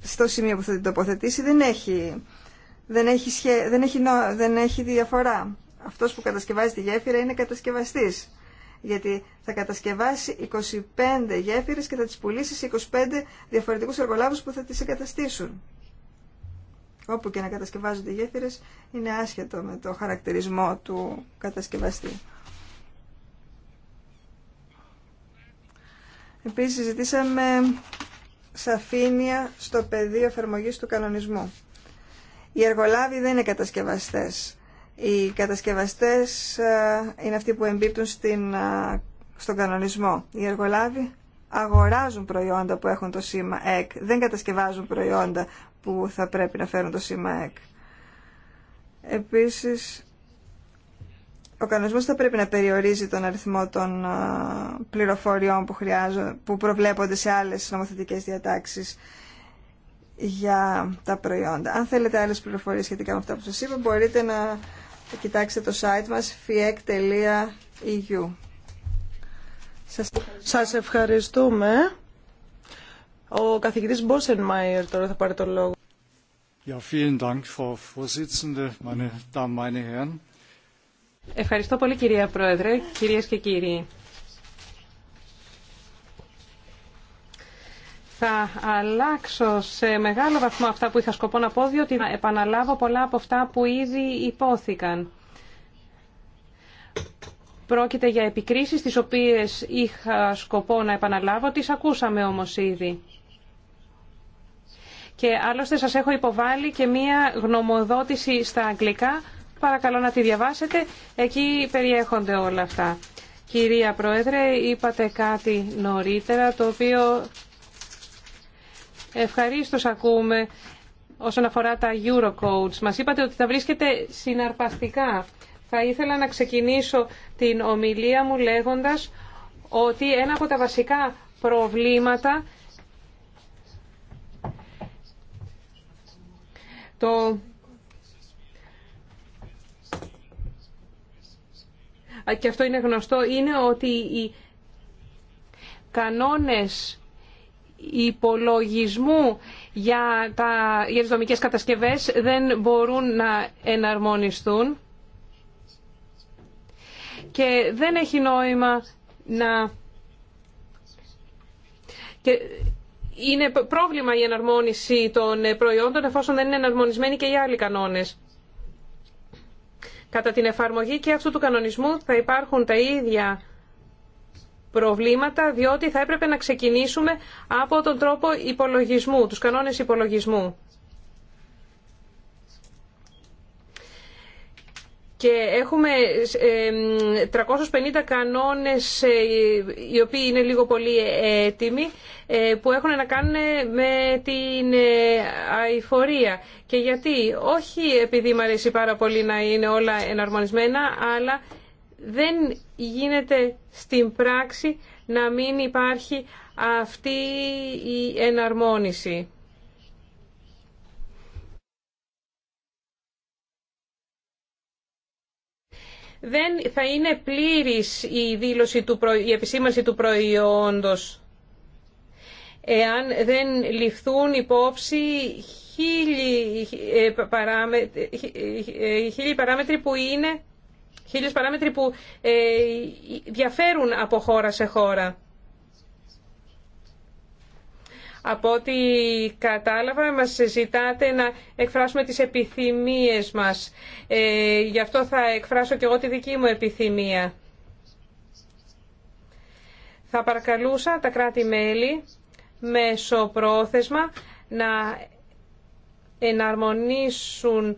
στο σημείο που θα την τοποθετήσει δεν έχει δεν έχει, δεν έχει, δεν έχει διαφορά. Αυτός που κατασκευάζει τη γέφυρα είναι κατασκευαστής. Γιατί θα κατασκευάσει 25 γέφυρες και θα τις πουλήσει σε 25 διαφορετικούς εργολάβους που θα τις εγκαταστήσουν. Όπου και να κατασκευάζονται οι γέφυρες είναι άσχετο με το χαρακτηρισμό του κατασκευαστή. Επίσης ζητήσαμε σαφήνεια στο πεδίο εφαρμογής του κανονισμού. Οι εργολάβοι δεν είναι κατασκευαστές. Οι κατασκευαστές ε, είναι αυτοί που εμπίπτουν στην, ε, στον κανονισμό. Οι εργολάβοι αγοράζουν προϊόντα που έχουν το σήμα ΕΚ. Δεν κατασκευάζουν προϊόντα που θα πρέπει να φέρουν το σήμα ΕΚ. Επίσης, ο κανονισμός θα πρέπει να περιορίζει τον αριθμό των ε, πληροφοριών που, που προβλέπονται σε άλλες νομοθετικές διατάξεις για τα προϊόντα. Αν θέλετε άλλες πληροφορίες σχετικά με αυτά που σας είπα, μπορείτε να κοιτάξετε το site μας fiec.eu. Σας... ευχαριστούμε. Ο καθηγητής Μπόσενμαϊερ τώρα θα πάρει το λόγο. Ευχαριστώ πολύ κυρία Πρόεδρε, κυρίες και κύριοι. Θα αλλάξω σε μεγάλο βαθμό αυτά που είχα σκοπό να πω, διότι επαναλάβω πολλά από αυτά που ήδη υπόθηκαν. Πρόκειται για επικρίσεις τις οποίες είχα σκοπό να επαναλάβω, τις ακούσαμε όμως ήδη. Και άλλωστε σας έχω υποβάλει και μία γνωμοδότηση στα αγγλικά. Παρακαλώ να τη διαβάσετε. Εκεί περιέχονται όλα αυτά. Κυρία Πρόεδρε, είπατε κάτι νωρίτερα, το οποίο Ευχαριστώ ακούμε όσον αφορά τα Eurocodes. Μας είπατε ότι θα βρίσκεται συναρπαστικά. Θα ήθελα να ξεκινήσω την ομιλία μου λέγοντας ότι ένα από τα βασικά προβλήματα το και αυτό είναι γνωστό, είναι ότι οι κανόνες υπολογισμού για, τα, για τις κατασκευές δεν μπορούν να εναρμονιστούν και δεν έχει νόημα να... είναι πρόβλημα η εναρμόνιση των προϊόντων εφόσον δεν είναι εναρμονισμένοι και οι άλλοι κανόνες. Κατά την εφαρμογή και αυτού του κανονισμού θα υπάρχουν τα ίδια προβλήματα διότι θα έπρεπε να ξεκινήσουμε από τον τρόπο υπολογισμού, τους κανόνες υπολογισμού. Και έχουμε 350 κανόνες ε, οι οποίοι είναι λίγο πολύ έτοιμοι ε, που έχουν να κάνουν με την ε, αηφορία. Και γιατί, όχι επειδή μου αρέσει πάρα πολύ να είναι όλα εναρμονισμένα, αλλά δεν γίνεται στην πράξη να μην υπάρχει αυτή η εναρμόνιση. Δεν θα είναι πλήρης η, δήλωση του επισήμανση του προϊόντος εάν δεν ληφθούν υπόψη χίλιοι ε, ε, ε, παράμετροι που είναι Χίλιες παράμετροι που ε, διαφέρουν από χώρα σε χώρα. Από ό,τι κατάλαβα, μας ζητάτε να εκφράσουμε τις επιθυμίες μας. Ε, γι' αυτό θα εκφράσω και εγώ τη δική μου επιθυμία. Θα παρακαλούσα τα κράτη-μέλη μέσω πρόθεσμα να εναρμονίσουν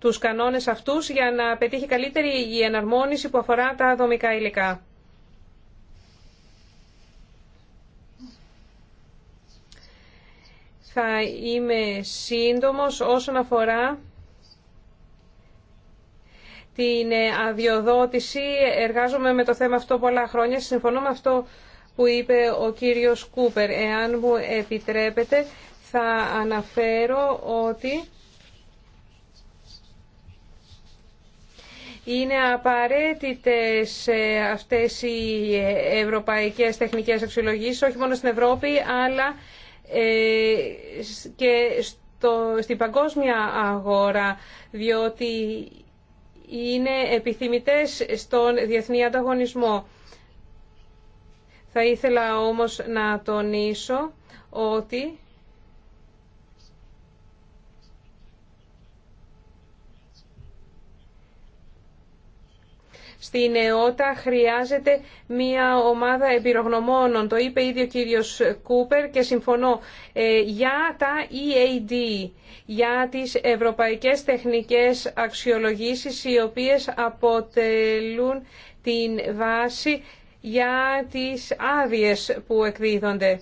τους κανόνες αυτούς για να πετύχει καλύτερη η εναρμόνιση που αφορά τα δομικά υλικά. Θα είμαι σύντομος όσον αφορά την ε, αδειοδότηση. Εργάζομαι με το θέμα αυτό πολλά χρόνια. Συμφωνώ με αυτό που είπε ο κύριος Κούπερ. Εάν μου επιτρέπετε θα αναφέρω ότι Είναι απαραίτητες ε, αυτές οι ευρωπαϊκές τεχνικές αξιολογήσεις, όχι μόνο στην Ευρώπη, αλλά ε, και στο, στην παγκόσμια αγορά, διότι είναι επιθυμητές στον διεθνή ανταγωνισμό. Θα ήθελα όμως να τονίσω ότι Στην ΕΟΤΑ χρειάζεται μια ομάδα εμπειρογνωμόνων. Το είπε ήδη ο κύριος Κούπερ και συμφωνώ ε, για τα EAD, για τις ευρωπαϊκές τεχνικές αξιολογήσεις οι οποίες αποτελούν την βάση για τις άδειες που εκδίδονται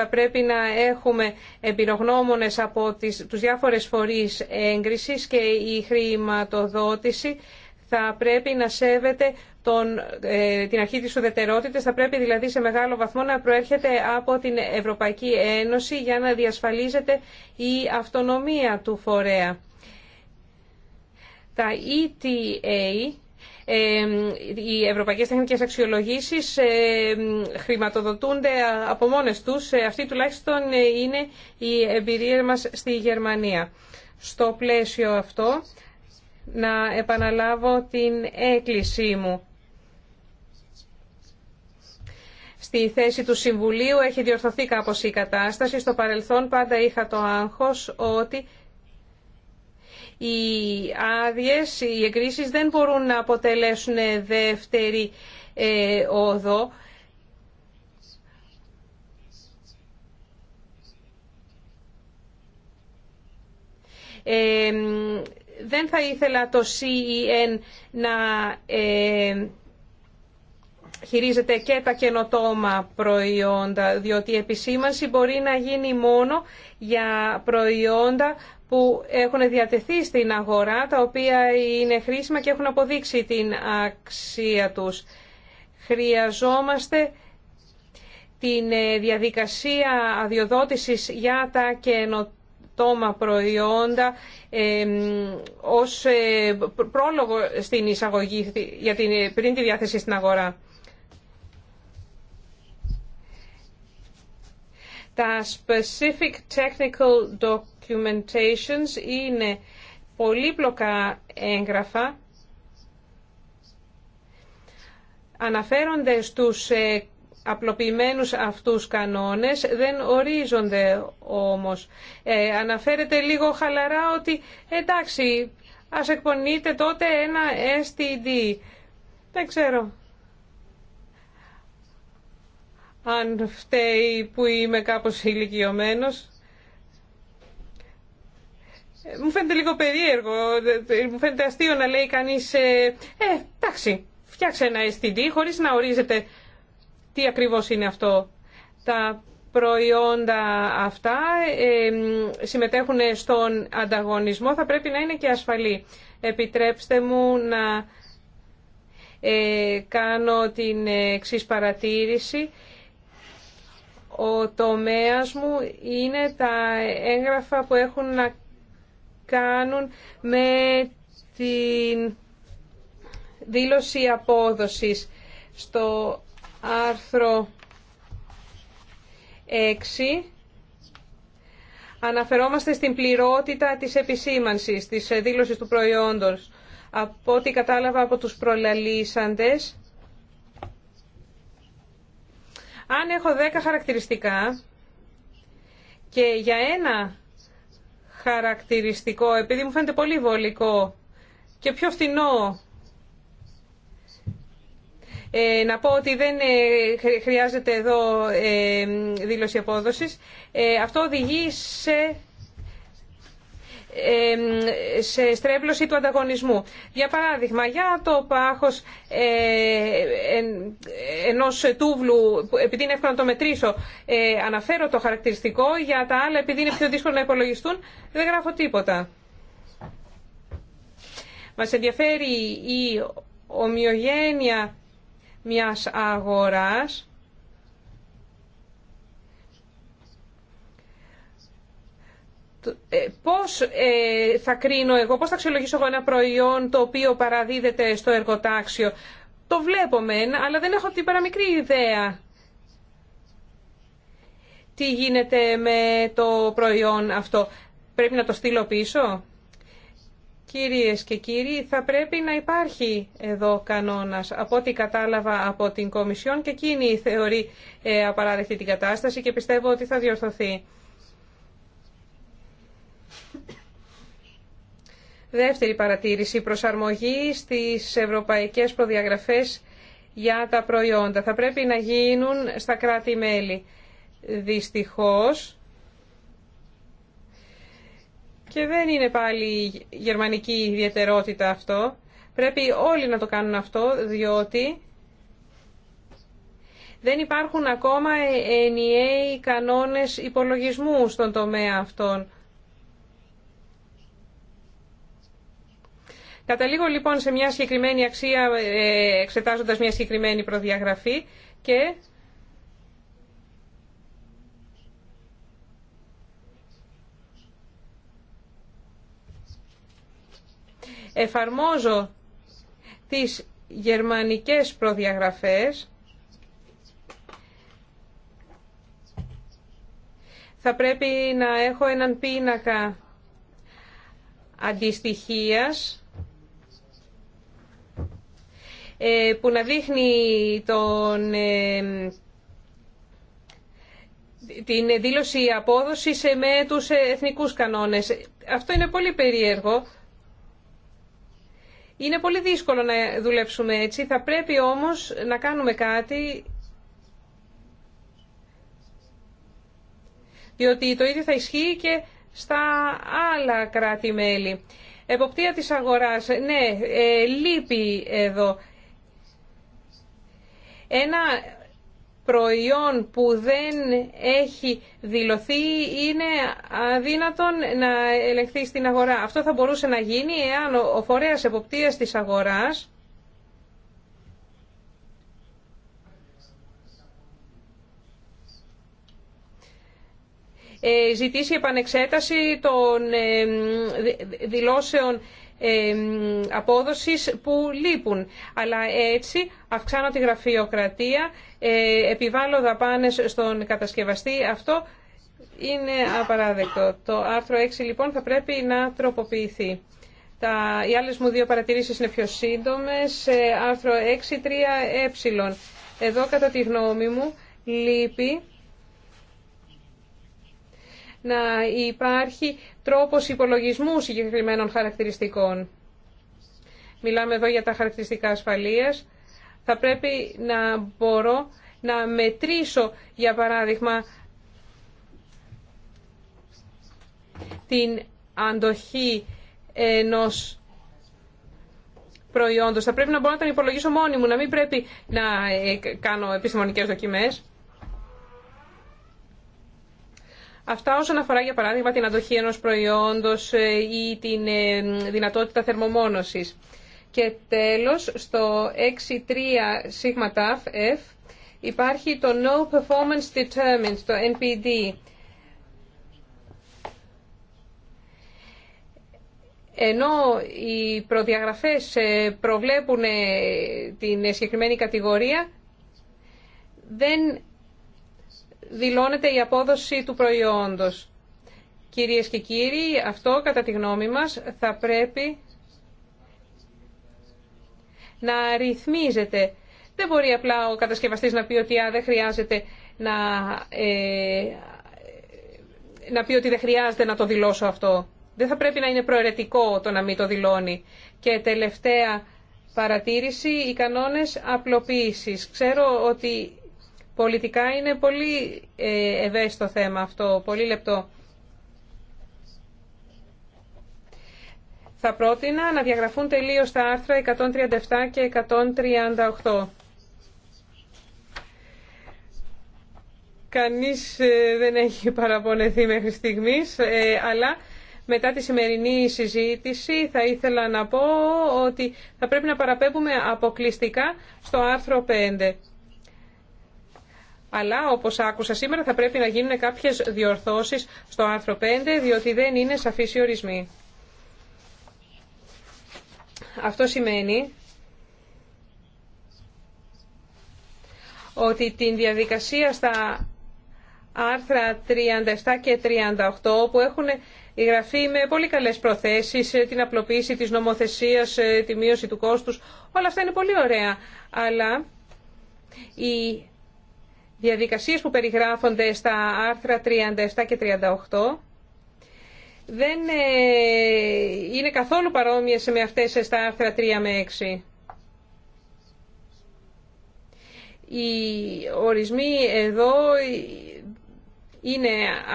θα πρέπει να έχουμε εμπειρογνώμονες από τις, τους διάφορες φορείς έγκρισης και η χρηματοδότηση θα πρέπει να σέβεται τον, ε, την αρχή της ουδετερότητας, θα πρέπει δηλαδή σε μεγάλο βαθμό να προέρχεται από την Ευρωπαϊκή Ένωση για να διασφαλίζεται η αυτονομία του φορέα. Τα ETA οι ευρωπαϊκές τεχνικές αξιολογήσεις χρηματοδοτούνται από μόνες τους. Ε, αυτή τουλάχιστον ε, είναι η εμπειρία μας στη Γερμανία. Στο πλαίσιο αυτό, να επαναλάβω την έκκλησή μου. Στη θέση του Συμβουλίου έχει διορθωθεί κάπως η κατάσταση. Στο παρελθόν πάντα είχα το άγχος ότι οι άδειε, οι εγκρίσει δεν μπορούν να αποτελέσουν δεύτερη ε, οδό. δεν θα ήθελα το CEN να ε, χειρίζεται και τα καινοτόμα προϊόντα, διότι η επισήμανση μπορεί να γίνει μόνο για προϊόντα που έχουν διατεθεί στην αγορά, τα οποία είναι χρήσιμα και έχουν αποδείξει την αξία τους. Χρειαζόμαστε την ε, διαδικασία αδειοδότησης για τα καινοτόμα προϊόντα ε, ως πρόλογο στην εισαγωγή για ε, πριν τη διάθεση στην αγορά. Τα specific technical documentations είναι πολύπλοκα έγγραφα αναφέρονται στους ε, απλοποιημένους αυτούς κανόνες, δεν ορίζονται όμως. Ε, αναφέρεται λίγο χαλαρά ότι εντάξει, ας εκπονείτε τότε ένα STD. Δεν ξέρω αν φταίει που είμαι κάπως ηλικιωμένο. Μου φαίνεται λίγο περίεργο, μου φαίνεται αστείο να λέει κανείς «Ε, ε εντάξει, φτιάξε ένα STD χωρίς να ορίζεται τι ακριβώς είναι αυτό». Τα προϊόντα αυτά ε, συμμετέχουν στον ανταγωνισμό, θα πρέπει να είναι και ασφαλή. Επιτρέψτε μου να ε, κάνω την εξή παρατήρηση. Ο τομέας μου είναι τα έγγραφα που έχουν να κάνουν με την δήλωση απόδοσης. Στο άρθρο 6 αναφερόμαστε στην πληρότητα της επισήμανσης, της δήλωσης του προϊόντος. Από ό,τι κατάλαβα από τους προλαλήσαντες, αν έχω 10 χαρακτηριστικά και για ένα χαρακτηριστικό, επειδή μου φαίνεται πολύ βολικό και πιο φθηνό ε, να πω ότι δεν ε, χρειάζεται εδώ ε, δήλωση απόδοσης. Ε, αυτό οδηγεί σε σε στρέβλωση του ανταγωνισμού. Για παράδειγμα, για το πάχος ε, ενός τούβλου, επειδή είναι εύκολο να το μετρήσω, ε, αναφέρω το χαρακτηριστικό, για τα άλλα επειδή είναι πιο δύσκολο να υπολογιστούν, δεν γράφω τίποτα. Μας ενδιαφέρει η ομοιογένεια μιας αγοράς Ε, πώς ε, θα κρίνω εγώ, πώς θα αξιολογήσω εγώ ένα προϊόν το οποίο παραδίδεται στο εργοτάξιο. Το βλέπω μεν, αλλά δεν έχω την παραμικρή ιδέα τι γίνεται με το προϊόν αυτό. Πρέπει να το στείλω πίσω. Κυρίες και κύριοι, θα πρέπει να υπάρχει εδώ κανόνας. Από ό,τι κατάλαβα από την Κομισιόν και εκείνη θεωρεί ε, απαράδεκτη την κατάσταση και πιστεύω ότι θα διορθωθεί. Δεύτερη παρατήρηση, προσαρμογή στις ευρωπαϊκές προδιαγραφές για τα προϊόντα. Θα πρέπει να γίνουν στα κράτη-μέλη. Δυστυχώς, και δεν είναι πάλι γερμανική ιδιαιτερότητα αυτό, πρέπει όλοι να το κάνουν αυτό, διότι δεν υπάρχουν ακόμα ενιαίοι κανόνες υπολογισμού στον τομέα αυτών. Καταλήγω λοιπόν σε μια συγκεκριμένη αξία ε, εξετάζοντας μια συγκεκριμένη προδιαγραφή και εφαρμόζω τις γερμανικές προδιαγραφές θα πρέπει να έχω έναν πίνακα αντιστοιχίας ε, που να δείχνει τον, ε, την δήλωση απόδοσης ε, με τους εθνικούς κανόνες. Αυτό είναι πολύ περίεργο. Είναι πολύ δύσκολο να δουλέψουμε έτσι. Θα πρέπει όμως να κάνουμε κάτι διότι το ίδιο θα ισχύει και στα άλλα κράτη-μέλη. Εποπτεία της αγοράς, ναι, ε, λείπει εδώ. Ένα προϊόν που δεν έχει δηλωθεί είναι αδύνατον να ελεγχθεί στην αγορά. Αυτό θα μπορούσε να γίνει εάν ο φορέας εποπτείας της αγοράς ε, ζητήσει επανεξέταση των ε, δηλώσεων απόδοσης που λείπουν. Αλλά έτσι αυξάνω τη γραφειοκρατία, ε, επιβάλλω δαπάνες στον κατασκευαστή. Αυτό είναι απαράδεκτο. Το άρθρο 6 λοιπόν θα πρέπει να τροποποιηθεί. Τα, οι άλλες μου δύο παρατηρήσεις είναι πιο σύντομες. Ε, άρθρο 6, 3, ε. Εδώ κατά τη γνώμη μου λείπει να υπάρχει τρόπος υπολογισμού συγκεκριμένων χαρακτηριστικών. Μιλάμε εδώ για τα χαρακτηριστικά ασφαλείας. Θα πρέπει να μπορώ να μετρήσω, για παράδειγμα, την αντοχή ενός προϊόντος. Θα πρέπει να μπορώ να τον υπολογίσω μόνη μου, να μην πρέπει να ε, κάνω επιστημονικές δοκιμές. Αυτά όσον αφορά για παράδειγμα την αντοχή ενός προϊόντος ε, ή την ε, δυνατότητα θερμομόνωσης. Και τέλος, στο 6.3 σίγμα F υπάρχει το No Performance Determined, το NPD. Ενώ οι προδιαγραφές ε, προβλέπουν την συγκεκριμένη κατηγορία, δεν δηλώνεται η απόδοση του προϊόντος. Κυρίες και κύριοι, αυτό κατά τη γνώμη μας θα πρέπει να ρυθμίζεται. Δεν μπορεί απλά ο κατασκευαστής να πει ότι δεν χρειάζεται να, ε, να πει ότι δεν χρειάζεται να το δηλώσω αυτό. Δεν θα πρέπει να είναι προαιρετικό το να μην το δηλώνει. Και τελευταία παρατήρηση, οι κανόνες απλοποίησης. Ξέρω ότι Πολιτικά είναι πολύ ε, ευαίσθητο θέμα αυτό, πολύ λεπτό. Θα πρότεινα να διαγραφούν τελείως τα άρθρα 137 και 138. Κανείς ε, δεν έχει παραπονεθεί μέχρι στιγμής, ε, αλλά μετά τη σημερινή συζήτηση θα ήθελα να πω ότι θα πρέπει να παραπέμπουμε αποκλειστικά στο άρθρο 5. Αλλά, όπως άκουσα σήμερα, θα πρέπει να γίνουν κάποιες διορθώσεις στο άρθρο 5, διότι δεν είναι σαφείς οι ορισμοί. Αυτό σημαίνει ότι την διαδικασία στα άρθρα 37 και 38 που έχουν γραφεί με πολύ καλές προθέσεις, ε, την απλοποίηση της νομοθεσίας, ε, τη μείωση του κόστους, όλα αυτά είναι πολύ ωραία. Αλλά η διαδικασίες που περιγράφονται στα άρθρα 37 και 38 δεν ε, είναι καθόλου παρόμοιες με αυτές στα άρθρα 3 με 6. Οι ορισμοί εδώ είναι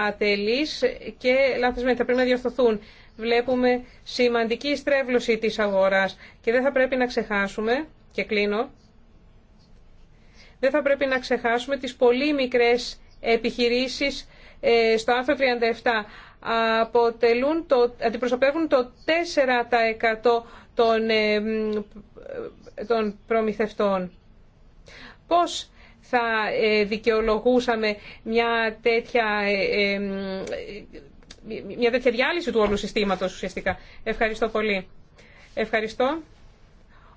ατελείς και λάθος θα πρέπει να διορθωθούν. Βλέπουμε σημαντική στρέβλωση της αγοράς και δεν θα πρέπει να ξεχάσουμε, και κλείνω, δεν θα πρέπει να ξεχάσουμε τις πολύ μικρές επιχειρήσεις ε, στο άρθρο 37 αποτελούν το, αντιπροσωπεύουν το 4% των, ε, ε, των προμηθευτών. Πώς θα δικαιολογούσαμε μια τέτοια, μια τέτοια διάλυση του όλου συστήματος ουσιαστικά. Ευχαριστώ πολύ. Ευχαριστώ.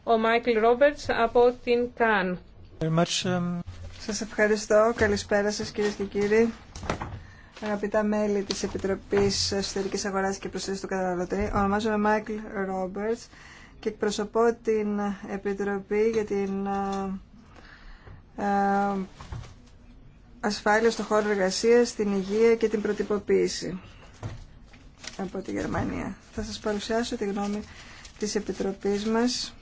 Ο Μάικλ Ρόμπερτς από την ΚΑΝ. Um, σας ευχαριστώ. Καλησπέρα σας κυρίες και κύριοι. Αγαπητά μέλη της Επιτροπής Εσωτερικής Αγοράς και Προστασίας του Καταναλωτή. Ονομάζομαι Μάικλ Ρόμπερτς και εκπροσωπώ την Επιτροπή για την ε, ε, ασφάλεια στον χώρο εργασία, την υγεία και την προτυποποίηση από τη Γερμανία. Θα σας παρουσιάσω τη γνώμη της Επιτροπής μας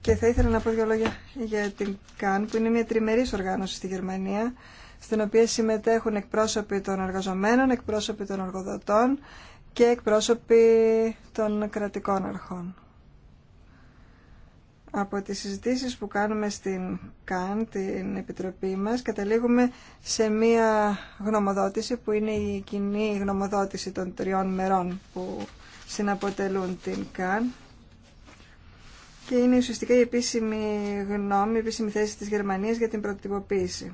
και θα ήθελα να πω δύο λόγια για την ΚΑΝ, που είναι μια τριμερή οργάνωση στη Γερμανία, στην οποία συμμετέχουν εκπρόσωποι των εργαζομένων, εκπρόσωποι των εργοδοτών και εκπρόσωποι των κρατικών αρχών. Από τις συζητήσεις που κάνουμε στην ΚΑΝ, την Επιτροπή μας, καταλήγουμε σε μία γνωμοδότηση που είναι η κοινή γνωμοδότηση των τριών μερών που συναποτελούν την ΚΑΝ και είναι ουσιαστικά η επίσημη γνώμη, η επίσημη θέση της Γερμανίας για την πρωτοτυποποίηση.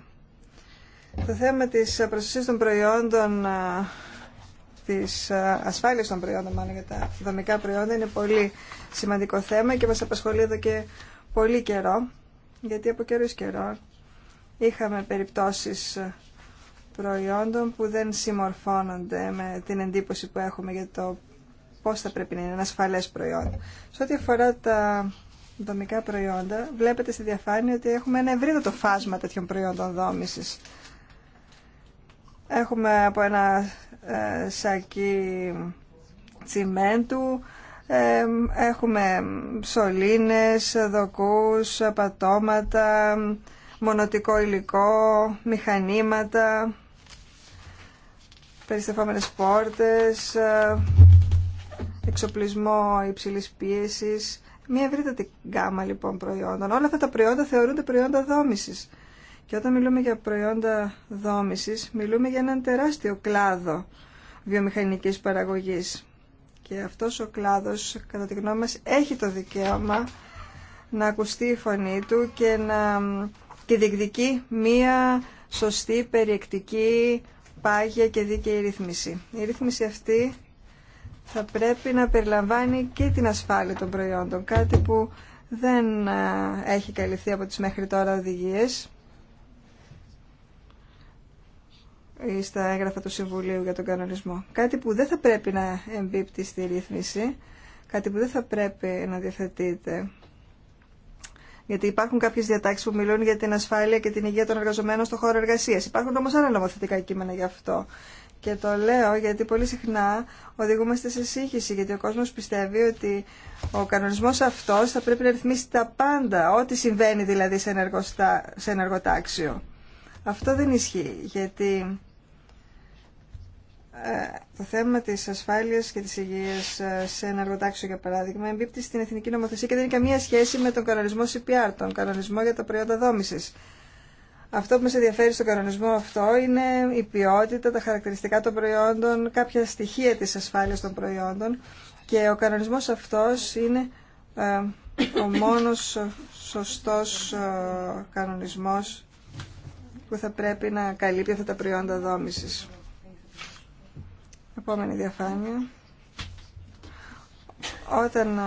Το θέμα της προστασία των προϊόντων, της ασφάλειας των προϊόντων μάλλον για τα δομικά προϊόντα είναι πολύ σημαντικό θέμα και μας απασχολεί εδώ και πολύ καιρό, γιατί από καιρούς καιρό είχαμε περιπτώσεις προϊόντων που δεν συμμορφώνονται με την εντύπωση που έχουμε για το πώς θα πρέπει να είναι ένα ασφαλές προϊόν. Σε ό,τι αφορά τα δομικά προϊόντα, βλέπετε στη διαφάνεια ότι έχουμε ένα ευρύτατο φάσμα τέτοιων προϊόντων δόμησης. Έχουμε από ένα ε, σακί τσιμέντου, ε, έχουμε σωλήνες, δοκούς, πατώματα, μονοτικό υλικό, μηχανήματα, περιστεφόμενες πόρτες, ε, εξοπλισμό υψηλής πίεσης, μια ευρύτατη γκάμα λοιπόν προϊόντων. Όλα αυτά τα προϊόντα θεωρούνται προϊόντα δόμησης. Και όταν μιλούμε για προϊόντα δόμησης, μιλούμε για έναν τεράστιο κλάδο βιομηχανικής παραγωγής. Και αυτός ο κλάδος, κατά τη γνώμη μα έχει το δικαίωμα να ακουστεί η φωνή του και να και διεκδικεί μία σωστή, περιεκτική, πάγια και δίκαιη ρύθμιση. Η ρύθμιση αυτή θα πρέπει να περιλαμβάνει και την ασφάλεια των προϊόντων, κάτι που δεν ε, έχει καλυφθεί από τις μέχρι τώρα οδηγίες ή στα έγγραφα του Συμβουλίου για τον κανονισμό. Κάτι που δεν θα πρέπει να εμπίπτει στη ρύθμιση, κάτι που δεν θα πρέπει να διαθετείτε, Γιατί υπάρχουν κάποιε διατάξει που μιλούν για την ασφάλεια και την υγεία των εργαζομένων στον χώρο εργασία. Υπάρχουν όμω άλλα νομοθετικά κείμενα γι' αυτό. Και το λέω γιατί πολύ συχνά οδηγούμαστε σε σύγχυση, γιατί ο κόσμος πιστεύει ότι ο κανονισμός αυτός θα πρέπει να ρυθμίσει τα πάντα, ό,τι συμβαίνει δηλαδή σε, ενεργοτάξιο. σε Αυτό δεν ισχύει, γιατί ε, το θέμα της ασφάλειας και της υγείας ε, σε ενεργοτάξιο, εργοτάξιο, για παράδειγμα, εμπίπτει στην Εθνική Νομοθεσία και δεν έχει καμία σχέση με τον κανονισμό CPR, τον κανονισμό για τα προϊόντα δόμησης. Αυτό που μας ενδιαφέρει στον κανονισμό αυτό είναι η ποιότητα, τα χαρακτηριστικά των προϊόντων, κάποια στοιχεία της ασφάλειας των προϊόντων και ο κανονισμός αυτός είναι ε, ο μόνος σωστός ε, κανονισμός που θα πρέπει να καλύπτει αυτά τα προϊόντα δόμησης. Επόμενη διαφάνεια. Όταν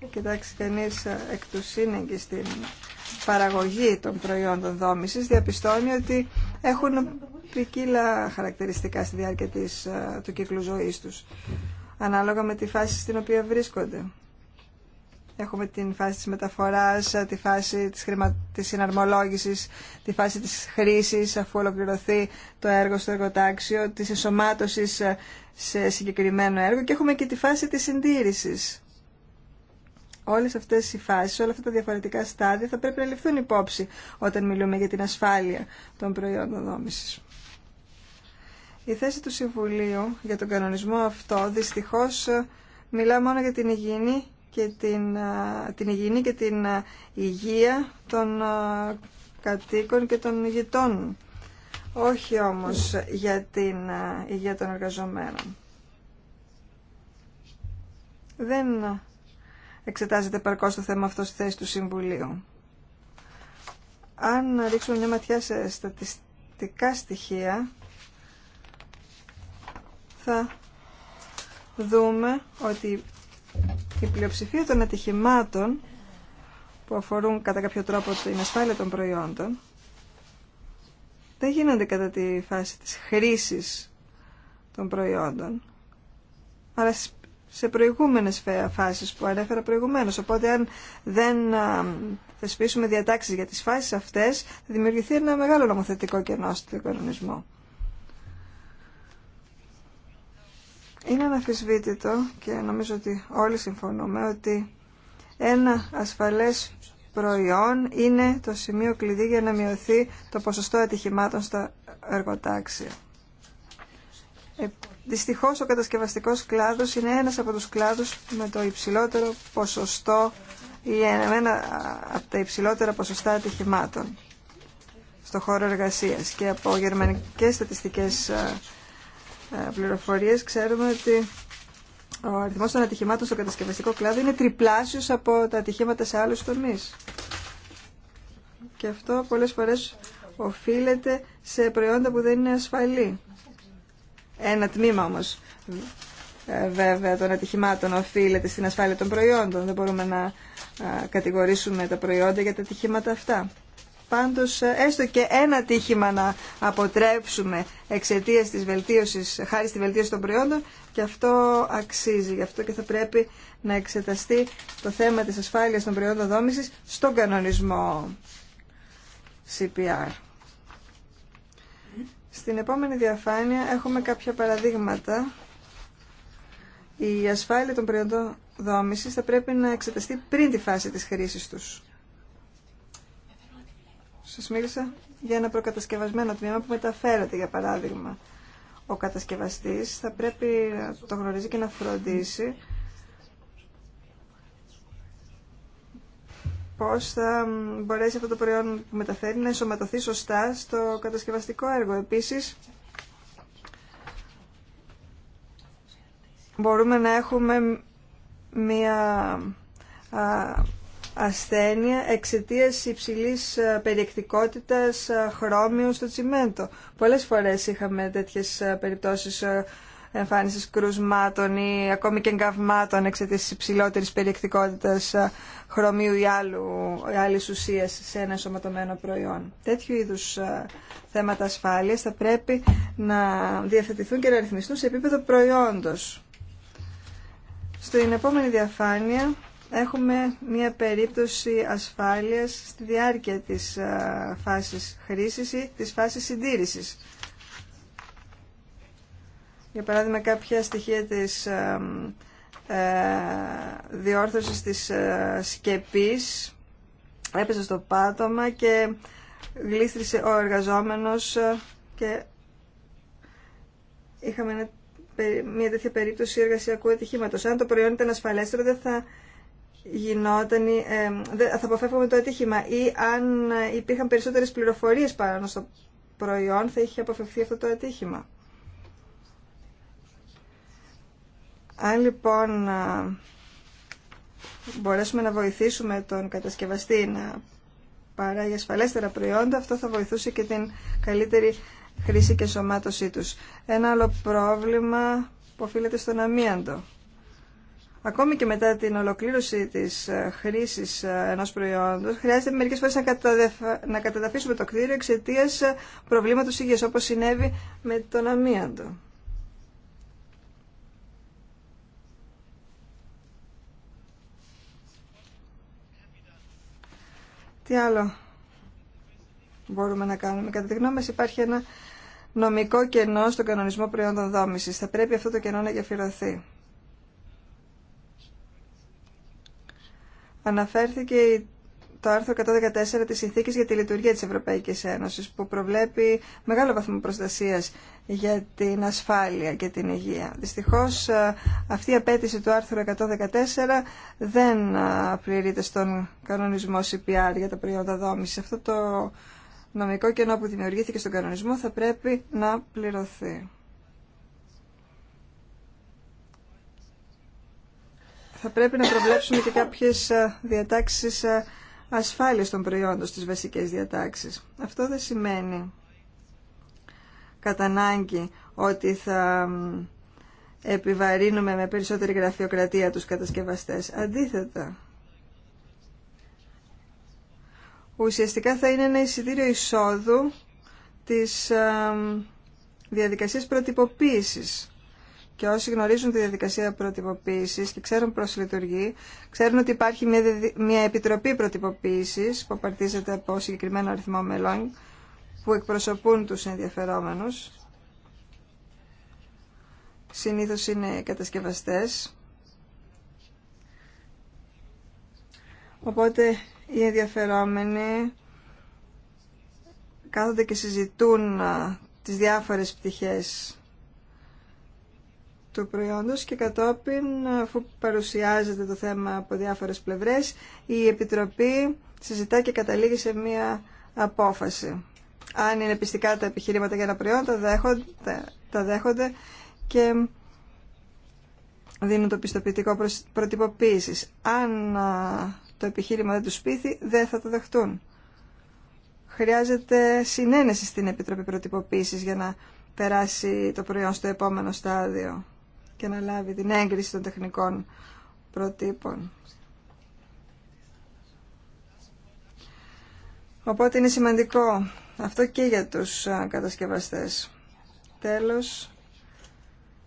ε, κοιτάξει κανείς εκ του σύνεγγυ στην παραγωγή των προϊόντων δόμησης διαπιστώνει ότι έχουν ποικίλα χαρακτηριστικά στη διάρκεια της, ε, του κύκλου ζωής τους, ανάλογα με τη φάση στην οποία βρίσκονται. Έχουμε την φάση της μεταφοράς, ε, τη φάση της, χρημα... της συναρμολόγησης, τη φάση της χρήσης αφού ολοκληρωθεί το έργο στο εργοτάξιο, της εσωμάτωσης ε, σε συγκεκριμένο έργο και έχουμε και τη φάση της συντήρησης όλες αυτές οι φάσεις, όλα αυτά τα διαφορετικά στάδια θα πρέπει να ληφθούν υπόψη όταν μιλούμε για την ασφάλεια των προϊόντων δόμησης. Η θέση του Συμβουλίου για τον κανονισμό αυτό δυστυχώς μιλά μόνο για την υγιεινή και την, την υγιεινή και την υγεία των κατοίκων και των γειτόνων. Όχι όμως για την υγεία των εργαζομένων. Δεν εξετάζεται παρκώς το θέμα αυτό στη θέση του Συμβουλίου. Αν ρίξουμε μια ματιά σε στατιστικά στοιχεία, θα δούμε ότι η πλειοψηφία των ατυχημάτων που αφορούν κατά κάποιο τρόπο την ασφάλεια των προϊόντων δεν γίνονται κατά τη φάση της χρήσης των προϊόντων σε προηγούμενες φάσεις που ανέφερα προηγουμένως. Οπότε αν δεν θεσπίσουμε διατάξεις για τις φάσεις αυτές, θα δημιουργηθεί ένα μεγάλο νομοθετικό κενό στον οικονομισμό. Είναι αναφυσβήτητο και νομίζω ότι όλοι συμφωνούμε ότι ένα ασφαλές προϊόν είναι το σημείο κλειδί για να μειωθεί το ποσοστό ατυχημάτων στα εργοτάξια. Ε, δυστυχώς ο κατασκευαστικός κλάδος είναι ένας από τους κλάδους με το υψηλότερο ποσοστό ή ένα από τα υψηλότερα ποσοστά ατυχημάτων στο χώρο εργασίας. Και από γερμανικές στατιστικές ε, ε, πληροφορίες ξέρουμε ότι ο αριθμός των ατυχημάτων στο κατασκευαστικό κλάδο είναι τριπλάσιος από τα ατυχήματα σε άλλους τομείς. Και αυτό πολλές φορές οφείλεται σε προϊόντα που δεν είναι ασφαλή. Ένα τμήμα όμω, ε, βέβαια των ατυχημάτων οφείλεται στην ασφάλεια των προϊόντων. Δεν μπορούμε να κατηγορήσουμε τα προϊόντα για τα ατυχήματα αυτά. Πάντω ε, έστω και ένα ατύχημα να αποτρέψουμε εξαιτία της βελτίωση, χάρη στη βελτίωση των προϊόντων και αυτό αξίζει. Γι' αυτό και θα πρέπει να εξεταστεί το θέμα τη ασφάλεια των προϊόντων δόμηση στον κανονισμό CPR. Στην επόμενη διαφάνεια έχουμε κάποια παραδείγματα. Η ασφάλεια των προϊόντων δόμησης θα πρέπει να εξεταστεί πριν τη φάση της χρήσης τους. Σας μίλησα για ένα προκατασκευασμένο τμήμα που μεταφέρεται, για παράδειγμα. Ο κατασκευαστής θα πρέπει να το γνωρίζει και να φροντίσει πώς θα μπορέσει αυτό το προϊόν που μεταφέρει να ενσωματωθεί σωστά στο κατασκευαστικό έργο. Επίσης, μπορούμε να έχουμε μια ασθένεια εξαιτία υψηλή περιεκτικότητα χρώμιου στο τσιμέντο. Πολλέ φορέ είχαμε τέτοιε περιπτώσει Εμφάνιση κρουσμάτων ή ακόμη και εγκαυμάτων εξαιτία τη υψηλότερη περιεκτικότητας ε, χρωμίου ή, άλλου, ουσία σε ένα σωματωμένο προϊόν. Τέτοιου είδους ε, θέματα ασφάλειας θα πρέπει να διαθετηθούν και να ρυθμιστούν σε επίπεδο προϊόντος. Στην επόμενη διαφάνεια έχουμε μία περίπτωση ασφάλειας στη διάρκεια της ε, φάσης χρήσης ή της φάσης συντήρησης για παράδειγμα κάποια στοιχεία της ε, ε, διόρθωσης της ε, σκεπής έπεσε στο πάτωμα και γλίστρησε ο εργαζόμενος ε, και είχαμε μια τέτοια περίπτωση εργασιακού ατυχήματος. Αν το προϊόν ήταν ασφαλέστερο δεν θα γινόταν, ε, θα αποφεύγουμε το ατύχημα ή αν υπήρχαν περισσότερες πληροφορίες πάνω στο προϊόν θα είχε αποφευθεί αυτό το ατύχημα. Αν λοιπόν μπορέσουμε να βοηθήσουμε τον κατασκευαστή να παράγει ασφαλέστερα προϊόντα, αυτό θα βοηθούσε και την καλύτερη χρήση και σωμάτωσή τους. Ένα άλλο πρόβλημα που οφείλεται στον αμίαντο. Ακόμη και μετά την ολοκλήρωση της ε, χρήσης ε, ενός προϊόντος, χρειάζεται μερικές φορές να, να καταδαφίσουμε το κτίριο εξαιτία ε, προβλήματος υγείας, όπως συνέβη με τον αμίαντο. Τι άλλο μπορούμε να κάνουμε. Κατά τη γνώμη μας υπάρχει ένα νομικό κενό στον κανονισμό προϊόντων δόμησης. Θα πρέπει αυτό το κενό να γεφυρωθεί. Αναφέρθηκε το άρθρο 114 της Συνθήκης για τη Λειτουργία της Ευρωπαϊκής Ένωσης που προβλέπει μεγάλο βαθμό προστασίας για την ασφάλεια και την υγεία. Δυστυχώς ε, αυτή η απέτηση του άρθρου 114 δεν ε, πληρείται στον κανονισμό CPR για τα προϊόντα δόμηση. Αυτό το νομικό κενό που δημιουργήθηκε στον κανονισμό θα πρέπει να πληρωθεί. Θα πρέπει να προβλέψουμε και κάποιες ε, διατάξεις ασφάλειας των προϊόντων στις βασικές διατάξεις. Αυτό δεν σημαίνει κατά ανάγκη ότι θα επιβαρύνουμε με περισσότερη γραφειοκρατία τους κατασκευαστές. Αντίθετα, ουσιαστικά θα είναι ένα εισιτήριο εισόδου της ε, διαδικασίας προτυποποίησης. Και όσοι γνωρίζουν τη διαδικασία προτυποποίησης και ξέρουν πώς λειτουργεί, ξέρουν ότι υπάρχει μια, επιτροπή προτυποποίησης που απαρτίζεται από συγκεκριμένο αριθμό μελών που εκπροσωπούν τους ενδιαφερόμενους. Συνήθως είναι κατασκευαστές. Οπότε οι ενδιαφερόμενοι κάθονται και συζητούν τις διάφορες πτυχές του προϊόντος και κατόπιν, αφού παρουσιάζεται το θέμα από διάφορες πλευρές, η Επιτροπή συζητά και καταλήγει σε μία απόφαση αν είναι πιστικά τα επιχειρήματα για ένα προϊόν, τα δέχονται, και δίνουν το πιστοποιητικό προτυποποίησης. Αν το επιχείρημα δεν τους πείθει, δεν θα το δεχτούν. Χρειάζεται συνένεση στην Επιτροπή Προτυποποίησης για να περάσει το προϊόν στο επόμενο στάδιο και να λάβει την έγκριση των τεχνικών προτύπων. Οπότε είναι σημαντικό αυτό και για τους κατασκευαστές. Τέλος,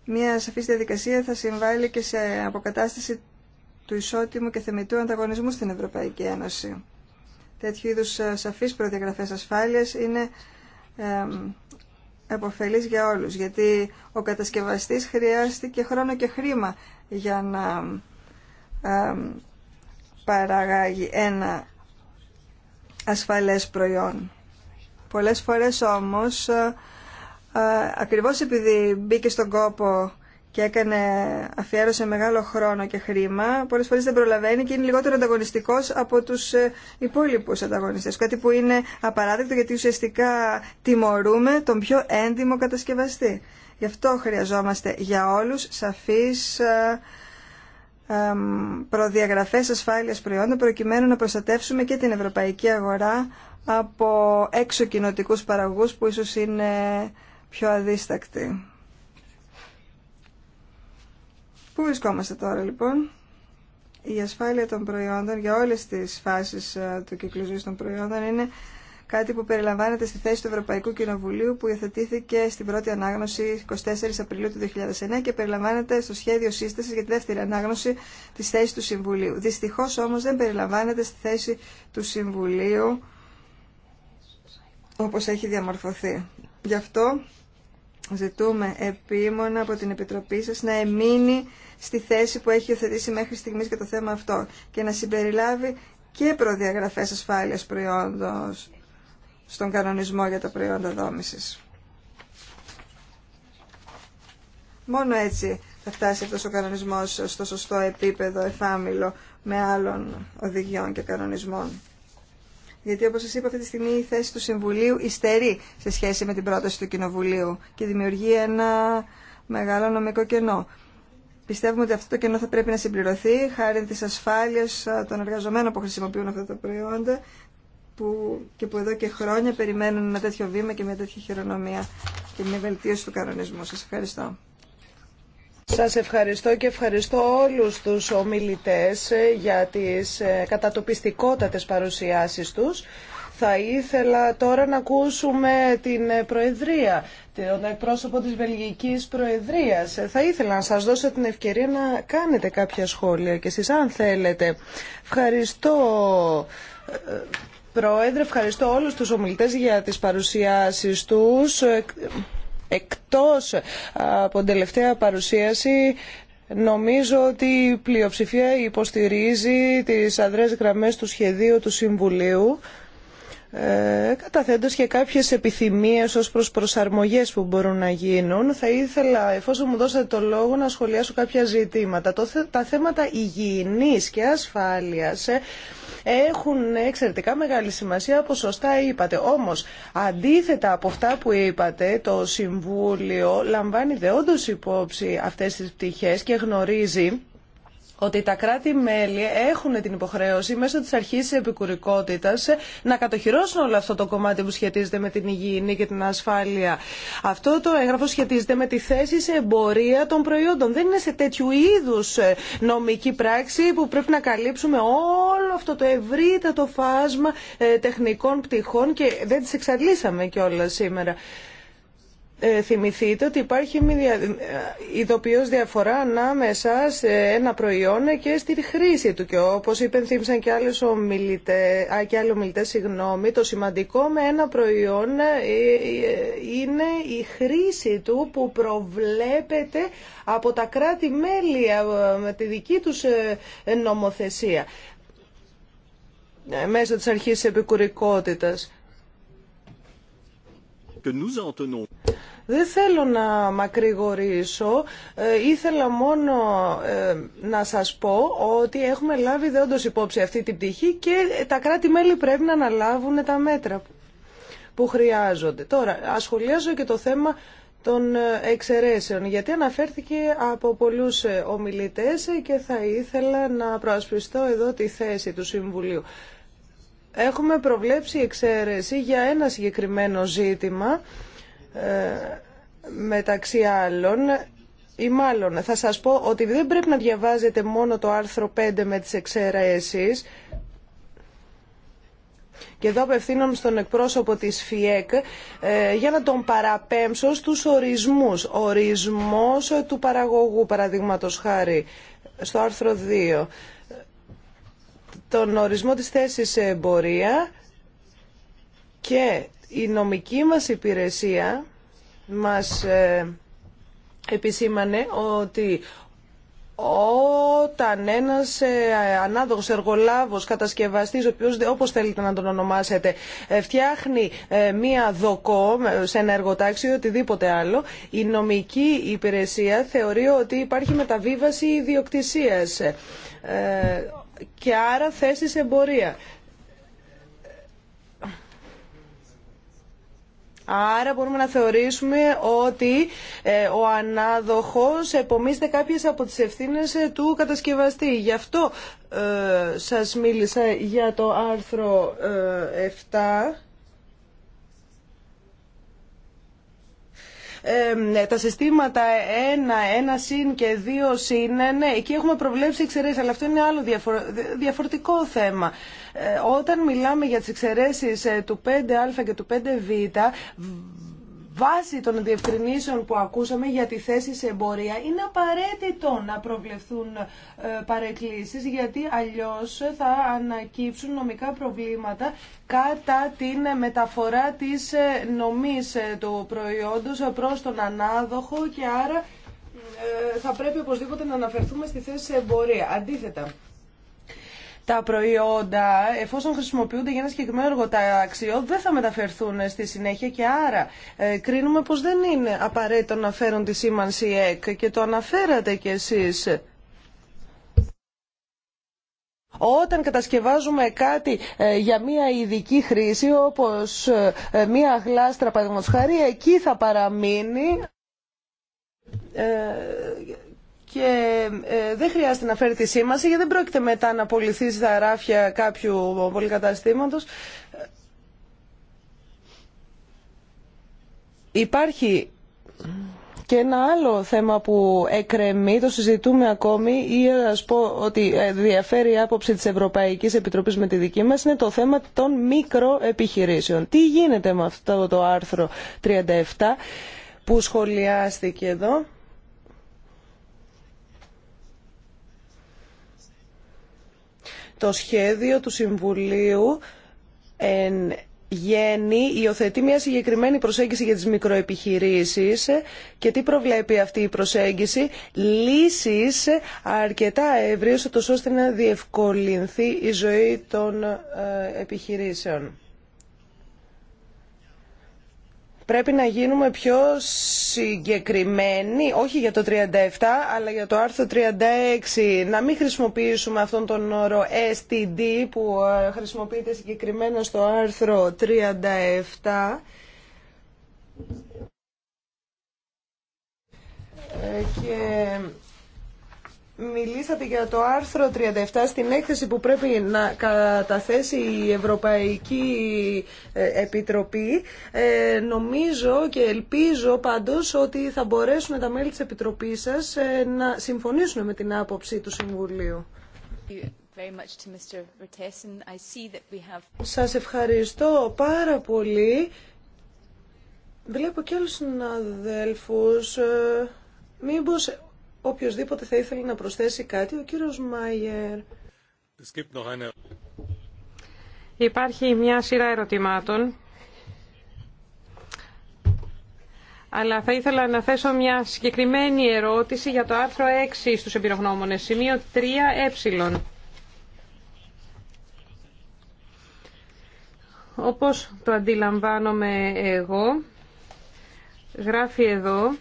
μια σαφής διαδικασία θα συμβάλλει και σε αποκατάσταση του ισότιμου και θεμητού ανταγωνισμού στην Ευρωπαϊκή Ένωση. Τέτοιου είδους σαφείς προδιαγραφές ασφάλειας είναι εποφελής για όλους, γιατί ο κατασκευαστής και χρόνο και χρήμα για να παραγάγει ένα ασφαλές προϊόν. Πολλές φορές όμως, ε, ε, ακριβώς επειδή μπήκε στον κόπο και έκανε, αφιέρωσε μεγάλο χρόνο και χρήμα, πολλές φορές δεν προλαβαίνει και είναι λιγότερο ανταγωνιστικός από τους ε, υπόλοιπους ανταγωνιστές. Κάτι που είναι απαράδεκτο γιατί ουσιαστικά τιμωρούμε τον πιο έντιμο κατασκευαστή. Γι' αυτό χρειαζόμαστε για όλους σαφείς προδιαγραφές ασφάλειας προϊόντων προκειμένου να προστατεύσουμε και την ευρωπαϊκή αγορά από έξω κοινοτικού παραγωγούς που ίσως είναι πιο αδίστακτοι. Πού βρισκόμαστε τώρα λοιπόν. Η ασφάλεια των προϊόντων για όλες τις φάσεις ε, του κύκλου ζωής των προϊόντων είναι κάτι που περιλαμβάνεται στη θέση του κυκλου των Κοινοβουλίου που υιοθετήθηκε στην πρώτη ανάγνωση 24 Απριλίου του 2009 και περιλαμβάνεται στο σχέδιο σύσταση για τη δεύτερη ανάγνωση τη θέση του Συμβουλίου. Δυστυχώ όμω δεν περιλαμβάνεται στη θέση του Συμβουλίου όπως έχει διαμορφωθεί. Γι' αυτό ζητούμε επίμονα από την Επιτροπή σας να εμείνει στη θέση που έχει οθετήσει μέχρι στιγμής για το θέμα αυτό και να συμπεριλάβει και προδιαγραφές ασφάλειας προϊόντος στον κανονισμό για τα προϊόντα δόμησης. Μόνο έτσι θα φτάσει αυτός ο κανονισμός στο σωστό επίπεδο εφάμιλο με άλλων οδηγιών και κανονισμών γιατί όπως σας είπα αυτή τη στιγμή η θέση του Συμβουλίου υστερεί σε σχέση με την πρόταση του Κοινοβουλίου και δημιουργεί ένα μεγάλο νομικό κενό. Πιστεύουμε ότι αυτό το κενό θα πρέπει να συμπληρωθεί χάρη της ασφάλειας των εργαζομένων που χρησιμοποιούν αυτά τα προϊόντα που και που εδώ και χρόνια περιμένουν ένα τέτοιο βήμα και μια τέτοια χειρονομία και μια βελτίωση του κανονισμού. Σας ευχαριστώ. Σας ευχαριστώ και ευχαριστώ όλους τους ομιλητές ε, για τις ε, κατατοπιστικότατες παρουσιάσεις τους. Θα ήθελα τώρα να ακούσουμε την ε, Προεδρία, τον εκπρόσωπο της Βελγικής Προεδρίας. Θα ήθελα να σας δώσω την ευκαιρία να κάνετε κάποια σχόλια και εσείς αν θέλετε. Ευχαριστώ. Πρόεδρε, ευχαριστώ όλους τους ομιλητές για τις παρουσιάσεις τους εκτός από την τελευταία παρουσίαση Νομίζω ότι η πλειοψηφία υποστηρίζει τις αδρές γραμμές του σχεδίου του Συμβουλίου ε, και κάποιες επιθυμίες ως προς προσαρμογές που μπορούν να γίνουν. Θα ήθελα, εφόσον μου δώσετε το λόγο, να σχολιάσω κάποια ζητήματα. τα θέματα υγιεινής και ασφάλειας ε, έχουν εξαιρετικά μεγάλη σημασία, όπως σωστά είπατε. Όμως, αντίθετα από αυτά που είπατε, το Συμβούλιο λαμβάνει δεόντως υπόψη αυτές τις πτυχές και γνωρίζει ότι τα κράτη-μέλη έχουν την υποχρέωση μέσω της αρχής επικουρικότητας να κατοχυρώσουν όλο αυτό το κομμάτι που σχετίζεται με την υγιεινή και την ασφάλεια. Αυτό το έγγραφο σχετίζεται με τη θέση σε εμπορία των προϊόντων. Δεν είναι σε τέτοιου είδους ε, νομική πράξη που πρέπει να καλύψουμε όλο αυτό το ευρύτατο φάσμα ε, τεχνικών πτυχών και δεν τις εξαντλήσαμε κιόλα σήμερα. Ε, θυμηθείτε ότι υπάρχει μια ε, ειδοποιώς διαφορά ανάμεσα σε ένα προϊόν και στη χρήση του και όπως υπενθύμησαν και, άλλες και άλλοι ομιλητές συγγνώμη, το σημαντικό με ένα προϊόν ε, είναι η χρήση του που προβλέπεται από τα κράτη-μέλη με τη δική τους νομοθεσία μέσω της αρχής επικουρικότητας. Δεν θέλω να μακρηγορήσω, ε, ήθελα μόνο ε, να σας πω ότι έχουμε λάβει δεόντως υπόψη αυτή την πτυχή και τα κράτη-μέλη πρέπει να αναλάβουν τα μέτρα που χρειάζονται. Τώρα, ασχολιάζω και το θέμα των ε, εξαιρέσεων, γιατί αναφέρθηκε από πολλούς ε, ομιλητές και θα ήθελα να προασπιστώ εδώ τη θέση του Συμβουλίου έχουμε προβλέψει εξαίρεση για ένα συγκεκριμένο ζήτημα ε, μεταξύ άλλων ή μάλλον θα σας πω ότι δεν πρέπει να διαβάζετε μόνο το άρθρο 5 με τις εξαιρέσεις και εδώ απευθύνομαι στον εκπρόσωπο της ΦΙΕΚ ε, για να τον παραπέμψω στους ορισμούς. Ορισμός του παραγωγού, παραδείγματος χάρη, στο άρθρο 2 τον ορισμό της θέσης σε εμπορία και η νομική μας υπηρεσία μας ε, επισήμανε ότι όταν ένας ε, ανάδοχος εργολάβος, κατασκευαστής, ο οποίος όπως θέλετε να τον ονομάσετε, ε, φτιάχνει μία δοκό σε ένα εργοτάξιο ή οτιδήποτε άλλο, η νομική υπηρεσία θεωρεί ότι υπάρχει μεταβίβαση ιδιοκτησίας και άρα θέσει εμπορία. Άρα μπορούμε να θεωρήσουμε ότι ε, ο ανάδοχος επομίζεται κάποιες από τις ευθύνες ε, του κατασκευαστή. Γι' αυτό ε, σας μίλησα για το άρθρο 7 ε, τα συστήματα 1, 1 συν και 2 συν, ναι, ναι, εκεί έχουμε προβλέψει εξαιρέσει, αλλά αυτό είναι άλλο διαφορετικό θέμα. Ε, όταν μιλάμε για τις εξαιρέσει ε, του 5α και του 5β, βάση των διευκρινήσεων που ακούσαμε για τη θέση σε εμπορία είναι απαραίτητο να προβλεφθούν ε, παρεκκλήσεις γιατί αλλιώς θα ανακύψουν νομικά προβλήματα κατά την μεταφορά της ε, νομής ε, του προϊόντος προς τον ανάδοχο και άρα θα πρέπει οπωσδήποτε να αναφερθούμε στη θέση σε εμπορία. Αντίθετα, τα προϊόντα, εφόσον χρησιμοποιούνται για ένα συγκεκριμένο εργοτάξιο, δεν θα μεταφερθούν στη συνέχεια και άρα ε, κρίνουμε πως δεν είναι απαραίτητο να φέρουν τη σήμανση ΕΚ και το αναφέρατε κι εσείς. Όταν κατασκευάζουμε κάτι ε, για μια ειδική χρήση, όπως ε, μια γλάστρα, παραδείγματος χάρη, εκεί θα παραμείνει και ε, δεν χρειάζεται να φέρει τη σήμανση γιατί δεν πρόκειται μετά να απολυθεί τα ράφια κάποιου πολυκαταστήματος. Υπάρχει και ένα άλλο θέμα που εκρεμεί, το συζητούμε ακόμη ή ας πω ότι ε, διαφέρει η άποψη της Ευρωπαϊκής Επιτροπής με τη δική μας, είναι το θέμα των μικροεπιχειρήσεων. Τι γίνεται με αυτό το άρθρο 37 που σχολιάστηκε εδώ. Το σχέδιο του Συμβουλίου εν γέννη υιοθετεί μια συγκεκριμένη προσέγγιση για τις μικροεπιχειρήσεις και τι προβλέπει αυτή η προσέγγιση λύσεις αρκετά τόσο ώστε να διευκολυνθεί η ζωή των ε, επιχειρήσεων. Πρέπει να γίνουμε πιο συγκεκριμένοι, όχι για το 37, αλλά για το άρθρο 36. Να μην χρησιμοποιήσουμε αυτόν τον όρο STD που ε, χρησιμοποιείται συγκεκριμένα στο άρθρο 37. Μιλήσατε για το άρθρο 37 στην έκθεση που πρέπει να καταθέσει η Ευρωπαϊκή ε, Επιτροπή. Ε, νομίζω και ελπίζω πάντως ότι θα μπορέσουν τα μέλη της Επιτροπής σας ε, να συμφωνήσουν με την άποψη του Συμβουλίου. Σας ευχαριστώ πάρα πολύ. Βλέπω και άλλους συναδέλφους. Ε, μήπως Οποιοςδήποτε θα ήθελε να προσθέσει κάτι, ο κύριος Μάιερ. Υπάρχει μια σειρά ερωτημάτων, αλλά θα ήθελα να θέσω μια συγκεκριμένη ερώτηση για το άρθρο 6 στους εμπειρογνώμονες, σημείο 3ε. Όπως το αντιλαμβάνομαι εγώ, γράφει εδώ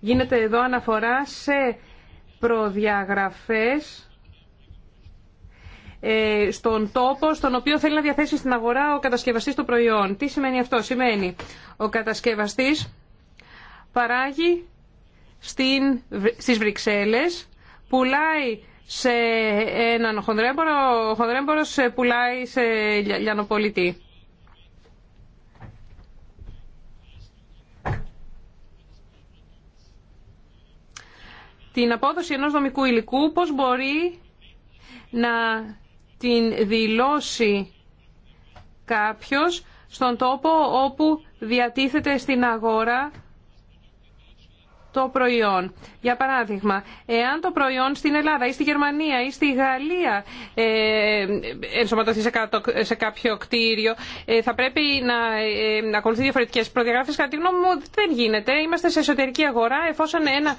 Γίνεται εδώ αναφορά σε προδιαγραφές ε, στον τόπο στον οποίο θέλει να διαθέσει στην αγορά ο κατασκευαστής το προϊόν. Τι σημαίνει αυτό. Σημαίνει ο κατασκευαστής παράγει στην, στις Βρυξέλλες, πουλάει σε έναν χονδρέμπορο, ο χονδρέμπορος πουλάει σε λιανοπολιτή. την απόδοση ενός δομικού υλικού, πώς μπορεί να την δηλώσει κάποιος στον τόπο όπου διατίθεται στην αγορά το προϊόν. Για παράδειγμα, εάν το προϊόν στην Ελλάδα ή στη Γερμανία ή στη Γαλλία ε, ενσωματωθεί σε, κάποιο κτίριο, ε, θα πρέπει να, να ε, ακολουθεί διαφορετικέ προδιαγραφέ, Κατά τη γνώμη μου δεν γίνεται. Είμαστε σε εσωτερική αγορά. Εφόσον ένα,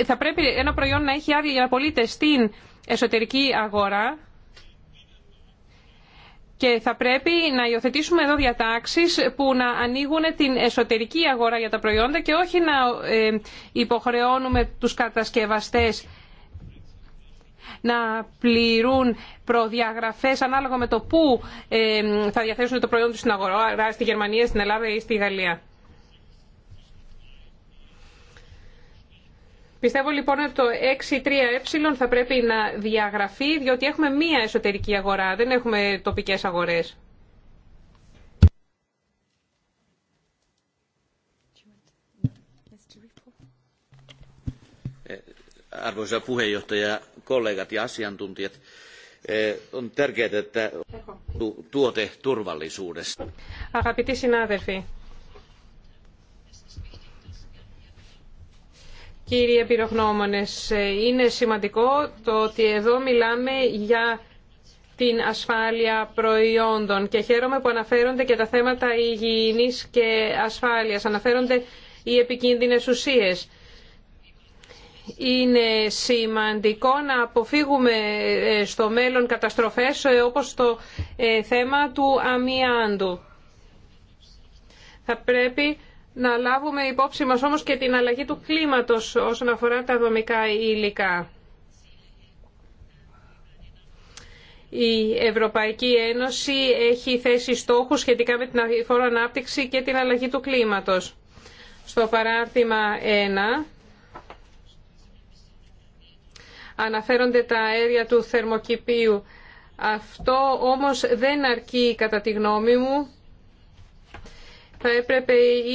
ε, θα πρέπει ένα προϊόν να έχει άδεια για να πωλείται στην εσωτερική αγορά, και θα πρέπει να υιοθετήσουμε εδώ διατάξεις που να ανοίγουν την εσωτερική αγορά για τα προϊόντα και όχι να ε, υποχρεώνουμε τους κατασκευαστές να πληρούν προδιαγραφές ανάλογα με το πού ε, θα διαθέσουν το προϊόν τους στην αγορά, στη Γερμανία, στην Ελλάδα ή στη Γαλλία. Πιστεύω λοιπόν ότι το 6-3-ε θα πρέπει να διαγραφεί, διότι έχουμε μία εσωτερική αγορά, δεν έχουμε τοπικές αγορές. Arvoisa puheenjohtaja, kollegat ja asiantuntijat, eh, on tärkeää, että turvallisuudesta. Αγαπητοί συνάδελφοι, Κύριε Πυρογνώμονες, ε, είναι σημαντικό το ότι εδώ μιλάμε για την ασφάλεια προϊόντων και χαίρομαι που αναφέρονται και τα θέματα υγιεινής και ασφάλειας. Αναφέρονται οι επικίνδυνες ουσίες. Είναι σημαντικό να αποφύγουμε ε, στο μέλλον καταστροφές ε, όπως το θέμα του αμοιάντου. Θα πρέπει να λάβουμε υπόψη μας όμως και την αλλαγή του κλίματος όσον αφορά τα δομικά υλικά. Η Ευρωπαϊκή Ένωση έχει θέσει στόχους σχετικά με την ανάπτυξη και την αλλαγή του κλίματος. Στο παράρτημα 1 αναφέρονται τα αέρια του θερμοκηπίου. Αυτό όμως δεν αρκεί κατά τη γνώμη μου θα έπρεπε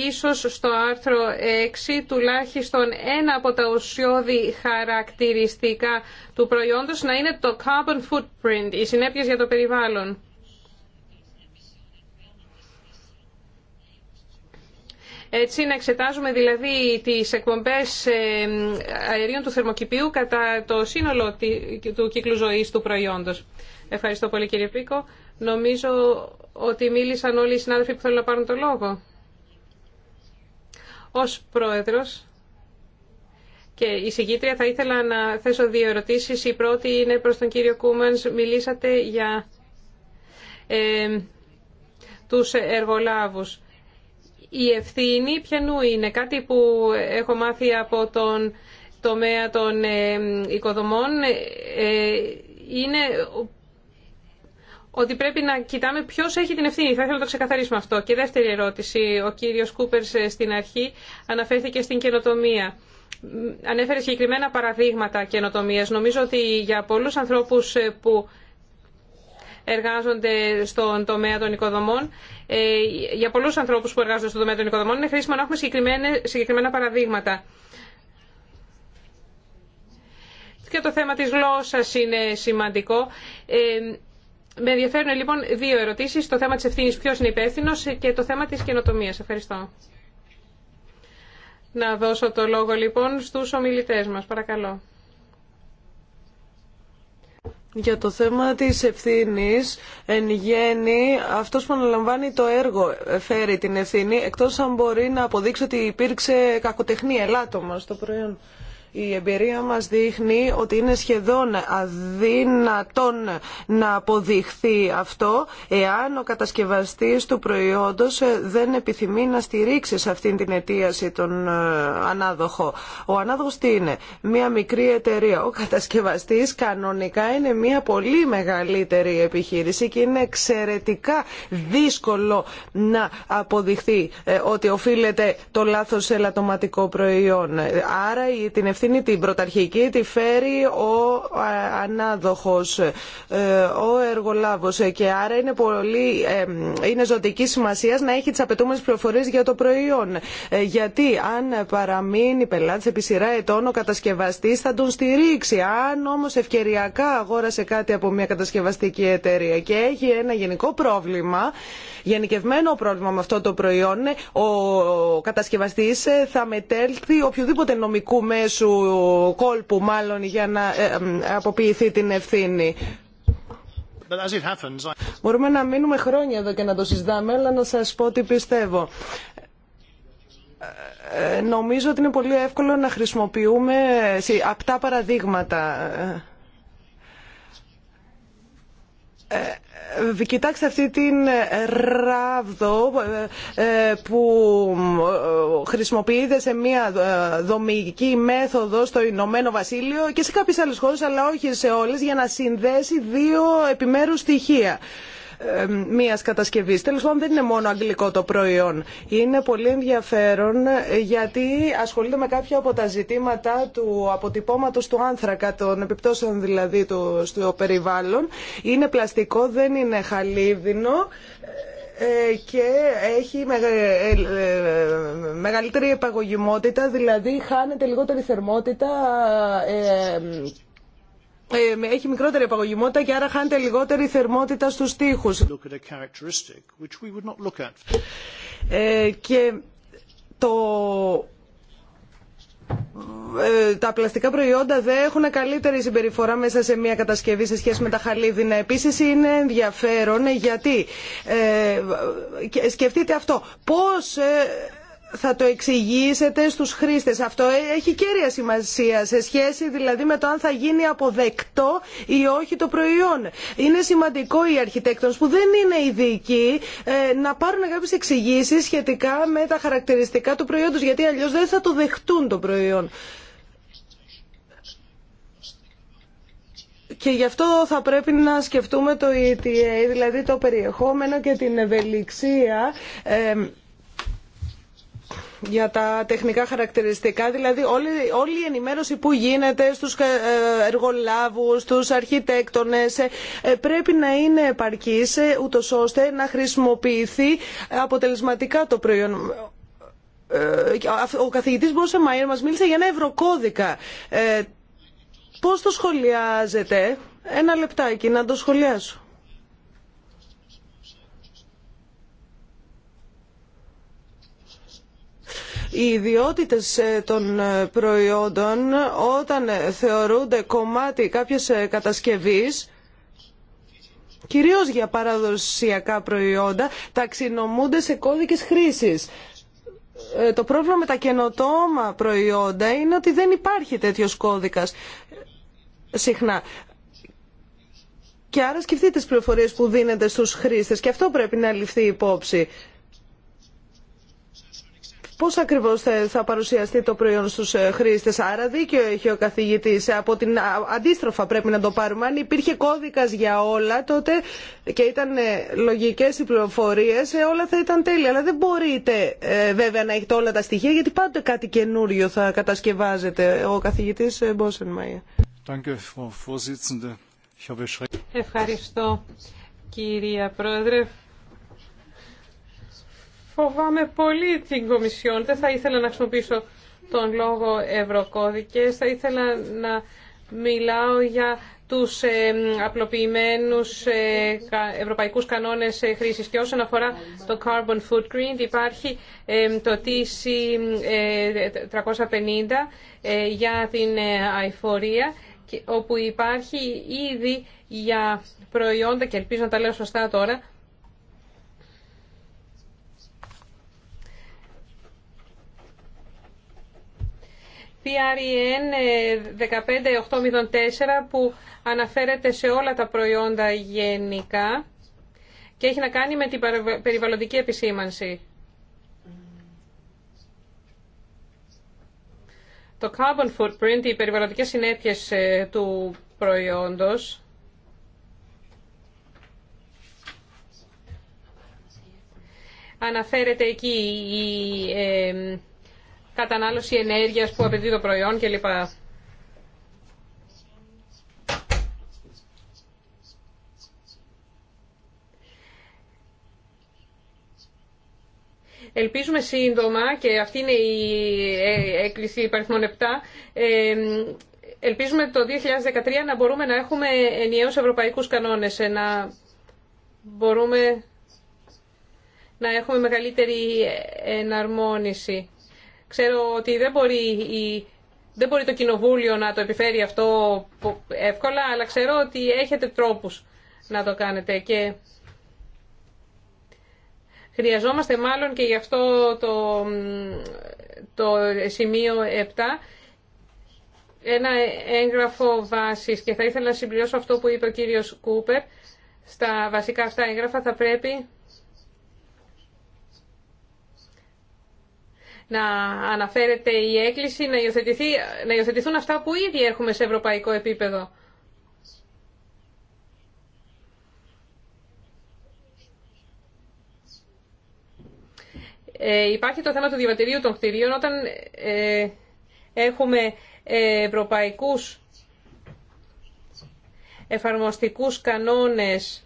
ίσως στο άρθρο 6 τουλάχιστον ένα από τα ουσιώδη χαρακτηριστικά του προϊόντος να είναι το carbon footprint, οι συνέπειες για το περιβάλλον. Έτσι να εξετάζουμε δηλαδή τις εκπομπές ε, αερίων του θερμοκηπίου κατά το σύνολο του κύκλου ζωής του προϊόντος. Ευχαριστώ πολύ κύριε Πίκο. Νομίζω ότι μίλησαν όλοι οι συνάδελφοι που θέλουν να πάρουν το λόγο. Ως πρόεδρος και η συγκήτρια θα ήθελα να θέσω δύο ερωτήσεις. Η πρώτη είναι προς τον κύριο Κούμανς. Μιλήσατε για ε, τους εργολάβους. Η ευθύνη ποιανού είναι κάτι που έχω μάθει από τον τομέα των ε, οικοδομών. Ε, είναι ότι πρέπει να κοιτάμε ποιο έχει την ευθύνη. Θα ήθελα να το ξεκαθαρίσουμε αυτό. Και δεύτερη ερώτηση. Ο κύριο Κούπερ ε, στην αρχή αναφέρθηκε στην καινοτομία. Ανέφερε συγκεκριμένα παραδείγματα καινοτομία. Νομίζω ότι για πολλού ανθρώπου ε, που εργάζονται στον τομέα των οικοδομών. Ε, για πολλού ανθρώπου που εργάζονται στον τομέα των οικοδομών είναι χρήσιμο να έχουμε συγκεκριμένα παραδείγματα. Και το θέμα της γλώσσας είναι σημαντικό. Με ενδιαφέρουν λοιπόν δύο ερωτήσεις, το θέμα της ευθύνη ποιος είναι υπεύθυνο και το θέμα της καινοτομία. Ευχαριστώ. Να δώσω το λόγο λοιπόν στους ομιλητές μας, παρακαλώ. Για το θέμα της ευθύνης, εν γέννη, αυτός που αναλαμβάνει το έργο φέρει την ευθύνη, εκτός αν μπορεί να αποδείξει ότι υπήρξε κακοτεχνία, ελάττωμα στο προϊόν. Η εμπειρία μας δείχνει ότι είναι σχεδόν αδύνατον να αποδειχθεί αυτό εάν ο κατασκευαστής του προϊόντος δεν επιθυμεί να στηρίξει σε αυτήν την αιτίαση τον ε, ανάδοχο. Ο ανάδοχος τι είναι, μία μικρή εταιρεία. Ο κατασκευαστής κανονικά είναι μία πολύ μεγαλύτερη επιχείρηση και είναι εξαιρετικά δύσκολο να αποδειχθεί ε, ότι οφείλεται το λάθος ελαττωματικό προϊόν. Άρα την ευθύνη την πρωταρχική τη φέρει ο ανάδοχος, ε, ο εργολάβος ε, και άρα είναι, πολύ, είναι ζωτική σημασία να έχει τις απαιτούμενες πληροφορίες για το προϊόν. Ε, γιατί αν παραμείνει πελάτης επί σειρά ετών ο κατασκευαστής θα τον στηρίξει. Αν όμως ευκαιριακά αγόρασε κάτι από μια κατασκευαστική εταιρεία και έχει ένα γενικό πρόβλημα, γενικευμένο πρόβλημα με αυτό το προϊόν. Ε, ο κατασκευαστή ε, θα μετέλθει οποιοδήποτε νομικού μέσου κόλπου, μάλλον, για να ε, αποποιηθεί την ευθύνη. Μπορούμε να μείνουμε χρόνια εδώ και να το συζητάμε, αλλά να σας πω τι πιστεύω. νομίζω ότι είναι πολύ εύκολο να χρησιμοποιούμε απτά παραδείγματα ε, ε, κοιτάξτε αυτή την ράβδο ε, που χρησιμοποιείται σε μια δομική μέθοδο στο Ηνωμένο Βασίλειο και σε κάποιες άλλες χώρες αλλά όχι σε όλες για να συνδέσει δύο επιμέρους στοιχεία. Ε, μίας κατασκευής. Τέλος πάντων δεν είναι μόνο αγγλικό το προϊόν. Είναι πολύ ενδιαφέρον ε, γιατί ασχολείται με κάποια από τα ζητήματα του αποτυπώματος του άνθρακα, των επιπτώσεων δηλαδή του, στο περιβάλλον. Είναι πλαστικό, δεν είναι χαλίδινο ε, και έχει μεγαλύτερη επαγωγημότητα, δηλαδή χάνεται λιγότερη θερμότητα ε, έχει μικρότερη απαγωγημότητα και άρα χάνεται λιγότερη θερμότητα στους τοίχους. Ε, και το ε, τα πλαστικά προϊόντα δεν έχουν καλύτερη συμπεριφορά μέσα σε μια κατασκευή σε σχέση με τα χαλίδινα. Επίση είναι ενδιαφέρον γιατί ε, σκεφτείτε αυτό. Πώς θα το εξηγήσετε στους χρήστες. Αυτό έχει κέρια σημασία σε σχέση δηλαδή με το αν θα γίνει αποδεκτό ή όχι το προϊόν. Είναι σημαντικό οι αρχιτέκτονες που δεν είναι ειδικοί ε, να πάρουν κάποιε εξηγήσει σχετικά με τα χαρακτηριστικά του προϊόντος γιατί αλλιώς δεν θα το δεχτούν το προϊόν. Και γι' αυτό θα πρέπει να σκεφτούμε το ETA, δηλαδή το περιεχόμενο και την ευελιξία ε, για τα τεχνικά χαρακτηριστικά, δηλαδή όλη, όλη η ενημέρωση που γίνεται στους ε, εργολάβους, στους αρχιτέκτονες ε, ε, πρέπει να είναι επαρκής ούτως ώστε να χρησιμοποιηθεί αποτελεσματικά το προϊόν ο καθηγητής Μπόσε Μαΐρ μας μίλησε για ένα ευρωκώδικα. πώς το σχολιάζετε, ένα λεπτάκι να το σχολιάσω. οι ιδιότητες ε, των ε, προϊόντων όταν ε, θεωρούνται κομμάτι κάποιες κατασκευής κυρίως για παραδοσιακά προϊόντα ταξινομούνται σε κώδικες χρήσης. Το πρόβλημα με τα καινοτόμα προϊόντα είναι ότι δεν υπάρχει τέτοιος κώδικας συχνά. Και άρα σκεφτείτε τις πληροφορίες που δίνετε στους χρήστες και αυτό πρέπει να ληφθεί υπόψη. Πώ ακριβώ θα παρουσιαστεί το προϊόν στους ε, χρήστε, Άρα δίκιο έχει ο καθηγητή. Από την... Αντίστροφα πρέπει να το πάρουμε. Αν υπήρχε κώδικας για όλα τότε και ήταν ε, λογικές οι πληροφορίες, ε, όλα θα ήταν τέλεια. Αλλά δεν μπορείτε βέβαια να έχετε όλα τα στοιχεία γιατί πάντοτε κάτι καινούριο θα κατασκευάζεται. Ο καθηγητή Μπόσεν Μαϊα. Ευχαριστώ κυρία Πρόεδρε. Φοβάμαι πολύ την Κομισιόν. Δεν θα ήθελα να χρησιμοποιήσω τον λόγο ευρωκώδικες. Θα ήθελα να μιλάω για τους ε, απλοποιημένους ε, ευρωπαϊκούς κανόνες ε, χρήσης. Και όσον αφορά το carbon footprint υπάρχει το TC350 για την αηφορία όπου υπάρχει ήδη για προϊόντα, και ελπίζω να τα λέω σωστά τώρα, PREN 15804 ε, που αναφέρεται σε όλα τα προϊόντα γενικά και έχει να κάνει με την περιβαλλοντική επισήμανση. Το carbon footprint, οι περιβαλλοντικές συνέπειες ε, του προϊόντος, αναφέρεται εκεί η ε, κατανάλωση ενέργειας που απαιτεί το προϊόν κλπ. Ελπίζουμε σύντομα, και αυτή είναι η ε, έκκληση υπαριθμών 7, ε, ελπίζουμε το 2013 να μπορούμε να έχουμε ενιαίους ευρωπαϊκούς κανόνες, ε, να μπορούμε να έχουμε μεγαλύτερη εναρμόνιση. Ξέρω ότι δεν μπορεί, η, δεν το Κοινοβούλιο να το επιφέρει αυτό εύκολα, αλλά ξέρω ότι έχετε τρόπους να το κάνετε και χρειαζόμαστε μάλλον και γι' αυτό το, το σημείο 7 ένα έγγραφο βάσης και θα ήθελα να συμπληρώσω αυτό που είπε ο κύριος Κούπερ. Στα βασικά αυτά έγγραφα θα πρέπει να αναφέρεται η έκκληση να, να υιοθετηθούν αυτά που ήδη έχουμε σε ευρωπαϊκό επίπεδο. Ε, υπάρχει το θέμα του διαβατηρίου των κτηρίων. Όταν ε, έχουμε ευρωπαϊκούς εφαρμοστικούς κανόνες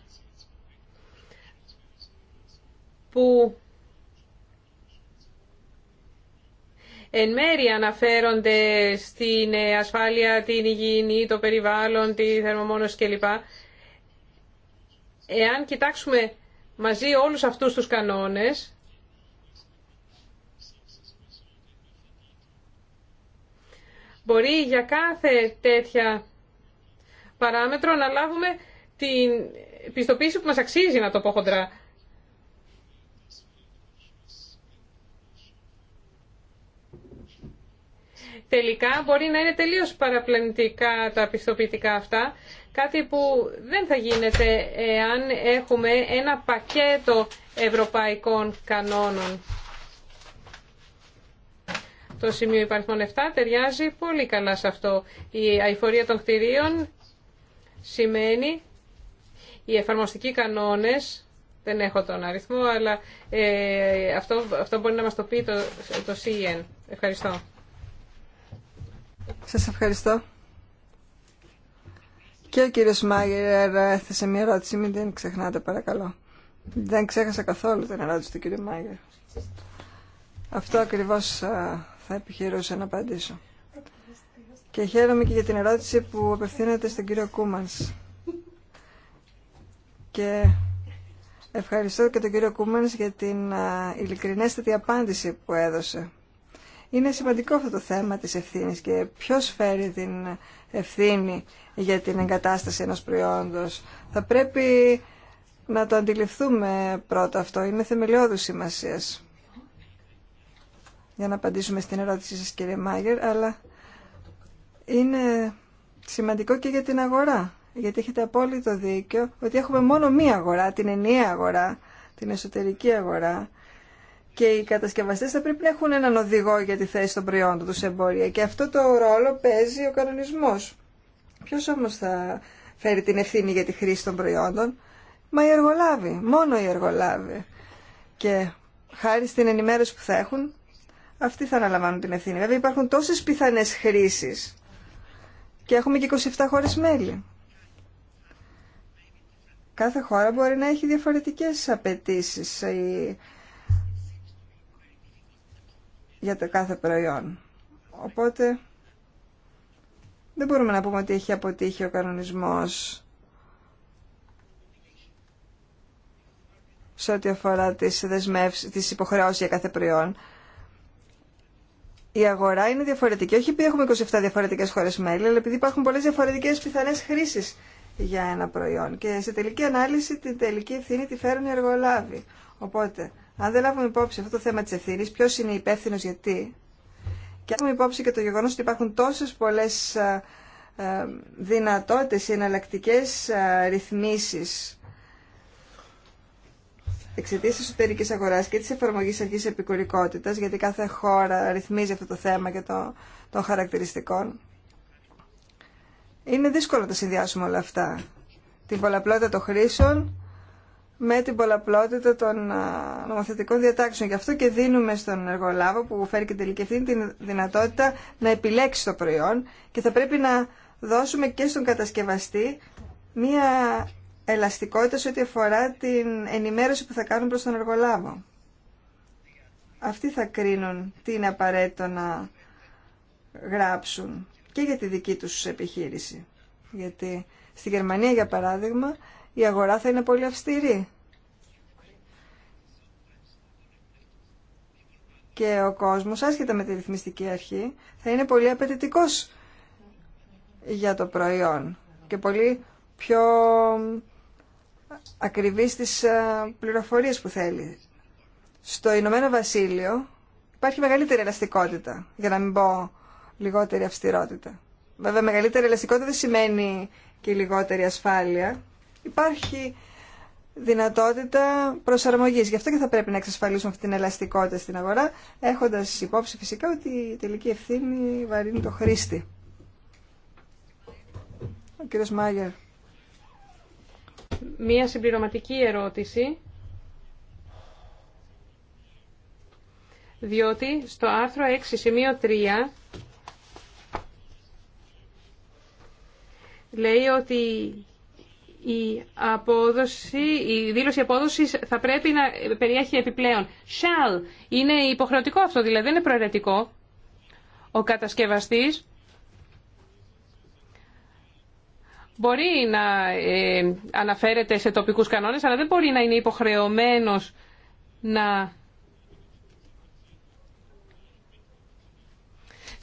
που εν μέρη αναφέρονται στην ε, ασφάλεια, την υγιεινή, το περιβάλλον, τη θερμομόνωση κλπ. Εάν κοιτάξουμε μαζί όλους αυτούς τους κανόνες, μπορεί για κάθε τέτοια παράμετρο να λάβουμε την πιστοποίηση που μας αξίζει, να το πω χοντρά. τελικά μπορεί να είναι τελείως παραπλανητικά τα πιστοποιητικά αυτά, κάτι που δεν θα γίνεται εάν έχουμε ένα πακέτο ευρωπαϊκών κανόνων. Το σημείο υπαριθμών 7 ταιριάζει πολύ καλά σε αυτό. Η αηφορία των κτηρίων σημαίνει οι εφαρμοστικοί κανόνες, δεν έχω τον αριθμό, αλλά ε, αυτό, μπορεί να μας το πει το, το CEN. Ευχαριστώ. Σας ευχαριστώ. Και ο κύριος Μάγερ έθεσε μια ερώτηση, μην την ξεχνάτε παρακαλώ. Δεν ξέχασα καθόλου την ερώτηση του κύριου Μάγερ. Αυτό ακριβώς ε, θα επιχειρούσα να απαντήσω. Και χαίρομαι και για την ερώτηση που απευθύνεται στον κύριο Κούμανς. Και ευχαριστώ και τον κύριο Κούμανς για την ε, ειλικρινέστατη απάντηση που έδωσε. Είναι σημαντικό αυτό το θέμα της ευθύνης και ποιος φέρει την ευθύνη για την εγκατάσταση ενός προϊόντος. Θα πρέπει να το αντιληφθούμε πρώτα αυτό. Είναι θεμελιώδους σημασία. Για να απαντήσουμε στην ερώτησή σας κύριε Μάγερ, αλλά είναι σημαντικό και για την αγορά. Γιατί έχετε απόλυτο δίκιο ότι έχουμε μόνο μία αγορά, την ενιαία αγορά, την εσωτερική αγορά και οι κατασκευαστές θα πρέπει να έχουν έναν οδηγό για τη θέση των προϊόντων τους σε εμπόρια και αυτό το ρόλο παίζει ο κανονισμός. Ποιος όμως θα φέρει την ευθύνη για τη χρήση των προϊόντων, μα οι εργολάβοι, μόνο οι εργολάβοι. Και χάρη στην ενημέρωση που θα έχουν, αυτοί θα αναλαμβάνουν την ευθύνη. Βέβαια υπάρχουν τόσες πιθανές χρήσεις και έχουμε και 27 χώρες μέλη. Κάθε χώρα μπορεί να έχει διαφορετικές απαιτήσεις για το κάθε προϊόν. Οπότε δεν μπορούμε να πούμε ότι έχει αποτύχει ο κανονισμός σε ό,τι αφορά τις, δεσμεύσεις, τις υποχρεώσεις για κάθε προϊόν. Η αγορά είναι διαφορετική, όχι επειδή έχουμε 27 διαφορετικές χώρες μέλη, αλλά επειδή υπάρχουν πολλές διαφορετικές πιθανές χρήσεις για ένα προϊόν. Και σε τελική ανάλυση την τελική ευθύνη τη φέρουν οι εργολάβοι. Οπότε αν δεν λάβουμε υπόψη αυτό το θέμα τη ευθύνη, ποιο είναι υπεύθυνο γιατί, και αν λάβουμε υπόψη και το γεγονό ότι υπάρχουν τόσε πολλέ ε, ε, δυνατότητες, εναλλακτικέ ε, ρυθμίσει εξαιτία τη εσωτερική αγορά και τη εφαρμογή αρχή επικουρικότητα, γιατί κάθε χώρα ρυθμίζει αυτό το θέμα και το, των χαρακτηριστικών. Είναι δύσκολο να τα συνδυάσουμε όλα αυτά. Την πολλαπλότητα των χρήσεων με την πολλαπλότητα των νομοθετικών διατάξεων. Γι' αυτό και δίνουμε στον εργολάβο που φέρει και τελική ευθύνη την δυνατότητα να επιλέξει το προϊόν και θα πρέπει να δώσουμε και στον κατασκευαστή μία ελαστικότητα σε ό,τι αφορά την ενημέρωση που θα κάνουν προς τον εργολάβο. Αυτοί θα κρίνουν τι είναι απαραίτητο να γράψουν και για τη δική τους επιχείρηση. Γιατί στη Γερμανία, για παράδειγμα, η αγορά θα είναι πολύ αυστηρή. Και ο κόσμος, άσχετα με τη ρυθμιστική αρχή, θα είναι πολύ απαιτητικός για το προϊόν και πολύ πιο ακριβή στις ε, πληροφορίες που θέλει. Στο Ηνωμένο Βασίλειο υπάρχει μεγαλύτερη ελαστικότητα, για να μην πω λιγότερη αυστηρότητα. Βέβαια, μεγαλύτερη ελαστικότητα δεν σημαίνει και λιγότερη ασφάλεια υπάρχει δυνατότητα προσαρμογής. Γι' αυτό και θα πρέπει να εξασφαλίσουμε αυτή την ελαστικότητα στην αγορά, έχοντας υπόψη φυσικά ότι η τελική ευθύνη βαρύνει το χρήστη. Ο κύριος Μάγερ. Μία συμπληρωματική ερώτηση. Διότι στο άρθρο 6 σημείο 3 λέει ότι η, απόδοση, η δήλωση απόδοση θα πρέπει να περιέχει επιπλέον. Shall είναι υποχρεωτικό αυτό, δηλαδή δεν είναι προαιρετικό. Ο κατασκευαστής μπορεί να ε, αναφέρεται σε τοπικούς κανόνες, αλλά δεν μπορεί να είναι υποχρεωμένος να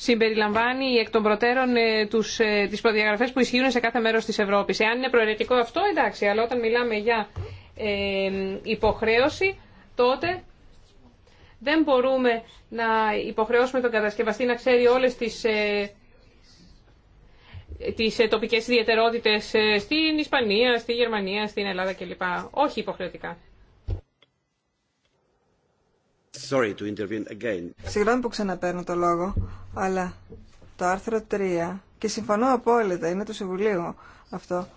συμπεριλαμβάνει εκ των προτέρων ε, τους, ε, τις προδιαγραφές που ισχύουν σε κάθε μέρος της Ευρώπης. Εάν είναι προαιρετικό αυτό, εντάξει, αλλά όταν μιλάμε για ε, υποχρέωση, τότε δεν μπορούμε να υποχρεώσουμε τον κατασκευαστή να ξέρει όλες τις τις τοπικές ιδιαιτερότητες στην Ισπανία, στη Γερμανία, στην Ελλάδα κλπ. Όχι υποχρεωτικά. Συγγνώμη που ξαναπαίρνω το λόγο, αλλά το άρθρο 3, και συμφωνώ απόλυτα, είναι του Συμβουλίου αυτό,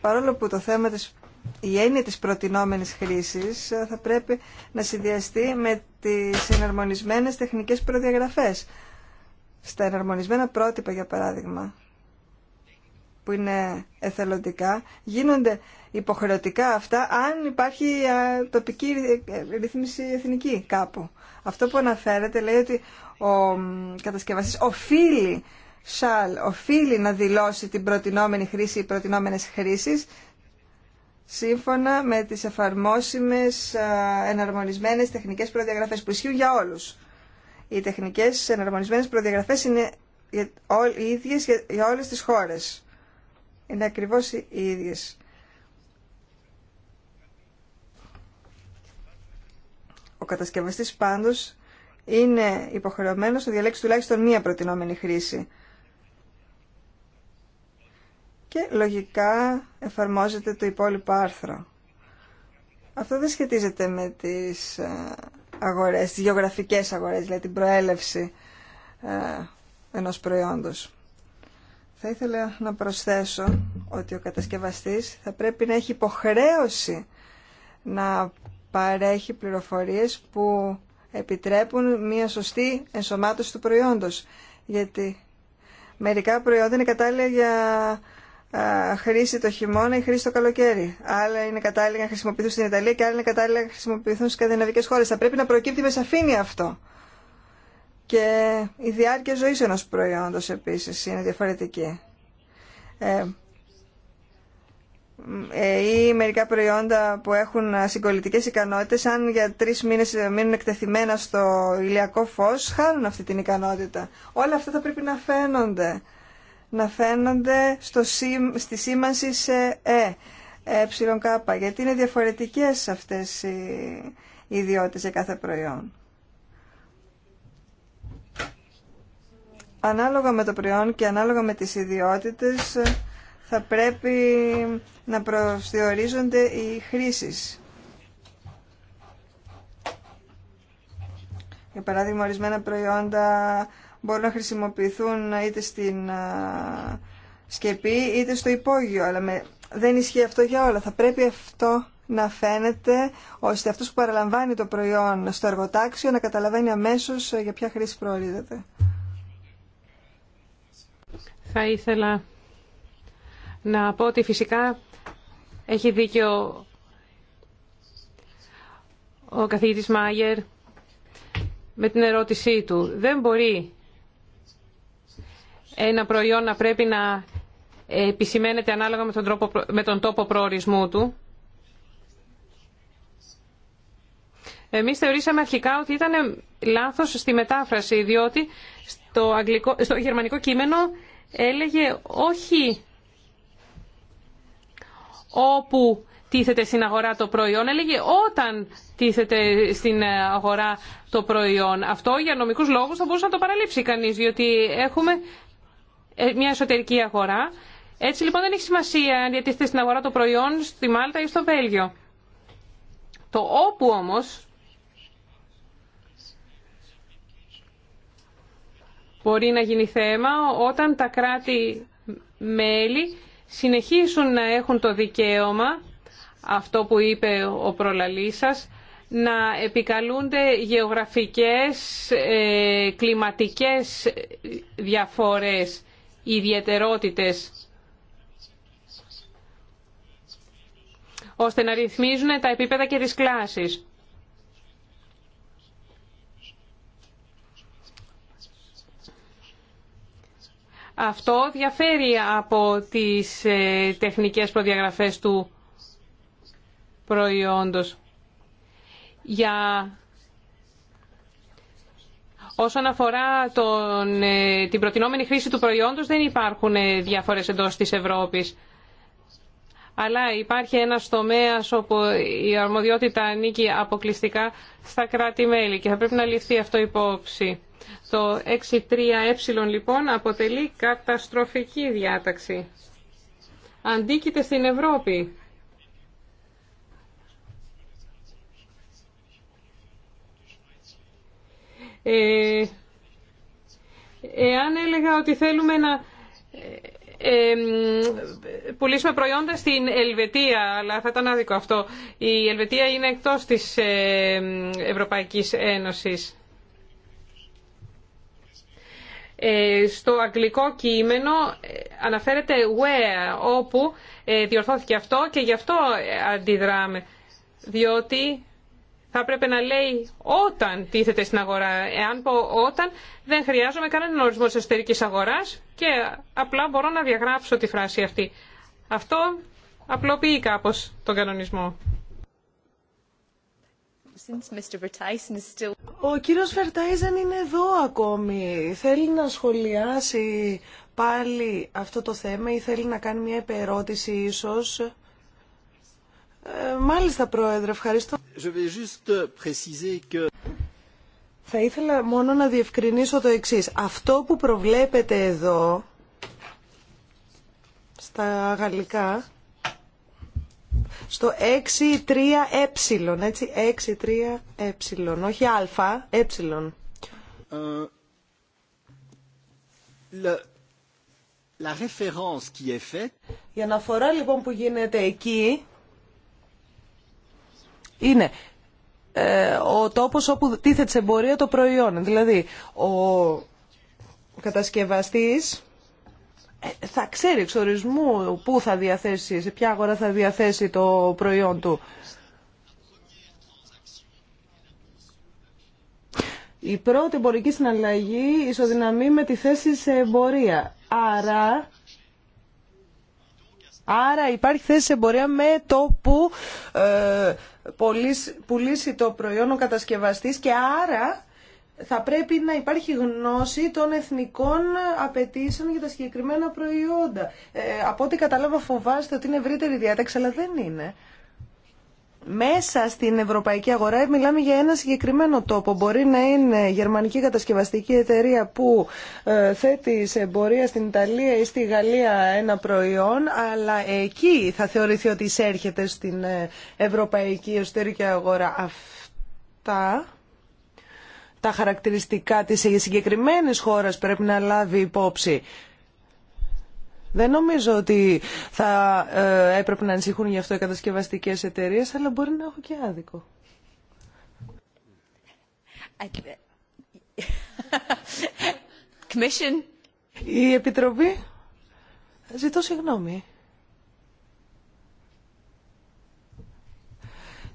παρόλο που το θέμα της, η έννοια της προτινόμενης χρήσης ε, θα πρέπει να συνδυαστεί με τις εναρμονισμένες τεχνικές προδιαγραφές. Στα εναρμονισμένα πρότυπα, για παράδειγμα, που είναι εθελοντικά, γίνονται υποχρεωτικά αυτά αν υπάρχει ε, τοπική ρύθμιση ε, εθνική κάπου. Αυτό που αναφέρεται λέει ότι ο κατασκευαστής οφείλει, σαλ, οφείλει να δηλώσει την προτινόμενη χρήση ή προτινόμενες χρήσεις σύμφωνα με τις εφαρμόσιμες εναρμονισμένες τεχνικές προδιαγραφές που ισχύουν για όλους. Οι τεχνικές εναρμονισμένες προδιαγραφές είναι οι ίδιες για όλες τις χώρες είναι ακριβώς οι ίδιες. Ο κατασκευαστής πάντως είναι υποχρεωμένος να διαλέξει τουλάχιστον μία προτινόμενη χρήση. Και λογικά εφαρμόζεται το υπόλοιπο άρθρο. Αυτό δεν σχετίζεται με τις ε, αγορές, τις γεωγραφικές αγορές, δηλαδή την προέλευση ε, ενός προϊόντος. Θα ήθελα να προσθέσω ότι ο κατασκευαστής θα πρέπει να έχει υποχρέωση να παρέχει πληροφορίες που επιτρέπουν μια σωστή ενσωμάτωση του προϊόντος. Γιατί μερικά προϊόντα είναι κατάλληλα για χρήση το χειμώνα ή χρήση το καλοκαίρι. Άλλα είναι κατάλληλα να χρησιμοποιηθούν στην Ιταλία και άλλα είναι κατάλληλα να χρησιμοποιηθούν στι σκανδιναβικές χώρε. Θα πρέπει να προκύπτει με σαφήνεια αυτό. Και η διάρκεια ζωής ενός προϊόντος επίσης είναι διαφορετική. Ε, ε, ή μερικά προϊόντα που έχουν συγκολητικές ικανότητες αν για τρεις μήνες μείνουν εκτεθειμένα στο ηλιακό φως χάνουν αυτή την ικανότητα. Όλα αυτά θα πρέπει να φαίνονται. Να φαίνονται στο, στη σήμανση σε ε, ε, γιατί είναι διαφορετικές αυτές οι ιδιότητες για κάθε προϊόν. ανάλογα με το προϊόν και ανάλογα με τις ιδιότητες θα πρέπει να προσδιορίζονται οι χρήσεις. Για παράδειγμα, ορισμένα προϊόντα μπορούν να χρησιμοποιηθούν είτε στην σκεπή είτε στο υπόγειο, αλλά δεν ισχύει αυτό για όλα. Θα πρέπει αυτό να φαίνεται ώστε αυτός που παραλαμβάνει το προϊόν στο εργοτάξιο να καταλαβαίνει αμέσως ε, για ποια χρήση προορίζεται. Θα ήθελα να πω ότι φυσικά έχει δίκιο ο καθηγητής Μάγερ με την ερώτησή του. Δεν μπορεί ένα προϊόν να πρέπει να επισημαίνεται ανάλογα με τον, τρόπο, με τον τόπο προορισμού του. Εμείς θεωρήσαμε αρχικά ότι ήταν λάθος στη μετάφραση, διότι στο, αγγλικό, στο γερμανικό κείμενο έλεγε όχι όπου τίθεται στην αγορά το προϊόν, έλεγε όταν τίθεται στην αγορά το προϊόν. Αυτό για νομικούς λόγους θα μπορούσε να το παραλείψει κανείς, διότι έχουμε ε, μια εσωτερική αγορά. Έτσι λοιπόν δεν έχει σημασία αν διατίθεται στην αγορά το προϊόν στη Μάλτα ή στο Βέλγιο. Το όπου όμως μπορεί να γίνει θέμα όταν τα κράτη-μέλη συνεχίσουν να έχουν το δικαίωμα, αυτό που είπε ο προλαλής σας, να επικαλούνται γεωγραφικές, ε, κλιματικές διαφορές, ιδιαιτερότητες, ώστε να ρυθμίζουν τα επίπεδα και τις κλάσεις. Αυτό διαφέρει από τις ε, τεχνικές προδιαγραφές του προϊόντος. Για... Όσον αφορά τον, ε, την προτινόμενη χρήση του προϊόντος δεν υπάρχουν ε, διαφορές εντός της Ευρώπης. Αλλά υπάρχει ένα τομέα όπου η αρμοδιότητα ανήκει αποκλειστικά στα κράτη-μέλη και θα πρέπει να ληφθεί αυτό υπόψη. Το 63 ε λοιπόν διάταξη. Αντίκειται στην Ευρώπη. Ε, εάν έλεγα ότι θέλουμε να ε, πουλήσουμε προϊόντα στην Ελβετία, αλλά θα ήταν άδικο αυτό. Η Ελβετία είναι εκτός της ε, Ευρωπαϊκής Ένωσης. Ε, στο αγγλικό κείμενο ε, αναφέρεται where, όπου ε, διορθώθηκε αυτό και γι' αυτό αντιδράμε. Διότι θα έπρεπε να λέει όταν τίθεται στην αγορά. Εάν πω όταν, δεν χρειάζομαι κανέναν ορισμό της εσωτερική αγοράς και απλά μπορώ να διαγράψω τη φράση αυτή. Αυτό απλοποιεί κάπως τον κανονισμό. Ο κύριος Φερτάιζεν είναι εδώ ακόμη. Θέλει να σχολιάσει πάλι αυτό το θέμα ή θέλει να κάνει μια επερώτηση ίσως. Ε, μάλιστα, Πρόεδρε, ευχαριστώ. Je vais Θα ήθελα μόνο να διευκρινίσω το εξής. Αυτό που προβλέπετε εδώ, στα γαλλικά, στο 6-3-ε, έτσι, 6-3-ε, όχι α, ε. ε la référence qui Η αναφορά λοιπόν που γίνεται εκεί είναι ε, ο τόπος όπου τίθεται σε εμπορία το προϊόν. Δηλαδή, ο κατασκευαστής θα ξέρει εξ ορισμού πού θα διαθέσει, σε ποια αγορά θα διαθέσει το προϊόν του. Η πρώτη εμπορική συναλλαγή ισοδυναμεί με τη θέση σε εμπορία. Άρα, άρα υπάρχει θέση σε εμπορία με το που ε, πουλήσει το προϊόν ο κατασκευαστής και άρα θα πρέπει να υπάρχει γνώση των εθνικών απαιτήσεων για τα συγκεκριμένα προϊόντα. Ε, από ό,τι κατάλαβα φοβάστε ότι είναι ευρύτερη διάταξη, αλλά δεν είναι. Μέσα στην ευρωπαϊκή αγορά μιλάμε για ένα συγκεκριμένο τόπο. Μπορεί να είναι γερμανική κατασκευαστική εταιρεία που ε, θέτει σε εμπορία στην Ιταλία ή στη Γαλλία ένα προϊόν, αλλά εκεί θα θεωρηθεί ότι εισέρχεται στην ε, ευρωπαϊκή εσωτερική αγορά. Αυτά τα χαρακτηριστικά της συγκεκριμένη χώρας πρέπει να λάβει υπόψη. Δεν νομίζω ότι θα ε, έπρεπε να ανησυχούν γι' αυτό οι κατασκευαστικές εταιρείες, αλλά μπορεί να έχω και άδικο. Ε, *laughs* Η Επιτροπή ζητώ συγγνώμη.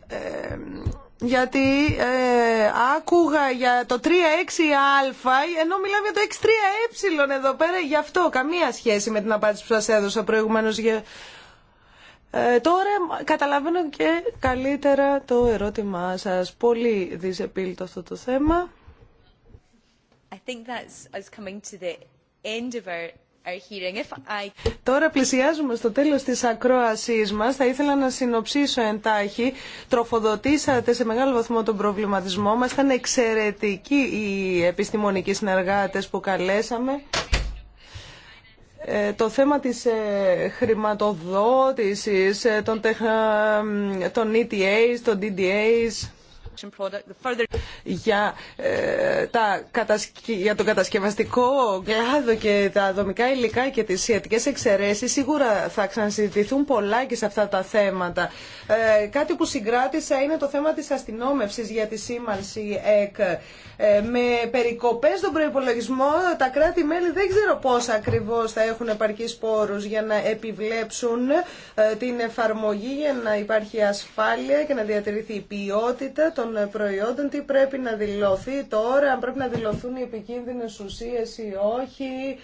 Ε, γιατί ε, άκουγα για το 3-6α ενώ μιλάμε για το 63 3 εδώ πέρα γι' αυτό καμία σχέση με την απάντηση που σας έδωσα προηγουμένως ε, τώρα καταλαβαίνω και καλύτερα το ερώτημά σας πολύ δυσεπίλητο αυτό το θέμα I think that's coming to the end of our Τώρα πλησιάζουμε στο τέλος της ακρόασής μας. Θα ήθελα να συνοψίσω εντάχει. Τροφοδοτήσατε σε μεγάλο βαθμό τον προβληματισμό μας. Ήταν εξαιρετικοί οι επιστημονικοί συνεργάτες που καλέσαμε. Ε, το θέμα της ε, χρηματοδότησης ε, των ETAs, των DDAs, e για, ε, τον κατασκευαστικό κλάδο και τα δομικά υλικά και τις ιατικές εξαιρέσεις σίγουρα θα ξανασυζητηθούν πολλά και σε αυτά τα θέματα. Ε, κάτι που συγκράτησα είναι το θέμα της αστυνόμευσης για τη σήμανση ΕΚ. Ε, με περικοπές στον προπολογισμό, τα κράτη-μέλη δεν ξέρω πόσα ακριβώς θα έχουν επαρκείς πόρους για να επιβλέψουν ε, την εφαρμογή για να υπάρχει ασφάλεια και να διατηρηθεί η ποιότητα των των προϊόντων, τι πρέπει να δηλωθεί τώρα, αν πρέπει να δηλωθούν οι επικίνδυνες ουσίες ή όχι,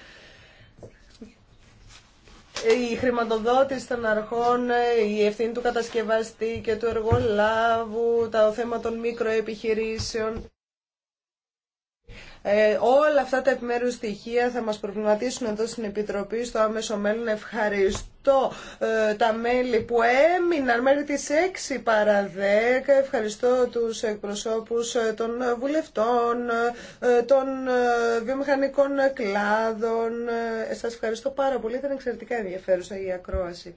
η χρηματοδότηση των αρχών, η ευθύνη του κατασκευαστή και του εργολάβου, το θέμα των μικροεπιχειρήσεων. Ε, όλα αυτά τα επιμέρους στοιχεία θα μας προβληματίσουν εδώ στην Επιτροπή στο άμεσο μέλλον. Ευχαριστώ ε, τα μέλη που έμειναν μέχρι τις 6 παρα 10. Ευχαριστώ τους εκπροσώπους ε, των βουλευτών, των βιομηχανικών κλάδων. Σας ευχαριστώ πάρα πολύ. Ήταν εξαιρετικά ενδιαφέρουσα η ακρόαση.